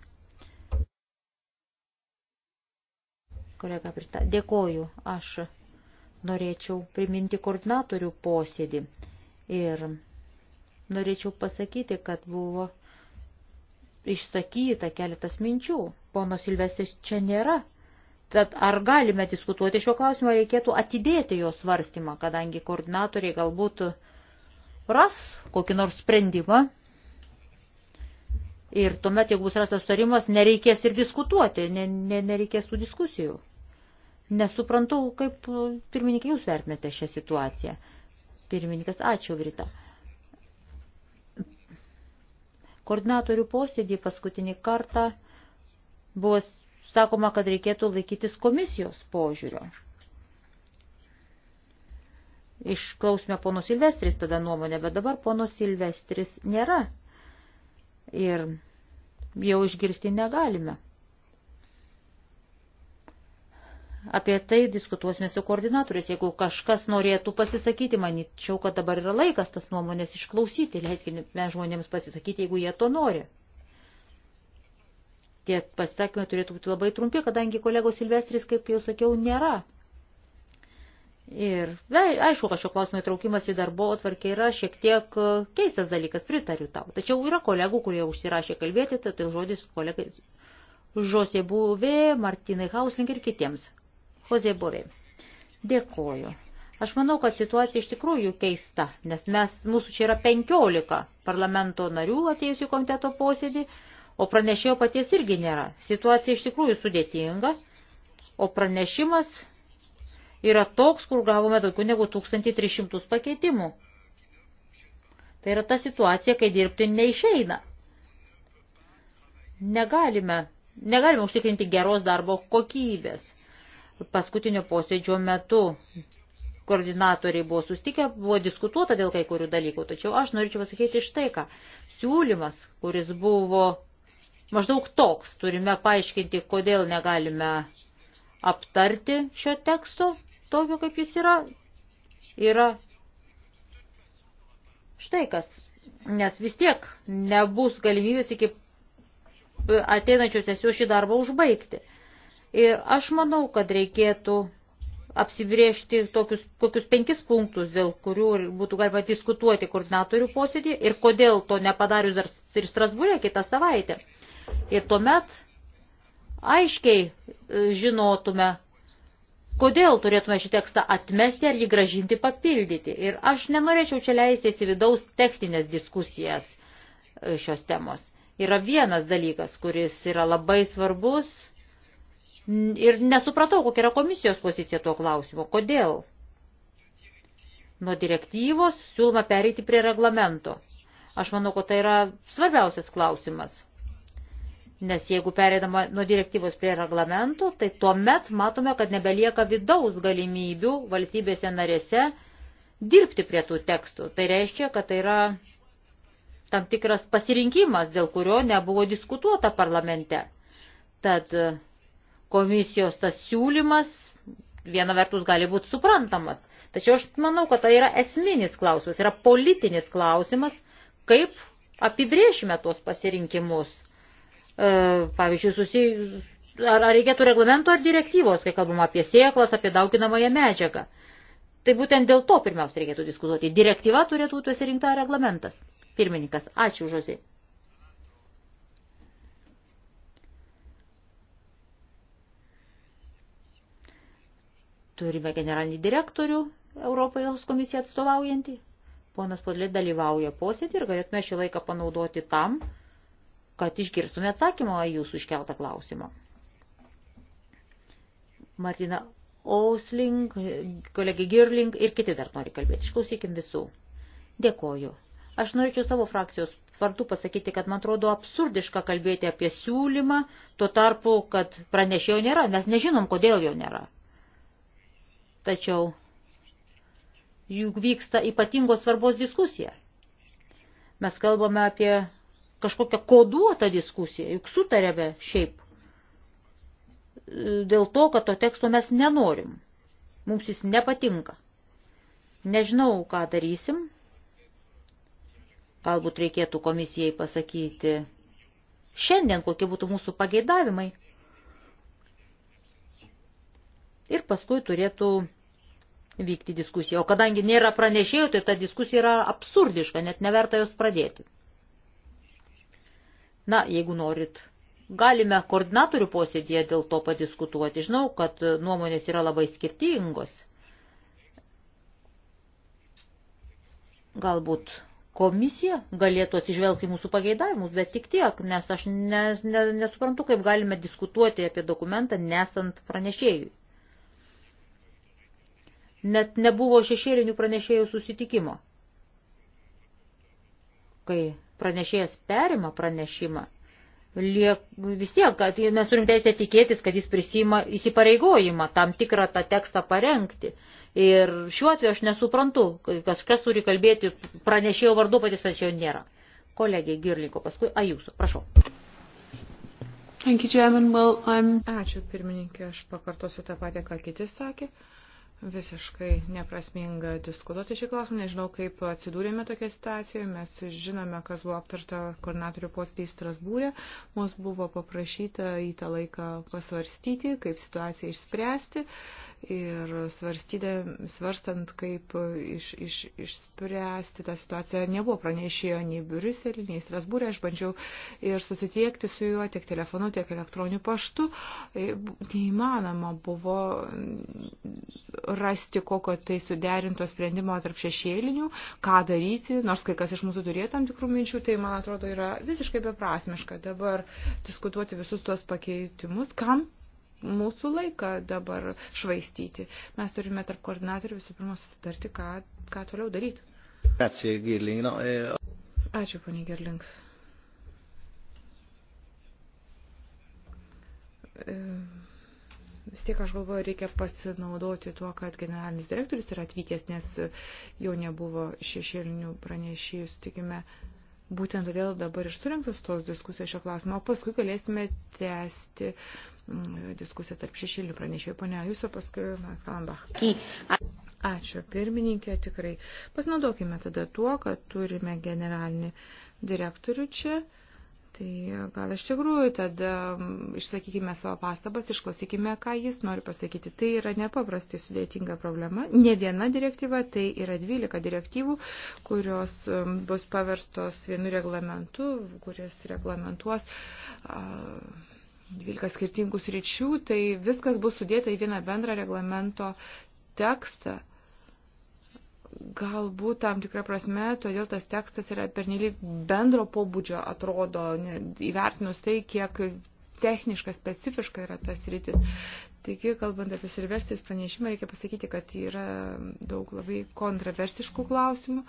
Kolega Prista, dėkoju, aš norėčiau priminti koordinatorių posėdį ir norėčiau pasakyti, kad buvo išsakyta keletas minčių. Pono Silvestris čia nėra. Tad ar galime diskutuoti šio klausimo, reikėtų atidėti jo svarstymą, kadangi koordinatoriai galbūt ras kokį nors sprendimą. Ir tuomet, jeigu bus rastas sutarimas, nereikės ir diskutuoti, ne, ne, nereikės tų diskusijų. Nesuprantu, kaip pirmininkai jūs vertinate šią situaciją. Pirmininkas, ačiū, Vrita. Koordinatorių posėdį paskutinį kartą buvo sakoma, kad reikėtų laikytis komisijos požiūrio. Išklausime pono Silvestris tada nuomonę, bet dabar pono Silvestris nėra ir jau išgirsti negalime. Apie tai diskutuosime su koordinatoriais. Jeigu kažkas norėtų pasisakyti, manyčiau, kad dabar yra laikas tas nuomonės išklausyti. Leiskime žmonėms pasisakyti, jeigu jie to nori. Tie pasisakymai turėtų būti labai trumpi, kadangi kolegos Silvestris, kaip jau sakiau, nėra. Ir aišku, kad šio klausimo įtraukimas į darbo atvarkį yra šiek tiek e, keistas dalykas, pritariu tau. Tačiau yra kolegų, kurie užsirašė kalbėti, tai, tai žodis kolegai Žosė Buvė, Martinai Hauslink ir kitiems. Hozė Bovė. Dėkoju. Aš manau, kad situacija iš tikrųjų keista, nes mes, mūsų čia yra 15 parlamento narių atėjusių komiteto posėdį, o pranešėjo paties irgi nėra. Situacija iš tikrųjų sudėtinga, o pranešimas yra toks, kur gavome daugiau negu 1300 pakeitimų. Tai yra ta situacija, kai dirbti neišeina. Negalime, negalime užtikrinti geros darbo kokybės paskutinio posėdžio metu koordinatoriai buvo sustikę, buvo diskutuota dėl kai kurių dalykų, tačiau aš norėčiau pasakyti štai ką. Siūlymas, kuris buvo maždaug toks, turime paaiškinti, kodėl negalime aptarti šio teksto, tokio kaip jis yra, yra štai kas, nes vis tiek nebus galimybės iki ateinančios sesijos šį darbą užbaigti. Ir aš manau, kad reikėtų apsibriežti tokius, kokius penkis punktus, dėl kurių būtų galima diskutuoti koordinatorių posėdį ir kodėl to nepadarius dar ir Strasbūrė kitą savaitę. Ir tuomet aiškiai e, žinotume, kodėl turėtume šį tekstą atmesti ar jį gražinti papildyti. Ir aš nenorėčiau čia leistis į vidaus techninės diskusijas e, šios temos. Yra vienas dalykas, kuris yra labai svarbus ir nesupratau, kokia yra komisijos pozicija tuo klausimu. Kodėl? Nuo direktyvos siūloma pereiti prie reglamento. Aš manau, kad tai yra svarbiausias klausimas. Nes jeigu pereidama nuo direktyvos prie reglamento, tai tuomet matome, kad nebelieka vidaus galimybių valstybėse narėse dirbti prie tų tekstų. Tai reiškia, kad tai yra tam tikras pasirinkimas, dėl kurio nebuvo diskutuota parlamente. Tad Komisijos tas siūlymas viena vertus gali būti suprantamas, tačiau aš manau, kad tai yra esminis klausimas, yra politinis klausimas, kaip apibrėšime tuos pasirinkimus. E, pavyzdžiui, susi... ar, ar reikėtų reglamento ar direktyvos, kai kalbam apie sėklas, apie dauginamąją medžiagą. Tai būtent dėl to pirmiausia reikėtų diskutuoti. Direktyva turėtų būti pasirinkta reglamentas. Pirmininkas, ačiū žodžiai. Turime generalinį direktorių Europos komisiją atstovaujantį. Ponas Podlė dalyvauja posėdį ir galėtume šį laiką panaudoti tam, kad išgirstume atsakymą į jūsų iškeltą klausimą. Martina Osling, kolegė Girling ir kiti dar nori kalbėti. Išklausykim visų. Dėkoju. Aš norėčiau savo frakcijos vardu pasakyti, kad man atrodo absurdiška kalbėti apie siūlymą, tuo tarpu, kad pranešėjo nėra, mes nežinom, kodėl jo nėra. Tačiau juk vyksta ypatingos svarbos diskusija. Mes kalbame apie kažkokią koduotą diskusiją, juk sutarėme šiaip e, dėl to, kad to teksto mes nenorim. Mums jis nepatinka. Nežinau, ką darysim. Galbūt reikėtų komisijai pasakyti šiandien, kokie būtų mūsų pageidavimai. ir paskui turėtų vykti diskusija. O kadangi nėra pranešėjų, tai ta diskusija yra absurdiška, net neverta jos pradėti. Na, jeigu norit, galime koordinatorių posėdėje dėl to padiskutuoti. Žinau, kad nuomonės yra labai skirtingos. Galbūt komisija galėtų atsižvelgti mūsų pageidavimus, bet tik tiek, nes aš ne, ne, nesuprantu, kaip galime diskutuoti apie dokumentą nesant pranešėjui net nebuvo šešėlinių pranešėjų susitikimo. Kai pranešėjas perima pranešimą, liek, vis tiek, kad mes turim teisę tikėtis, kad jis prisima įsipareigojimą tam tikrą tą tekstą parengti. Ir šiuo atveju aš nesuprantu, kažkas turi kalbėti pranešėjo vardu, patys pranešėjo nėra. Kolegiai Girlinko, paskui, a jūsų, prašau. Ačiū, pirmininkė, aš pakartosiu tą patį, ką kiti sakė. Uh, Visiškai neprasminga diskutuoti šį klausimą. Nežinau, kaip atsidūrėme tokia situacijoje. Mes žinome, kas buvo aptarta koordinatorių postėje Strasbūrė. Mums buvo paprašyta į tą laiką pasvarstyti, kaip situaciją išspręsti. Ir svarstant, kaip iš, iš, išspręsti tą situaciją, nebuvo pranešėjo nei Briuselį, nei Strasbūrė. Aš bandžiau ir susitiekti su juo tiek telefonu, tiek elektroniniu paštu. Neįmanoma buvo rasti kokio tai suderinto sprendimo tarp šešėlinių, ką daryti, nors kai kas iš mūsų turėjo tam tikrų minčių, tai man atrodo yra visiškai beprasmiška dabar diskutuoti visus tuos pakeitimus, kam mūsų laiką dabar švaistyti. Mes turime tarp koordinatorių visų pirma susitarti, ką, ką toliau daryti. Ačiū, Girling. Eh, Ačiū, ponė Girling. E eh, vis tiek aš galvoju, reikia pasinaudoti tuo, kad generalinis direktorius yra atvykęs, nes jau nebuvo šešėlinių pranešėjų, sutikime. Būtent todėl dabar ir surinktas tos diskusijos šio klausimo, o paskui galėsime tęsti mm, diskusiją tarp šešėlinių pranešėjų. Pone, jūsų paskui mes kalbam. Ačiū, pirmininkė, tikrai. Pasinaudokime tada tuo, kad turime generalinį direktorių čia Tai gal iš tikrųjų tada išsakykime savo pastabas, išklausykime, ką jis nori pasakyti. Tai yra nepaprastai sudėtinga problema. Ne viena direktyva, tai yra 12 direktyvų, kurios bus paverstos vienu reglamentu, kuris reglamentuos. Uh, 12 skirtingų sričių, tai viskas bus sudėta į vieną bendrą reglamento tekstą. Uh, galbūt tam tikrą prasme, todėl tas tekstas yra pernelyg bendro pobūdžio atrodo, įvertinus tai, kiek techniška, specifiška yra tas rytis. Taigi, kalbant apie silvestris pranešimą, reikia pasakyti, kad yra daug labai kontroversiškų klausimų.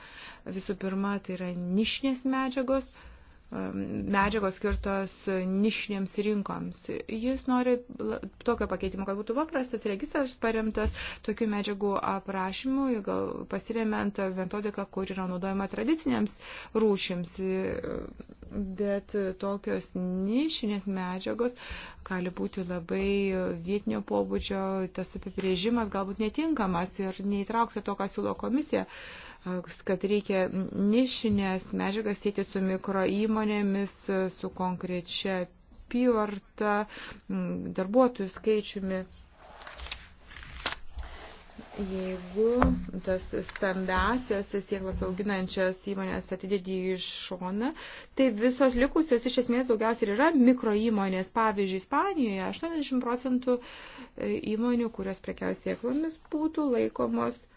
Visų pirma, tai yra nišinės medžiagos. Uh, Um, medžiagos skirtos nišinėms rinkoms. Jis nori tokio pakeitimo, kad būtų paprastas registras paremtas tokių medžiagų aprašymų, pasiremiant metodiką, kur yra naudojama tradicinėms rūšims. Bet tokios nišinės medžiagos gali būti labai vietinio pobūdžio, tas apibrėžimas galbūt netinkamas ir neįtraukti to, ką siūlo komisija. Uh, kad reikia nišinės medžiagas sėti su mikro įmonėmis, su konkrečia apyvarta, darbuotojų skaičiumi. Jeigu tas stambiasias sieklas auginančias įmonės atidėdė į šoną, tai visos likusios iš esmės daugiausiai yra mikro įmonės. Pavyzdžiui, Ispanijoje 80 procentų e, įmonių, kurios prekiaus sieklomis, būtų laikomos uh,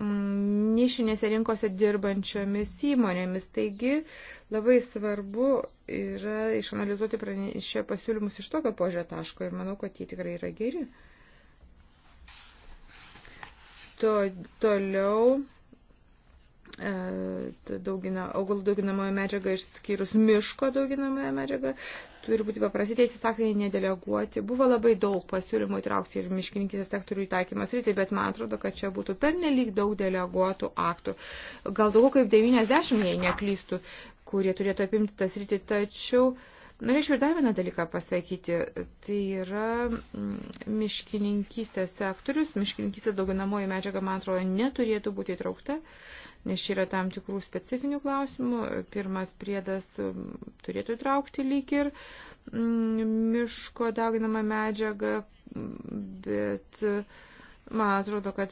Mm, nišinėse rinkose dirbančiomis įmonėmis. Taigi labai svarbu yra išanalizuoti pranešę pasiūlymus iš tokio požio taško ir manau, kad jie tikrai yra geri. To, toliau e, daugina, augalų dauginamoje medžiaga išskyrus miško dauginamąją medžiagą, turi būti paprasti teisės aktai nedeleguoti. Buvo labai daug pasiūlymų įtraukti ir miškininkės sektorių įtaikymas rytai, bet man atrodo, kad čia būtų pernelyg daug deleguotų aktų. Gal daugiau kaip 90, jei neklystų, kurie turėtų apimti tas rytį. Tačiau norėčiau ir dar vieną dalyką pasakyti. Tai yra mm, miškininkystės sektorius, miškininkystės dauginamoji medžiaga, man atrodo, neturėtų būti įtraukta nes čia yra tam tikrų specifinių klausimų. Pirmas priedas turėtų traukti lyg ir miško deginamą medžiagą, bet man atrodo, kad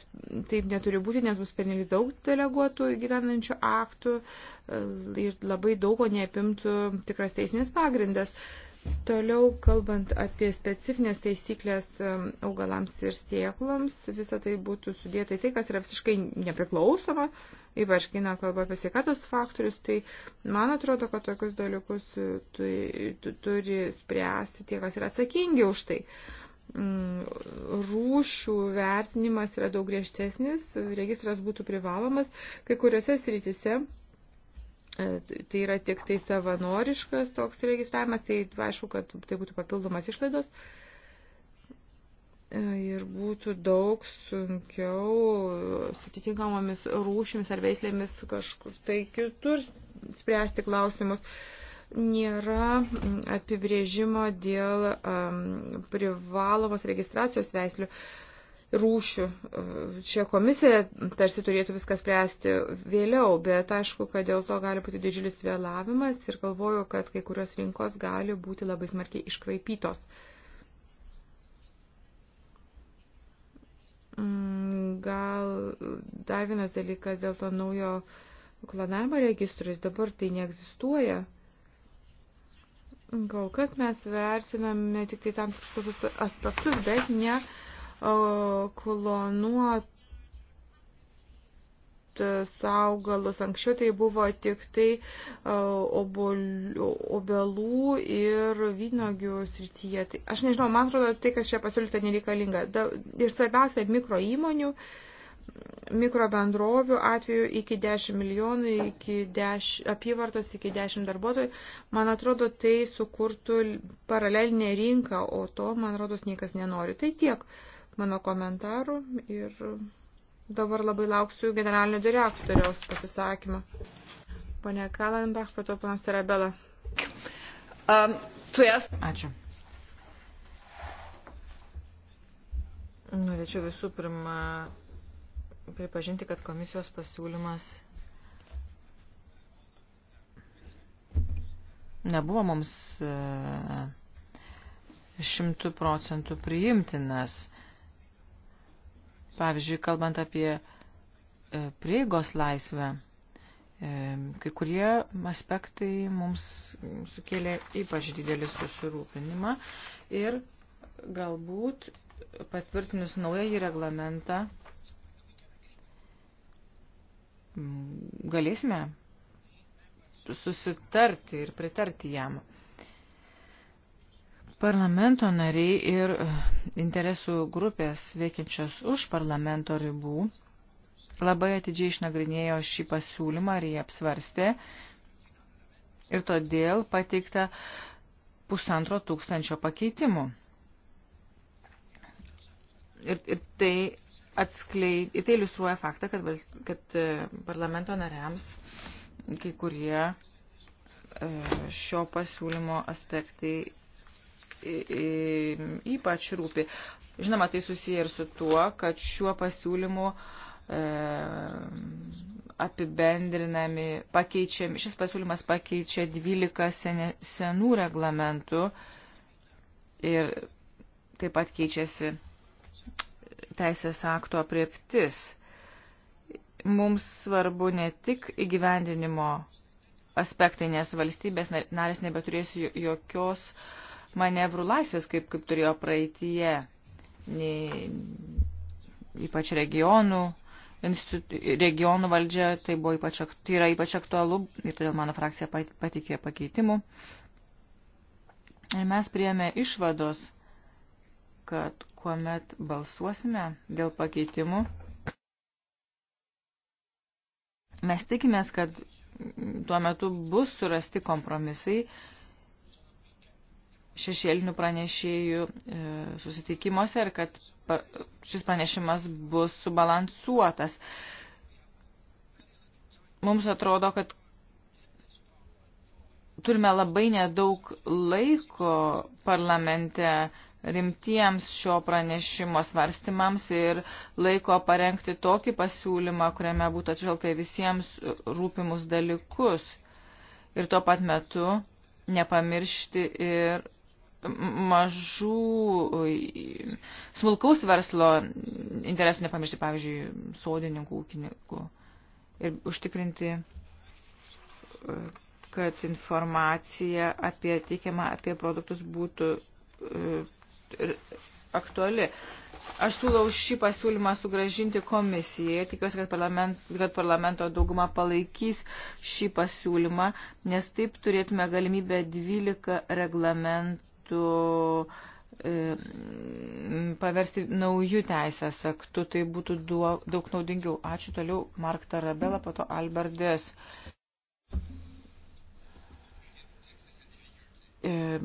taip neturi būti, nes bus pernelyg daug deleguotų gyvenančių aktų e, ir labai daug ko neapimtų tikras teisinis pagrindas. Toliau, kalbant apie specifines taisyklės um, augalams ir sėkloms, visa tai būtų sudėta į tai, kas yra visiškai nepriklausoma, ypač kai kalba apie sveikatos faktorius, tai man atrodo, kad tokius dalykus uh, turi, turi spręsti tie, kas yra atsakingi už tai. Mm, rūšių vertinimas yra daug griežtesnis, registras būtų privalomas, kai kuriuose srityse E, tai yra tik tai savanoriškas toks registravimas, tai aišku, kad tai būtų papildomas išlaidos e, ir būtų daug sunkiau sutitinkamomis rūšimis ar veislėmis kažkur tai kitur spręsti klausimus. Nėra apibrėžimo dėl um, privalomos registracijos veislių. Uh, rūšių. Čia komisija tarsi turėtų viskas spręsti vėliau, bet aišku, kad dėl to gali būti didžiulis vėlavimas ir galvoju, kad kai kurios rinkos gali būti labai smarkiai iškraipytos. Mm, gal dar vienas dalykas dėl to naujo klonavimo registrus dabar tai neegzistuoja. Kol kas mes vertiname tik tai tam tikrus aspektus, bet ne uh, klonuotus augalus. Anksčiau tai buvo tik tai obelų ir vynogių srityje. Tai, aš nežinau, man atrodo, tai, kas čia pasiūlyta, nereikalinga. Da, ir svarbiausia, mikro įmonių mikrobendrovių atveju iki 10 milijonų, iki 10, apyvartos iki 10 darbuotojų, man atrodo, tai sukurtų paralelinę rinką, o to, man atrodo, niekas nenori. Tai tiek. Uh, mano komentarų ir dabar labai lauksiu generalinio direktoriaus pasisakymą. Pone Kalenbach, pato panas Rabela. Um, tu jas. Ačiū. Norėčiau visų pirma pripažinti, kad komisijos pasiūlymas nebuvo mums e, šimtų procentų priimtinas. Pavyzdžiui, kalbant apie e, prieigos laisvę, e, kai kurie aspektai mums sukėlė ypač didelį susirūpinimą ir galbūt patvirtinus naująjį reglamentą galėsime susitarti ir pritarti jam. Parlamento nariai ir e, interesų grupės veikiančios už parlamento ribų labai atidžiai išnagrinėjo šį pasiūlymą ir jį apsvarstė ir todėl pateikta pusantro tūkstančio pakeitimų. Ir, ir tai atskleid, ir tai iliustruoja faktą, kad, kad e, parlamento nariams kai kurie e, šio pasiūlymo aspektai ypač rūpi. Žinoma, tai susiję ir su tuo, kad šiuo pasiūlymu e, apibendrinami, pakeičiami, šis pasiūlymas pakeičia 12 senų reglamentų ir taip pat keičiasi teisės akto apriptis. Mums svarbu ne tik įgyvendinimo aspektai, nes valstybės narės nebeturės jokios uh, manevrų laisvės, kaip, kaip turėjo praeitie, nei, ypač regionų, institu, regionų valdžia, tai, buvo ypač, tai yra ypač aktualu ir todėl mano frakcija patikė pakeitimų. Ir mes priėmė išvados, kad kuomet balsuosime dėl pakeitimų, mes tikimės, kad tuo metu bus surasti kompromisai šešėlinių pranešėjų e, susitikimuose ir kad šis pranešimas bus subalansuotas. Mums atrodo, kad turime labai nedaug laiko parlamente rimtiems šio pranešimo svarstymams ir laiko parengti tokį pasiūlymą, kuriame būtų atžvelgta visiems rūpimus dalykus. Ir tuo pat metu nepamiršti ir mažų e, smulkaus verslo interesų nepamiršti, pavyzdžiui, sodininkų, ūkininkų. Ir užtikrinti, e, kad informacija apie teikiamą apie produktus būtų e, aktuali. Aš siūlau šį pasiūlymą sugražinti komisijai. Tikiuosi, kad, parlament, kad parlamento dauguma palaikys šį pasiūlymą, nes taip turėtume galimybę 12 reglamentų reikėtų e, paversti naujų teisės aktų, tai būtų daug naudingiau. Ačiū toliau Mark Tarabela, po to Albertas. E,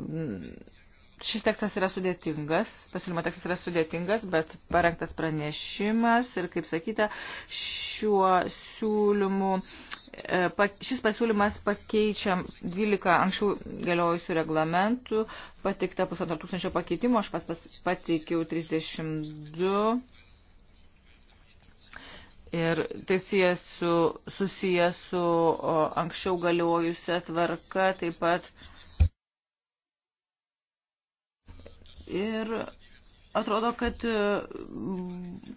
šis tekstas yra sudėtingas, pasiūlymo tekstas yra sudėtingas, bet parengtas pranešimas ir, kaip sakyta, šiuo siūlymu E, šis pasiūlymas pakeičia 12 anksčiau galiojusių reglamentų, patikta pusantro tūkstančio pakeitimų, aš pas, pas, pateikiau 32. Ir tai susijęs su, susijęs su o, anksčiau galiojusią tvarką, taip pat. Ir atrodo, kad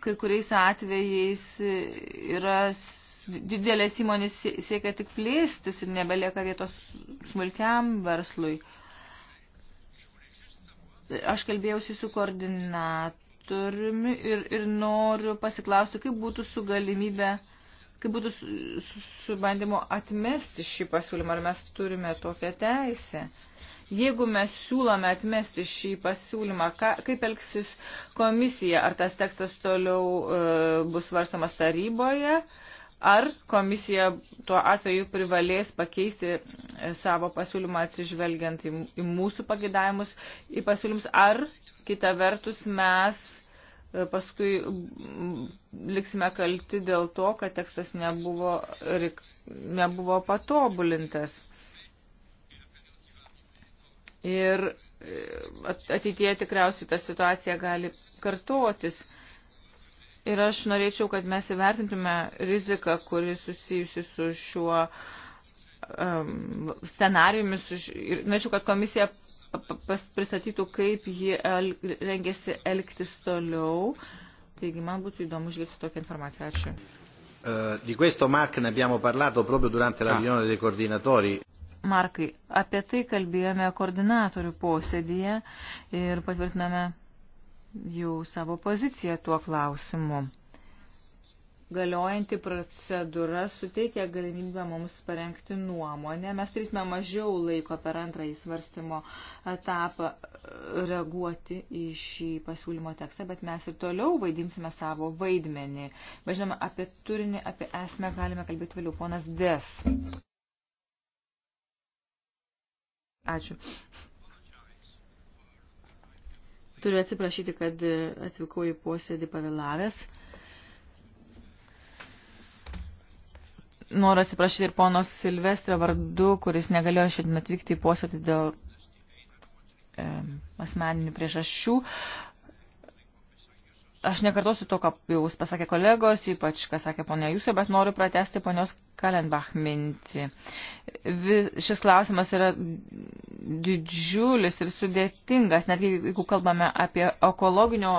kai kuriais atvejais yra didelės įmonės siekia tik plėstis ir nebelieka vietos smulkiam verslui. Aš kalbėjausi su koordinatoriumi ir, ir noriu pasiklausti, kaip būtų su galimybė, kaip būtų su, su, su bandymu atmesti šį pasiūlymą, ar mes turime tokią teisę. Jeigu mes siūlome atmesti šį pasiūlymą, ka, kaip elgsis komisija, ar tas tekstas toliau e, bus varstomas taryboje, Ar komisija tuo atveju privalės pakeisti e, savo pasiūlymą atsižvelgiant į, į mūsų pagidavimus, į pasiūlymus, ar kita vertus mes e, paskui liksime kalti dėl to, kad tekstas nebuvo, nebuvo patobulintas. Ir e, ateityje tikriausiai ta situacija gali kartuotis. Ir aš norėčiau, kad mes įvertintume riziką, kuri susijusi su šiuo um, scenariumi. Su š... Ir norėčiau, kad komisija pristatytų, kaip ji el... rengėsi elgtis toliau. Taigi man būtų įdomu išgirsti tokią informaciją. Ačiū. Uh, di questo Mark ne abbiamo parlato proprio durante la ah. riunione dei coordinatori. Markai, apie tai kalbėjome koordinatorių posėdėje ir patvirtiname jau savo poziciją tuo klausimu. Galiojanti procedūra suteikia galimybę mums parengti nuomonę. Mes turėsime mažiau laiko per antrąjį svarstymo etapą e, reaguoti į šį pasiūlymo tekstą, bet mes ir toliau vaidinsime savo vaidmenį. Važinoma, apie turinį, apie esmę galime kalbėti vėliau. Ponas Des. Ačiū. Turiu atsiprašyti, kad e, atvykau į posėdį pavėlavęs. Noriu atsiprašyti ir ponos Silvestrio vardu, kuris negalėjo šiandien atvykti į posėdį dėl e, asmeninių priežasčių. E, Aš nekartosiu to, ką jau pasakė kolegos, ypač, ką sakė ponia Jūsų, bet noriu pratesti ponios Kalenbach mintį. Vis, šis klausimas yra didžiulis ir sudėtingas, netgi jeigu kalbame apie ekologinio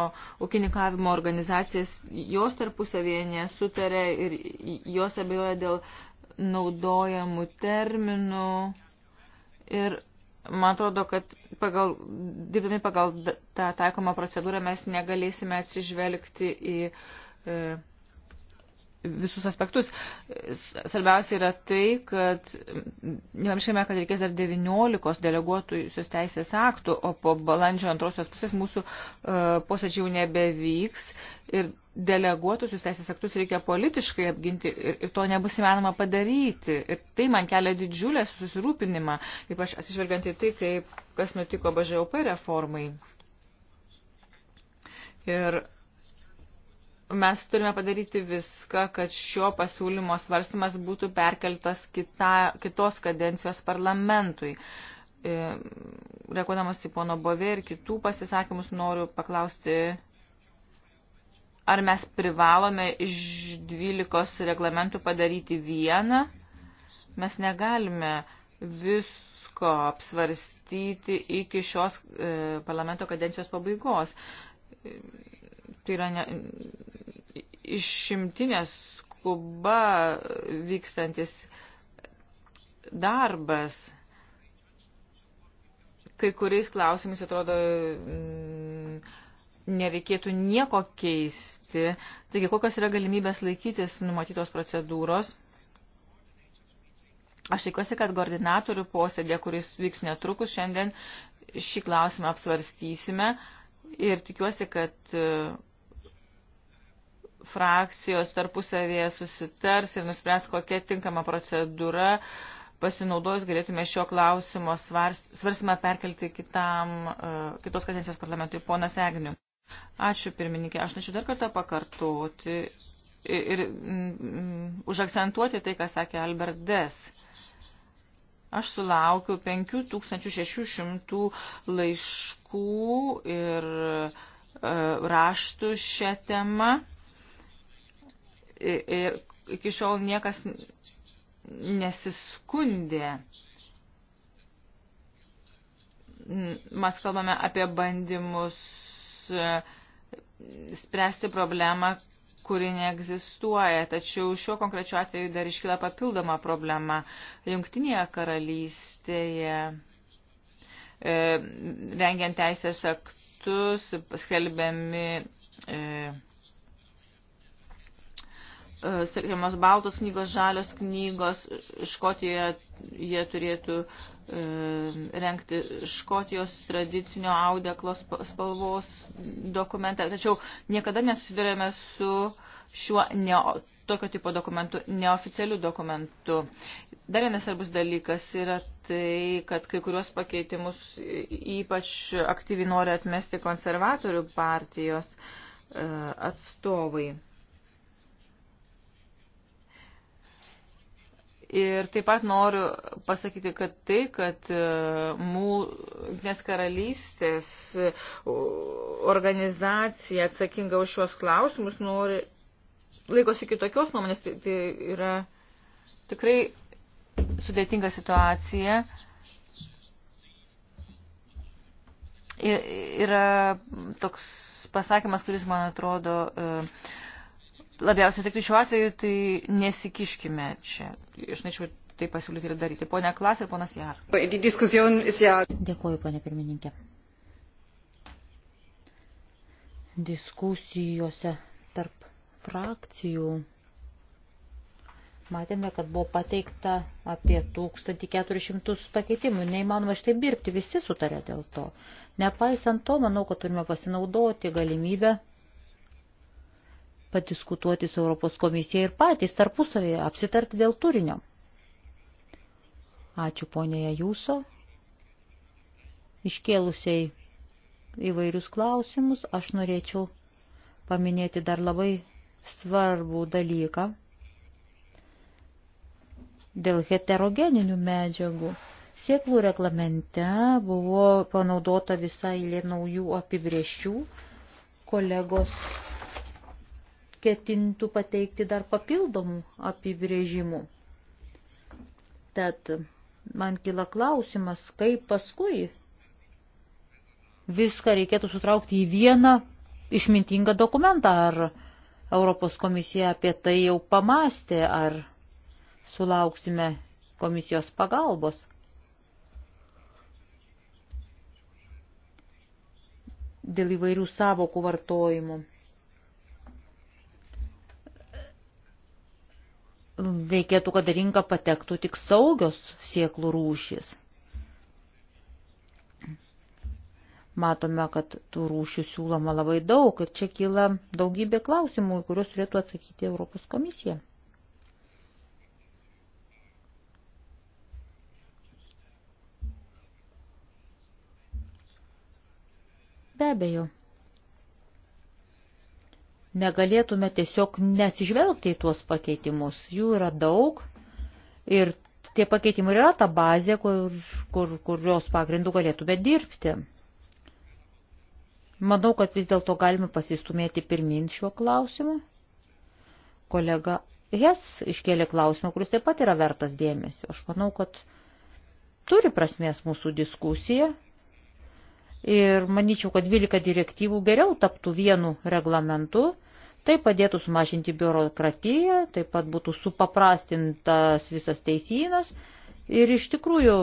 ūkininkavimo organizacijas, jos tarpusavėje nesutarė ir jos abejoja dėl naudojamų terminų. Ir Man atrodo, kad pagal, dirbdami pagal tą taikomą procedūrą mes negalėsime atsižvelgti į e, visus aspektus. Svarbiausia yra tai, kad nepamirškime, kad reikės dar 19 deleguotusios teisės aktų, o po balandžio antrosios pusės mūsų uh, e, posėdžių nebevyks ir deleguotusius teisės aktus reikia politiškai apginti ir, ir to nebus įmanoma padaryti. Ir tai man kelia didžiulę susirūpinimą, ypač atsižvelgiant į tai, kaip, kas nutiko BŽOP reformai. Ir mes turime padaryti viską, kad šio pasiūlymo svarstymas būtų perkeltas kita, kitos kadencijos parlamentui. E, reaguodamas į pono Bovė ir kitų pasisakymus noriu paklausti, ar mes privalome iš 12 reglamentų padaryti vieną. Mes negalime visko apsvarstyti iki šios e, parlamento kadencijos pabaigos. E, tai yra ne, išimtinės skuba vykstantis darbas. Kai kuriais klausimais atrodo mm, nereikėtų nieko keisti. Taigi, kokios yra galimybės laikytis numatytos procedūros? Aš tikiuosi, kad koordinatorių posėdė, kuris vyks netrukus šiandien, šį klausimą apsvarstysime. Uh, Ir tikiuosi, kad e, frakcijos tarpusavėje susitars ir nuspręs, kokia tinkama procedūra pasinaudojus galėtume šio klausimo svarstymą perkelti kitam, e, kitos kadencijos parlamentui. Ponas Egniu. Ačiū pirmininkė. Aš norėčiau dar kartą pakartoti ir, ir mm, užakcentuoti tai, ką sakė Albert Des. Uh, Aš sulaukiu 5600 laiškų ir e, raštų šią temą. Ir iki šiol niekas nesiskundė. Mes kalbame apie bandymus e, spręsti problemą, kuri neegzistuoja, tačiau šiuo konkrečiu atveju dar iškyla papildoma problema. Jungtinėje karalystėje e, rengiant teisės aktus skelbiami e, E, sakymas, baltos knygos, žalios knygos, Škotijoje jie turėtų e, renkti Škotijos tradicinio audeklo spalvos dokumentą. Tačiau niekada nesusidurėme su šiuo ne, tokio tipo dokumentu, neoficialiu dokumentu. Dar vienas svarbus dalykas yra tai, kad kai kurios pakeitimus ypač aktyviai nori atmesti konservatorių partijos e, atstovai. Ir taip pat noriu pasakyti, kad tai, kad e, Mūnės karalystės e, organizacija atsakinga už šios klausimus nori, laikosi kitokios nuomonės, tai, tai yra tikrai sudėtinga situacija. Yra toks pasakymas, kuris, man atrodo, uh, labiausiai sektų šiuo atveju, tai nesikiškime čia. Aš norėčiau tai pasiūlyti ir daryti. Pone Klas ir ponas Jar. Dėkuoju, ponė pirmininkė. Diskusijose tarp frakcijų matėme, kad buvo pateikta apie 1400 pakeitimų. Neįmanoma šitai dirbti, visi sutarė dėl to. Nepaisant to, manau, kad turime pasinaudoti galimybę padiskutuoti su Europos komisija ir patys tarpusavėje apsitarti dėl turinio. Ačiū ponėje Jūso, iškėlusiai įvairius klausimus, aš norėčiau paminėti dar labai svarbų dalyką dėl heterogeninių medžiagų. Sėklų reglamente buvo panaudota visai lė naujų apibrėžčių. Kolegos ketintų pateikti dar papildomų apibrėžimų. Tad man kila klausimas, kaip paskui viską reikėtų sutraukti į vieną išmintingą dokumentą. Ar Europos komisija apie tai jau pamastė, ar sulauksime komisijos pagalbos? Dėl įvairių savokų vartojimų. reikėtų, kad rinką patektų tik saugios sieklų rūšys. Matome, kad tų rūšių siūloma labai daug ir čia kyla daugybė klausimų, kuriuos turėtų atsakyti Europos komisija. Be abejo negalėtume tiesiog nesižvelgti į tuos pakeitimus. Jų yra daug ir tie pakeitimai yra ta bazė, kur, kur, kurios pagrindų galėtume dirbti. Manau, kad vis dėlto galime pasistumėti pirmin šiuo klausimu. Kolega Hes iškėlė klausimą, kuris taip pat yra vertas dėmesio. Aš manau, kad turi prasmės mūsų diskusija Ir manyčiau, kad 12 direktyvų geriau taptų vienu reglamentu. Tai padėtų sumažinti biurokratiją, taip pat būtų supaprastintas visas teisynas. Ir iš tikrųjų,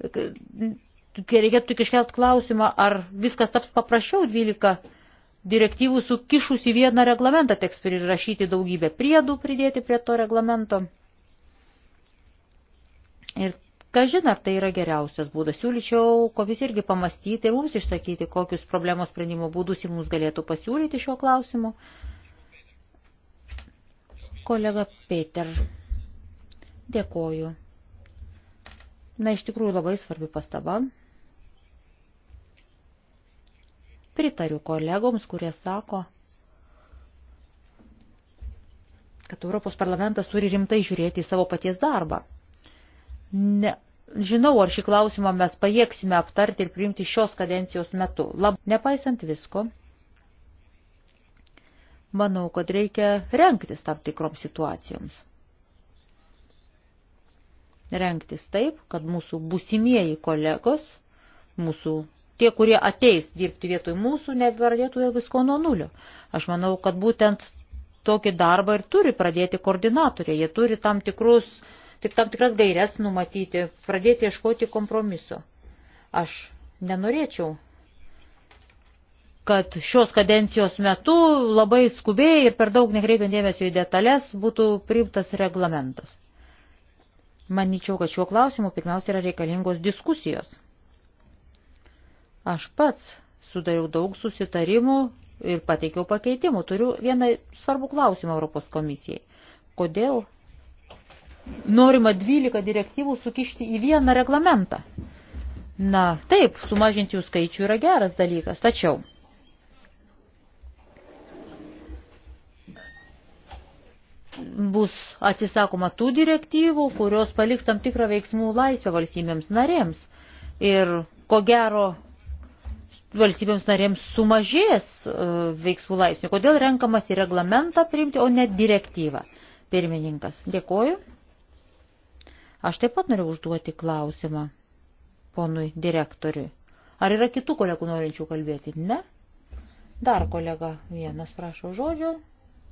reikėtų tik iškelt klausimą, ar viskas taps paprasčiau 12 direktyvų sukišus į vieną reglamentą, teks prirašyti daugybę priedų, pridėti prie to reglamento. Ir Kažin ar tai yra geriausias būdas, siūlyčiau komisijai irgi pamastyti ir mums išsakyti, kokius problemos sprendimo būdus jums galėtų pasiūlyti šiuo klausimu. Kolega Peter, dėkoju. Na, iš tikrųjų labai svarbi pastaba. Pritariu kolegoms, kurie sako, kad Europos parlamentas turi rimtai žiūrėti į savo paties darbą. Ne, žinau, ar šį klausimą mes pajėgsime aptarti ir priimti šios kadencijos metu. Lab, nepaisant visko, manau, kad reikia renktis tam tikroms situacijoms. Renktis taip, kad mūsų busimieji kolegos, mūsų tie, kurie ateis dirbti vietoj mūsų, nepradėtų visko nuo nulio. Aš manau, kad būtent tokį darbą ir turi pradėti koordinatoriai. Jie turi tam tikrus uh, tik tam tikras gairias numatyti, pradėti ieškoti kompromiso. Aš nenorėčiau, kad šios kadencijos metu labai skubiai ir per daug nekreipiant dėmesio į detalės būtų priimtas reglamentas. Manyčiau, kad šiuo klausimu pirmiausia yra reikalingos diskusijos. Aš pats sudariau daug susitarimų ir pateikiau pakeitimų. Turiu vieną svarbų klausimą Europos komisijai. Kodėl norima 12 direktyvų sukišti į vieną reglamentą. Na, taip, sumažinti jų skaičių yra geras dalykas, tačiau bus atsisakoma tų direktyvų, kurios paliks tam tikrą veiksmų laisvę valstybėms narėms. Ir ko gero valstybėms narėms sumažės e, veiksmų laipsnių. Kodėl renkamas į reglamentą priimti, o ne direktyvą? Pirmininkas, dėkoju. Aš taip pat noriu užduoti klausimą ponui direktoriui. Ar yra kitų kolegų norinčių kalbėti? Ne? Dar kolega vienas prašo žodžio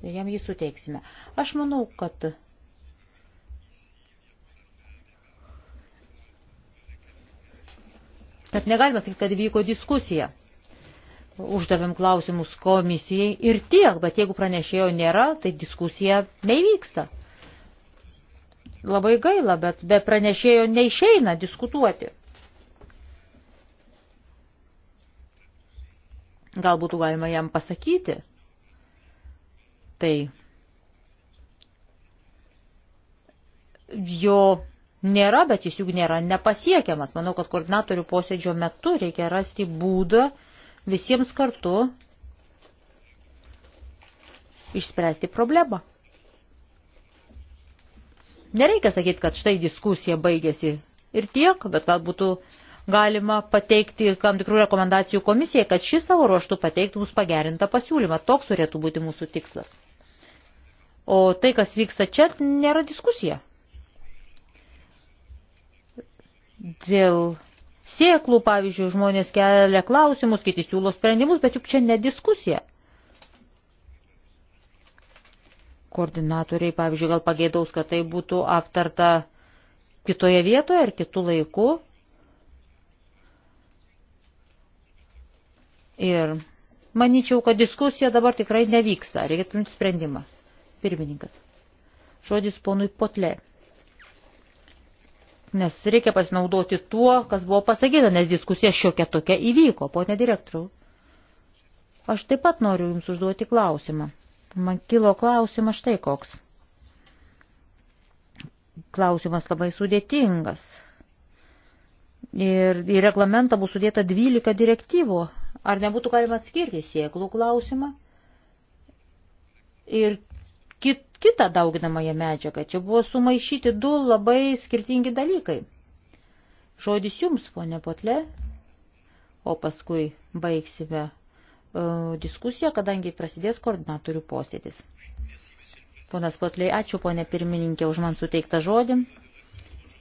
ir jam jį suteiksime. Aš manau, kad kad negalima sakyti, kad vyko diskusija. Uždavėm klausimus komisijai ir tiek, bet jeigu pranešėjo nėra, tai diskusija nevyksta. Labai gaila, bet be pranešėjo neišeina diskutuoti. Gal būtų galima jam pasakyti. Tai jo nėra, bet jis juk nėra nepasiekiamas. Manau, kad koordinatorių posėdžio metu reikia rasti būdą visiems kartu išspręsti problemą. Nereikia sakyti, kad štai diskusija baigėsi ir tiek, bet gal būtų galima pateikti kam tikrų rekomendacijų komisijai, kad šis savo ruoštų pateiktų mums pagerintą pasiūlymą. Toks turėtų būti mūsų tikslas. O tai, kas vyksta čia, nėra diskusija. Dėl sėklų, pavyzdžiui, žmonės kelia klausimus, kiti siūlo sprendimus, bet juk čia ne diskusija. Koordinatoriai, pavyzdžiui, gal pageidaus, kad tai būtų aptarta kitoje vietoje ar kitų laikų. Ir manyčiau, kad diskusija dabar tikrai nevyksta. Reikėtų priimti sprendimą. Pirmininkas. Žodis ponui Potle. Nes reikia pasinaudoti tuo, kas buvo pasakyta, nes diskusija šiokia tokia įvyko, ponė direktoriau. Aš taip pat noriu Jums užduoti klausimą. Man kilo klausimas štai koks. Klausimas labai sudėtingas. Ir į reglamentą bus sudėta 12 direktyvų. Ar nebūtų galima atskirti sieklų klausimą ir kit, kitą dauginamąją medžiagą? Čia buvo sumaišyti du labai skirtingi dalykai. Žodis jums, ponė Potle, o paskui baigsime E, diskusiją, kadangi prasidės koordinatorių posėdis. Ponas Kotliai, ačiū ponė pirmininkė už man suteiktą žodį.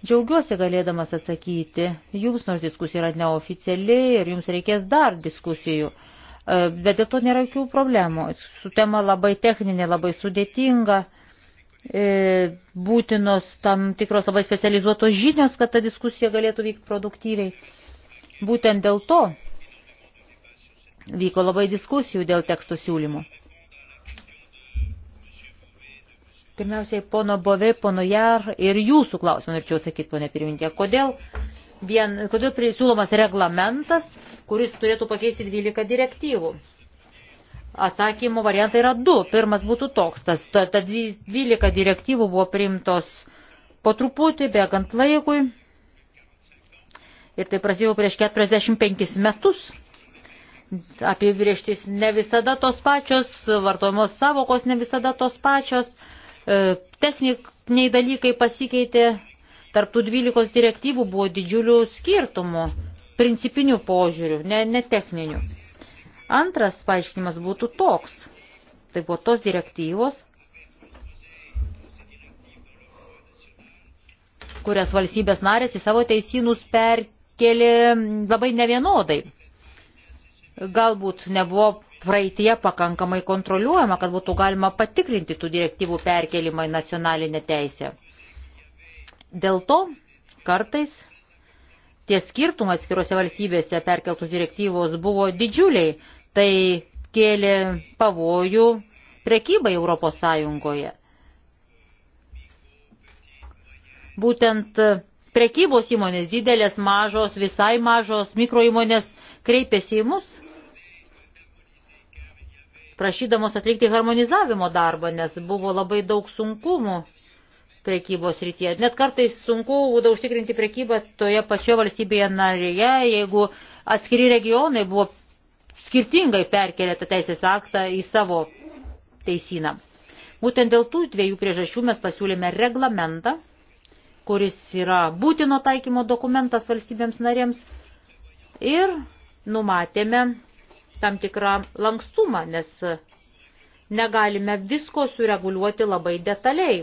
Džiaugiuosi galėdamas atsakyti, jums nors diskusija yra neoficiali ir jums reikės dar diskusijų, e, bet dėl to nėra jokių problemų. Su tema labai techninė, labai sudėtinga, e, būtinos tam tikros labai specializuotos žinios, kad ta diskusija galėtų vykti produktyviai. Būtent dėl to Vyko labai diskusijų dėl teksto siūlymų. Pirmiausiai, pono Bove, pono Jar ir jūsų klausimą norėčiau atsakyti, pone pirmininkė. Kodėl, vien, kodėl prisiūlomas reglamentas, kuris turėtų pakeisti 12 direktyvų? Atsakymo variantai yra du. Pirmas būtų toks, tas, ta, ta 12 direktyvų buvo priimtos po truputį, bėgant laikui. Ir tai prasidėjo prieš 45 metus apibrieštis ne visada tos pačios, vartojamos savokos ne visada tos pačios, e, techniniai dalykai pasikeitė, tarptų 12 direktyvų buvo didžiulių skirtumų, principinių požiūrių, ne, ne techninių. Antras paaiškinimas būtų toks. Tai buvo tos direktyvos, kurias valstybės narės į savo teisynus perkelė labai nevienodai galbūt nebuvo praeitie pakankamai kontroliuojama, kad būtų galima patikrinti tų direktyvų perkelimą į nacionalinę teisę. Dėl to kartais tie skirtumai atskirose valstybėse perkeltos direktyvos buvo didžiuliai, tai kėlė pavojų prekybai Europos Sąjungoje. Būtent prekybos įmonės didelės, mažos, visai mažos mikroįmonės kreipėsi į mus prašydamos atlikti harmonizavimo darbą, nes buvo labai daug sunkumų prekybos rytyje. Net kartais sunku būdavo užtikrinti prekybą toje pačioje valstybėje narėje, jeigu atskiri regionai buvo skirtingai perkelė tą teisės aktą į savo teisyną. Būtent dėl tų dviejų priežasčių mes pasiūlėme reglamentą, kuris yra būtino taikymo dokumentas valstybėms narėms ir numatėme tam tikrą lankstumą, nes negalime visko sureguliuoti labai detaliai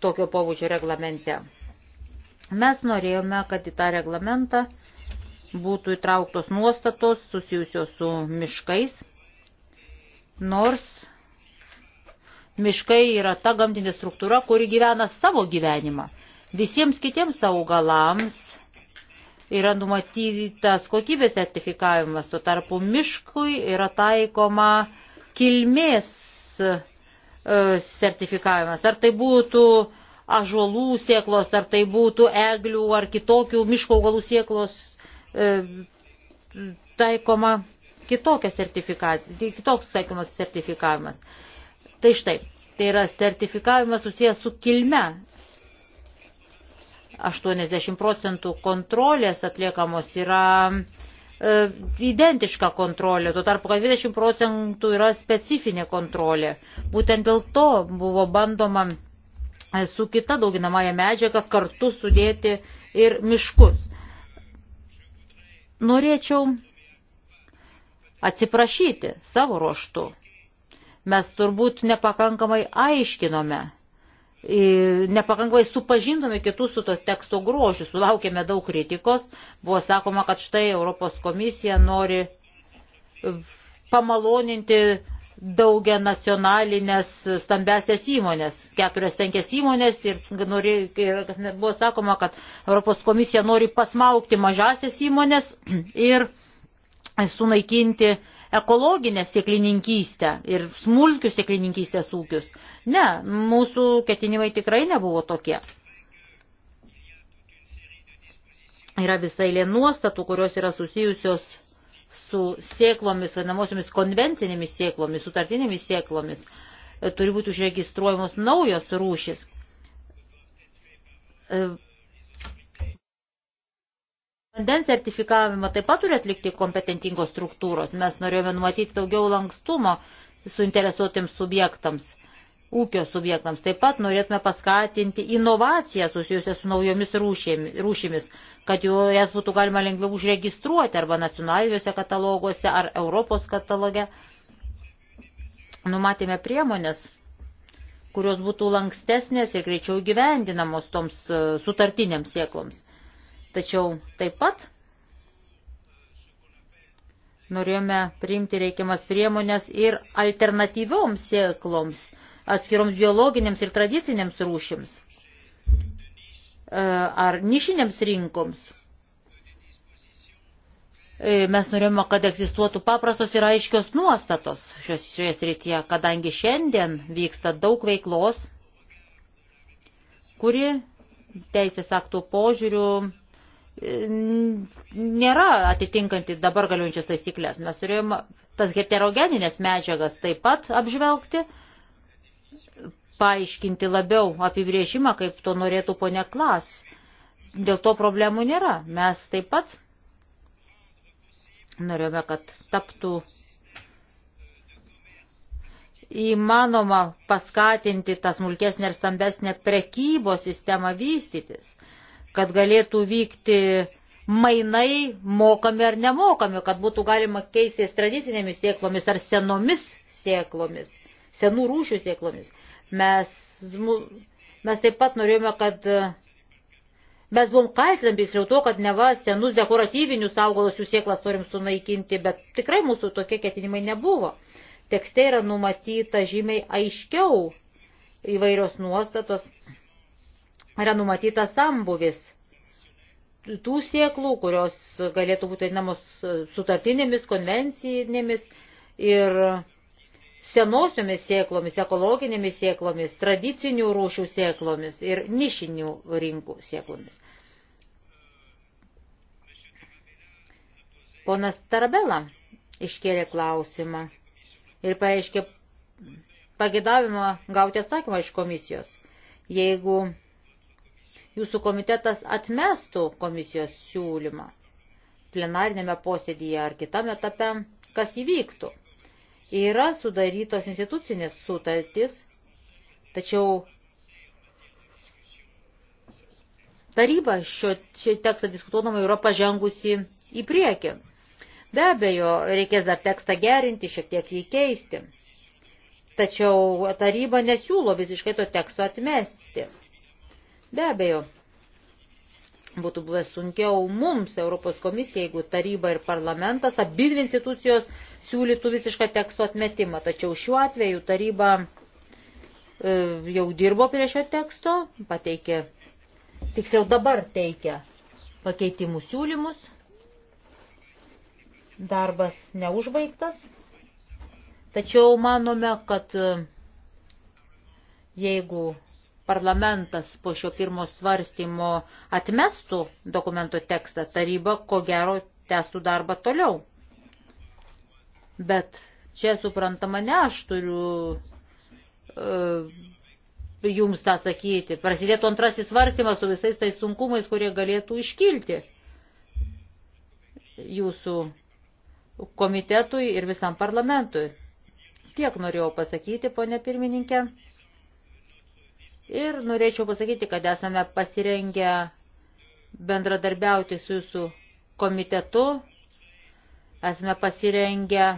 tokio pobūdžio reglamente. Mes norėjome, kad į tą reglamentą būtų įtrauktos nuostatos susijusios su miškais, nors miškai yra ta gamtinė struktūra, kuri gyvena savo gyvenimą. Visiems kitiems augalams yra numatytas kokybės sertifikavimas, tuo tarpu miškui yra taikoma kilmės e, sertifikavimas. Ar tai būtų ažuolų sieklos, ar tai būtų eglių ar kitokių miško augalų sieklos e, taikoma sertifika, kitoks taikomas sertifikavimas. Tai štai, tai yra sertifikavimas susijęs su kilme 80 procentų kontrolės atliekamos yra e, identiška kontrolė, tuo tarpu, kad 20 procentų yra specifinė kontrolė. Būtent dėl to buvo bandoma e, su kita dauginamąją medžiagą kartu sudėti ir miškus. Norėčiau atsiprašyti savo ruoštų. Mes turbūt nepakankamai aiškinome nepakankamai supažindome kitus su to teksto grožiu, sulaukėme daug kritikos, buvo sakoma, kad štai Europos komisija nori pamaloninti daugia nacionalinės stambesnės įmonės, keturias penkias įmonės ir, nori, ir buvo sakoma, kad Europos komisija nori pasmaukti mažasias įmonės ir sunaikinti uh, ekologinę sėklininkystę ir smulkius sėklininkystės ūkius. Ne, mūsų ketinimai tikrai nebuvo tokie. Yra visai lė nuostatų, kurios yra susijusios su sėklomis, vadinamosiomis konvencinėmis sėklomis, sutartinėmis sėklomis. E, turi būti užregistruojamos naujos rūšis e, Vandens sertifikavimą taip pat turi atlikti kompetentingos struktūros. Mes norėjome numatyti daugiau lankstumo suinteresuotiems subjektams, ūkio subjektams. Taip pat norėtume paskatinti inovaciją susijusią su naujomis rūšimis, kad jas būtų galima lengviau užregistruoti arba nacionaliniuose kataloguose ar Europos kataloge. Numatėme priemonės kurios būtų lankstesnės ir greičiau gyvendinamos toms e, sutartiniams siekloms. Tačiau taip pat norėjome priimti reikiamas priemonės ir alternatyvioms sėkloms, atskiroms biologinėms ir tradicinėms rūšims e, ar nišinėms rinkoms. E, mes norėjome, kad egzistuotų paprastos ir aiškios nuostatos šios, šioje srityje, kadangi šiandien vyksta daug veiklos, kuri teisės aktų požiūrių nėra atitinkanti dabar galiojančias taisyklės. Mes turėjome tas heterogeninės medžiagas taip pat apžvelgti, paaiškinti labiau apibrėžimą, kaip to norėtų ponia Klas. Dėl to problemų nėra. Mes taip pat norėjome, kad taptų įmanoma paskatinti tą smulkesnę ir stambesnę prekybos sistemą vystytis kad galėtų vykti mainai mokami ar nemokami, kad būtų galima keistis tradicinėmis sėklomis ar senomis sėklomis, senų rūšių sėklomis. Mes, mes taip pat norėjome, kad mes buvom kaltinami tiksliau to, kad neva senus dekoratyvinius augalus jų sėklas norim sunaikinti, bet tikrai mūsų tokie ketinimai nebuvo. Tekste yra numatyta žymiai aiškiau įvairios nuostatos yra numatytas sambuvis tų sieklų, kurios galėtų būti vadinamos e, sutartinėmis, konvencinėmis ir senosiomis sieklomis, ekologinėmis sieklomis, tradicinių rūšių sieklomis ir nišinių rinkų sieklomis. Ponas Tarabela iškėlė klausimą ir pareiškė pagėdavimą gauti atsakymą iš komisijos. Jeigu jūsų komitetas atmestų komisijos siūlymą plenarinėme posėdyje ar kitam etape, kas įvyktų. Yra sudarytos institucinės sutartys, tačiau taryba šio, šį tekstą diskutuodama yra pažengusi į priekį. Be abejo, reikės dar tekstą gerinti, šiek tiek jį keisti. Tačiau taryba nesiūlo visiškai to teksto atmesti. Be abejo, būtų buvęs sunkiau mums, Europos komisija, jeigu taryba ir parlamentas, abidvi institucijos siūlytų visišką teksto atmetimą. Tačiau šiuo atveju taryba e, jau dirbo prie šio teksto, pateikė, tiksliau dabar teikia pakeitimų siūlymus. Darbas neužbaigtas, tačiau manome, kad e, jeigu parlamentas po šio pirmo svarstymo atmestų dokumento tekstą, taryba ko gero tęstų darbą toliau. Bet čia suprantama, ne aš turiu uh, jums tą sakyti. Prasidėtų antrasis svarstymas su visais tais sunkumais, kurie galėtų iškilti jūsų komitetui ir visam parlamentui. Tiek norėjau pasakyti, ponė pirmininkė. Ir norėčiau pasakyti, kad esame pasirengę bendradarbiauti su jūsų komitetu, esame pasirengę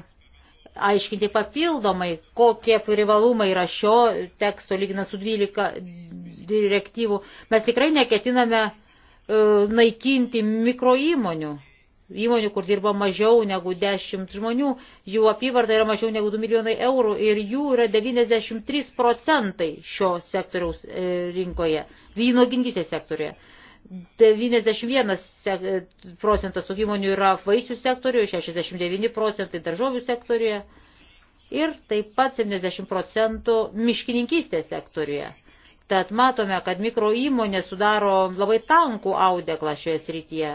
aiškinti papildomai, kokie privalumai yra šio teksto lyginant su 12 direktyvų. Mes tikrai neketiname e, naikinti mikroįmonių įmonių, kur dirba mažiau negu 10 žmonių, jų apyvarta yra mažiau negu 2 milijonai eurų ir jų yra 93 procentai šio sektoriaus e, rinkoje, vynogingystės sektorėje. 91 e, procentas tokių įmonių yra vaisių sektoriuje, 69 procentai daržovių sektoriuje ir taip pat 70 procentų miškininkystės sektoriuje. Tad matome, kad mikro įmonės sudaro labai tankų audeklą šioje srityje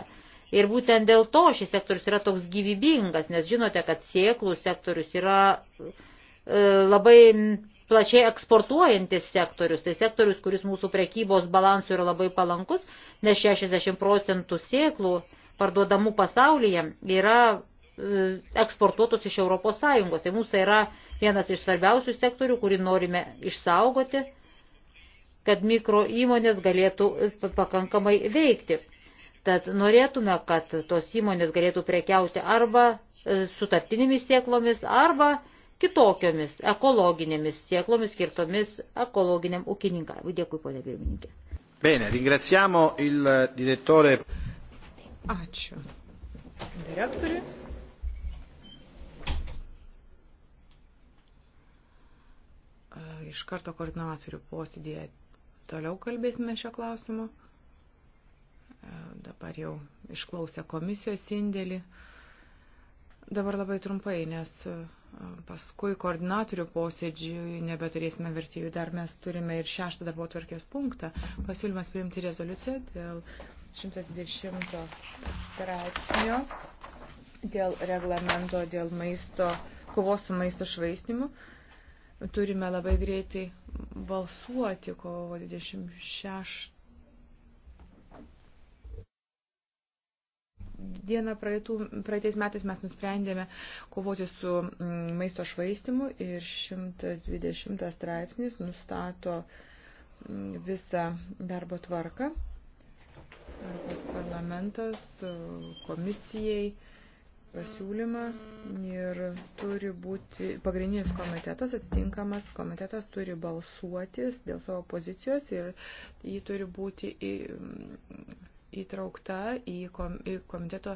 Ir būtent dėl to šis sektorius yra toks gyvybingas, nes žinote, kad sieklų sektorius yra e, labai plačiai eksportuojantis sektorius, tai sektorius, kuris mūsų prekybos balansų yra labai palankus, nes 60 procentų sieklų parduodamų pasaulyje yra e, eksportuotos iš Europos Sąjungos. Tai mūsų yra vienas iš svarbiausių sektorių, kurį norime išsaugoti, kad mikro įmonės galėtų e, pakankamai veikti. Tad norėtume, kad tos įmonės galėtų prekiauti arba e, sutartinėmis sieklomis, arba kitokiomis ekologinėmis sieklomis skirtomis ekologiniam ūkininkavimui. Dėkui, ponė pirmininkė. Bene, ringraziamo il direttore. Ačiū. Direktoriui. Iš karto koordinatorių posėdėje toliau kalbėsime šio klausimu dabar jau išklausę komisijos indėlį. Dabar labai trumpai, nes e, paskui koordinatorių posėdžiui nebeturėsime vertėjų, dar mes turime ir šeštą darbo tvarkės punktą, pasiūlymas priimti rezoliuciją dėl 120 straipsnio, dėl reglamento, dėl maisto, kovos su maisto švaistimu. Turime labai greitai balsuoti kovo 26 dieną praeitų, praeitais metais mes nusprendėme kovoti su mm, maisto švaistimu ir 120 straipsnis nustato mm, visą darbo tvarką. Europos parlamentas komisijai pasiūlymą ir turi būti pagrindinis komitetas, atitinkamas komitetas turi balsuotis dėl savo pozicijos ir jį turi būti į, įtraukta į komiteto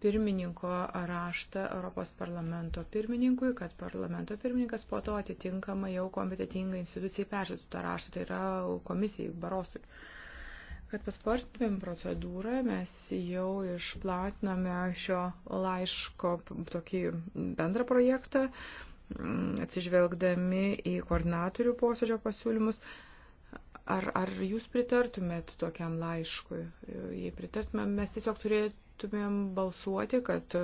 pirmininko raštą Europos parlamento pirmininkui, kad parlamento pirmininkas po to atitinkamai jau kompetitingai institucijai peržiūrėtų tą raštą, tai yra komisijai, barosui. Kad paspartumėm procedūrą, mes jau išplatiname šio laiško tokį bendrą projektą, mm, atsižvelgdami į koordinatorių posėdžio pasiūlymus. Ar, ar jūs pritartumėt tokiam laiškui? Jei pritartumėm, mes tiesiog turėtumėm balsuoti, kad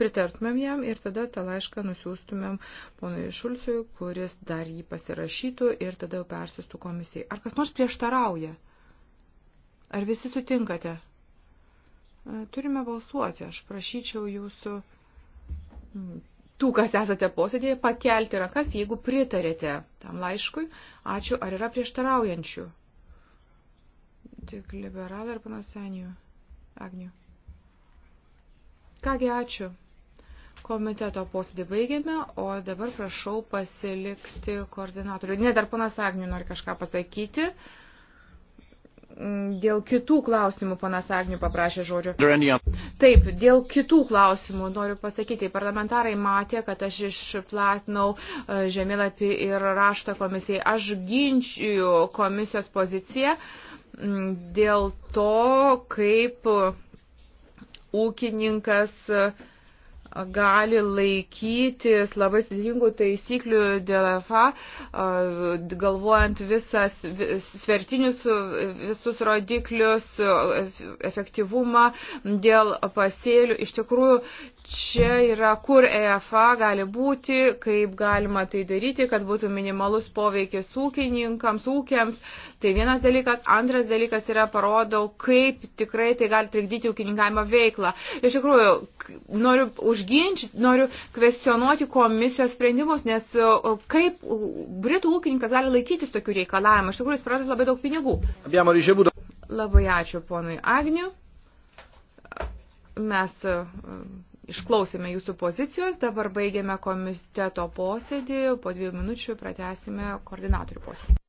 pritartumėm jam ir tada tą laišką nusiųstumėm ponui Šulciui, kuris dar jį pasirašytų ir tada jau persistų komisijai. Ar kas nors prieštarauja? Ar visi sutinkate? Turime balsuoti. Aš prašyčiau jūsų tų, kas esate posėdėje, pakelti rankas, jeigu pritarėte tam laiškui. Ačiū, ar yra prieštaraujančių? Tik liberalai ir panasenijų. Agnių. Kągi, ačiū. Komiteto posėdį baigėme, o dabar prašau pasilikti koordinatorių. Ne, dar panas Agnių nori kažką pasakyti. Mm, dėl kitų klausimų panas Agnių paprašė žodžio. Taip, dėl kitų klausimų noriu pasakyti, parlamentarai matė, kad aš išplatinau e, žemėlapį ir raštą komisijai. Aš ginčiu komisijos poziciją mm, dėl to, kaip ūkininkas uh, gali laikytis labai sudėtingų taisyklių dėl FA, galvojant visas svertinius visus rodiklius, efektyvumą dėl pasėlių. Iš tikrųjų, čia yra, kur EFA gali būti, kaip galima tai daryti, kad būtų minimalus poveikis ūkininkams, ūkiams. Tai vienas dalykas. Antras dalykas yra parodau, kaip tikrai tai gali trikdyti ūkininkavimo veiklą. Iš tikrųjų, noriu už užginčyti, noriu kvestionuoti komisijos sprendimus, nes kaip Britų ūkininkas gali laikytis tokių reikalavimų? Iš tikrųjų, jis praras labai daug pinigų. Labai ačiū ponui Agniu. Mes e, išklausėme jūsų pozicijos, dabar baigėme komiteto posėdį, po dviejų minučių pratęsime koordinatorių posėdį.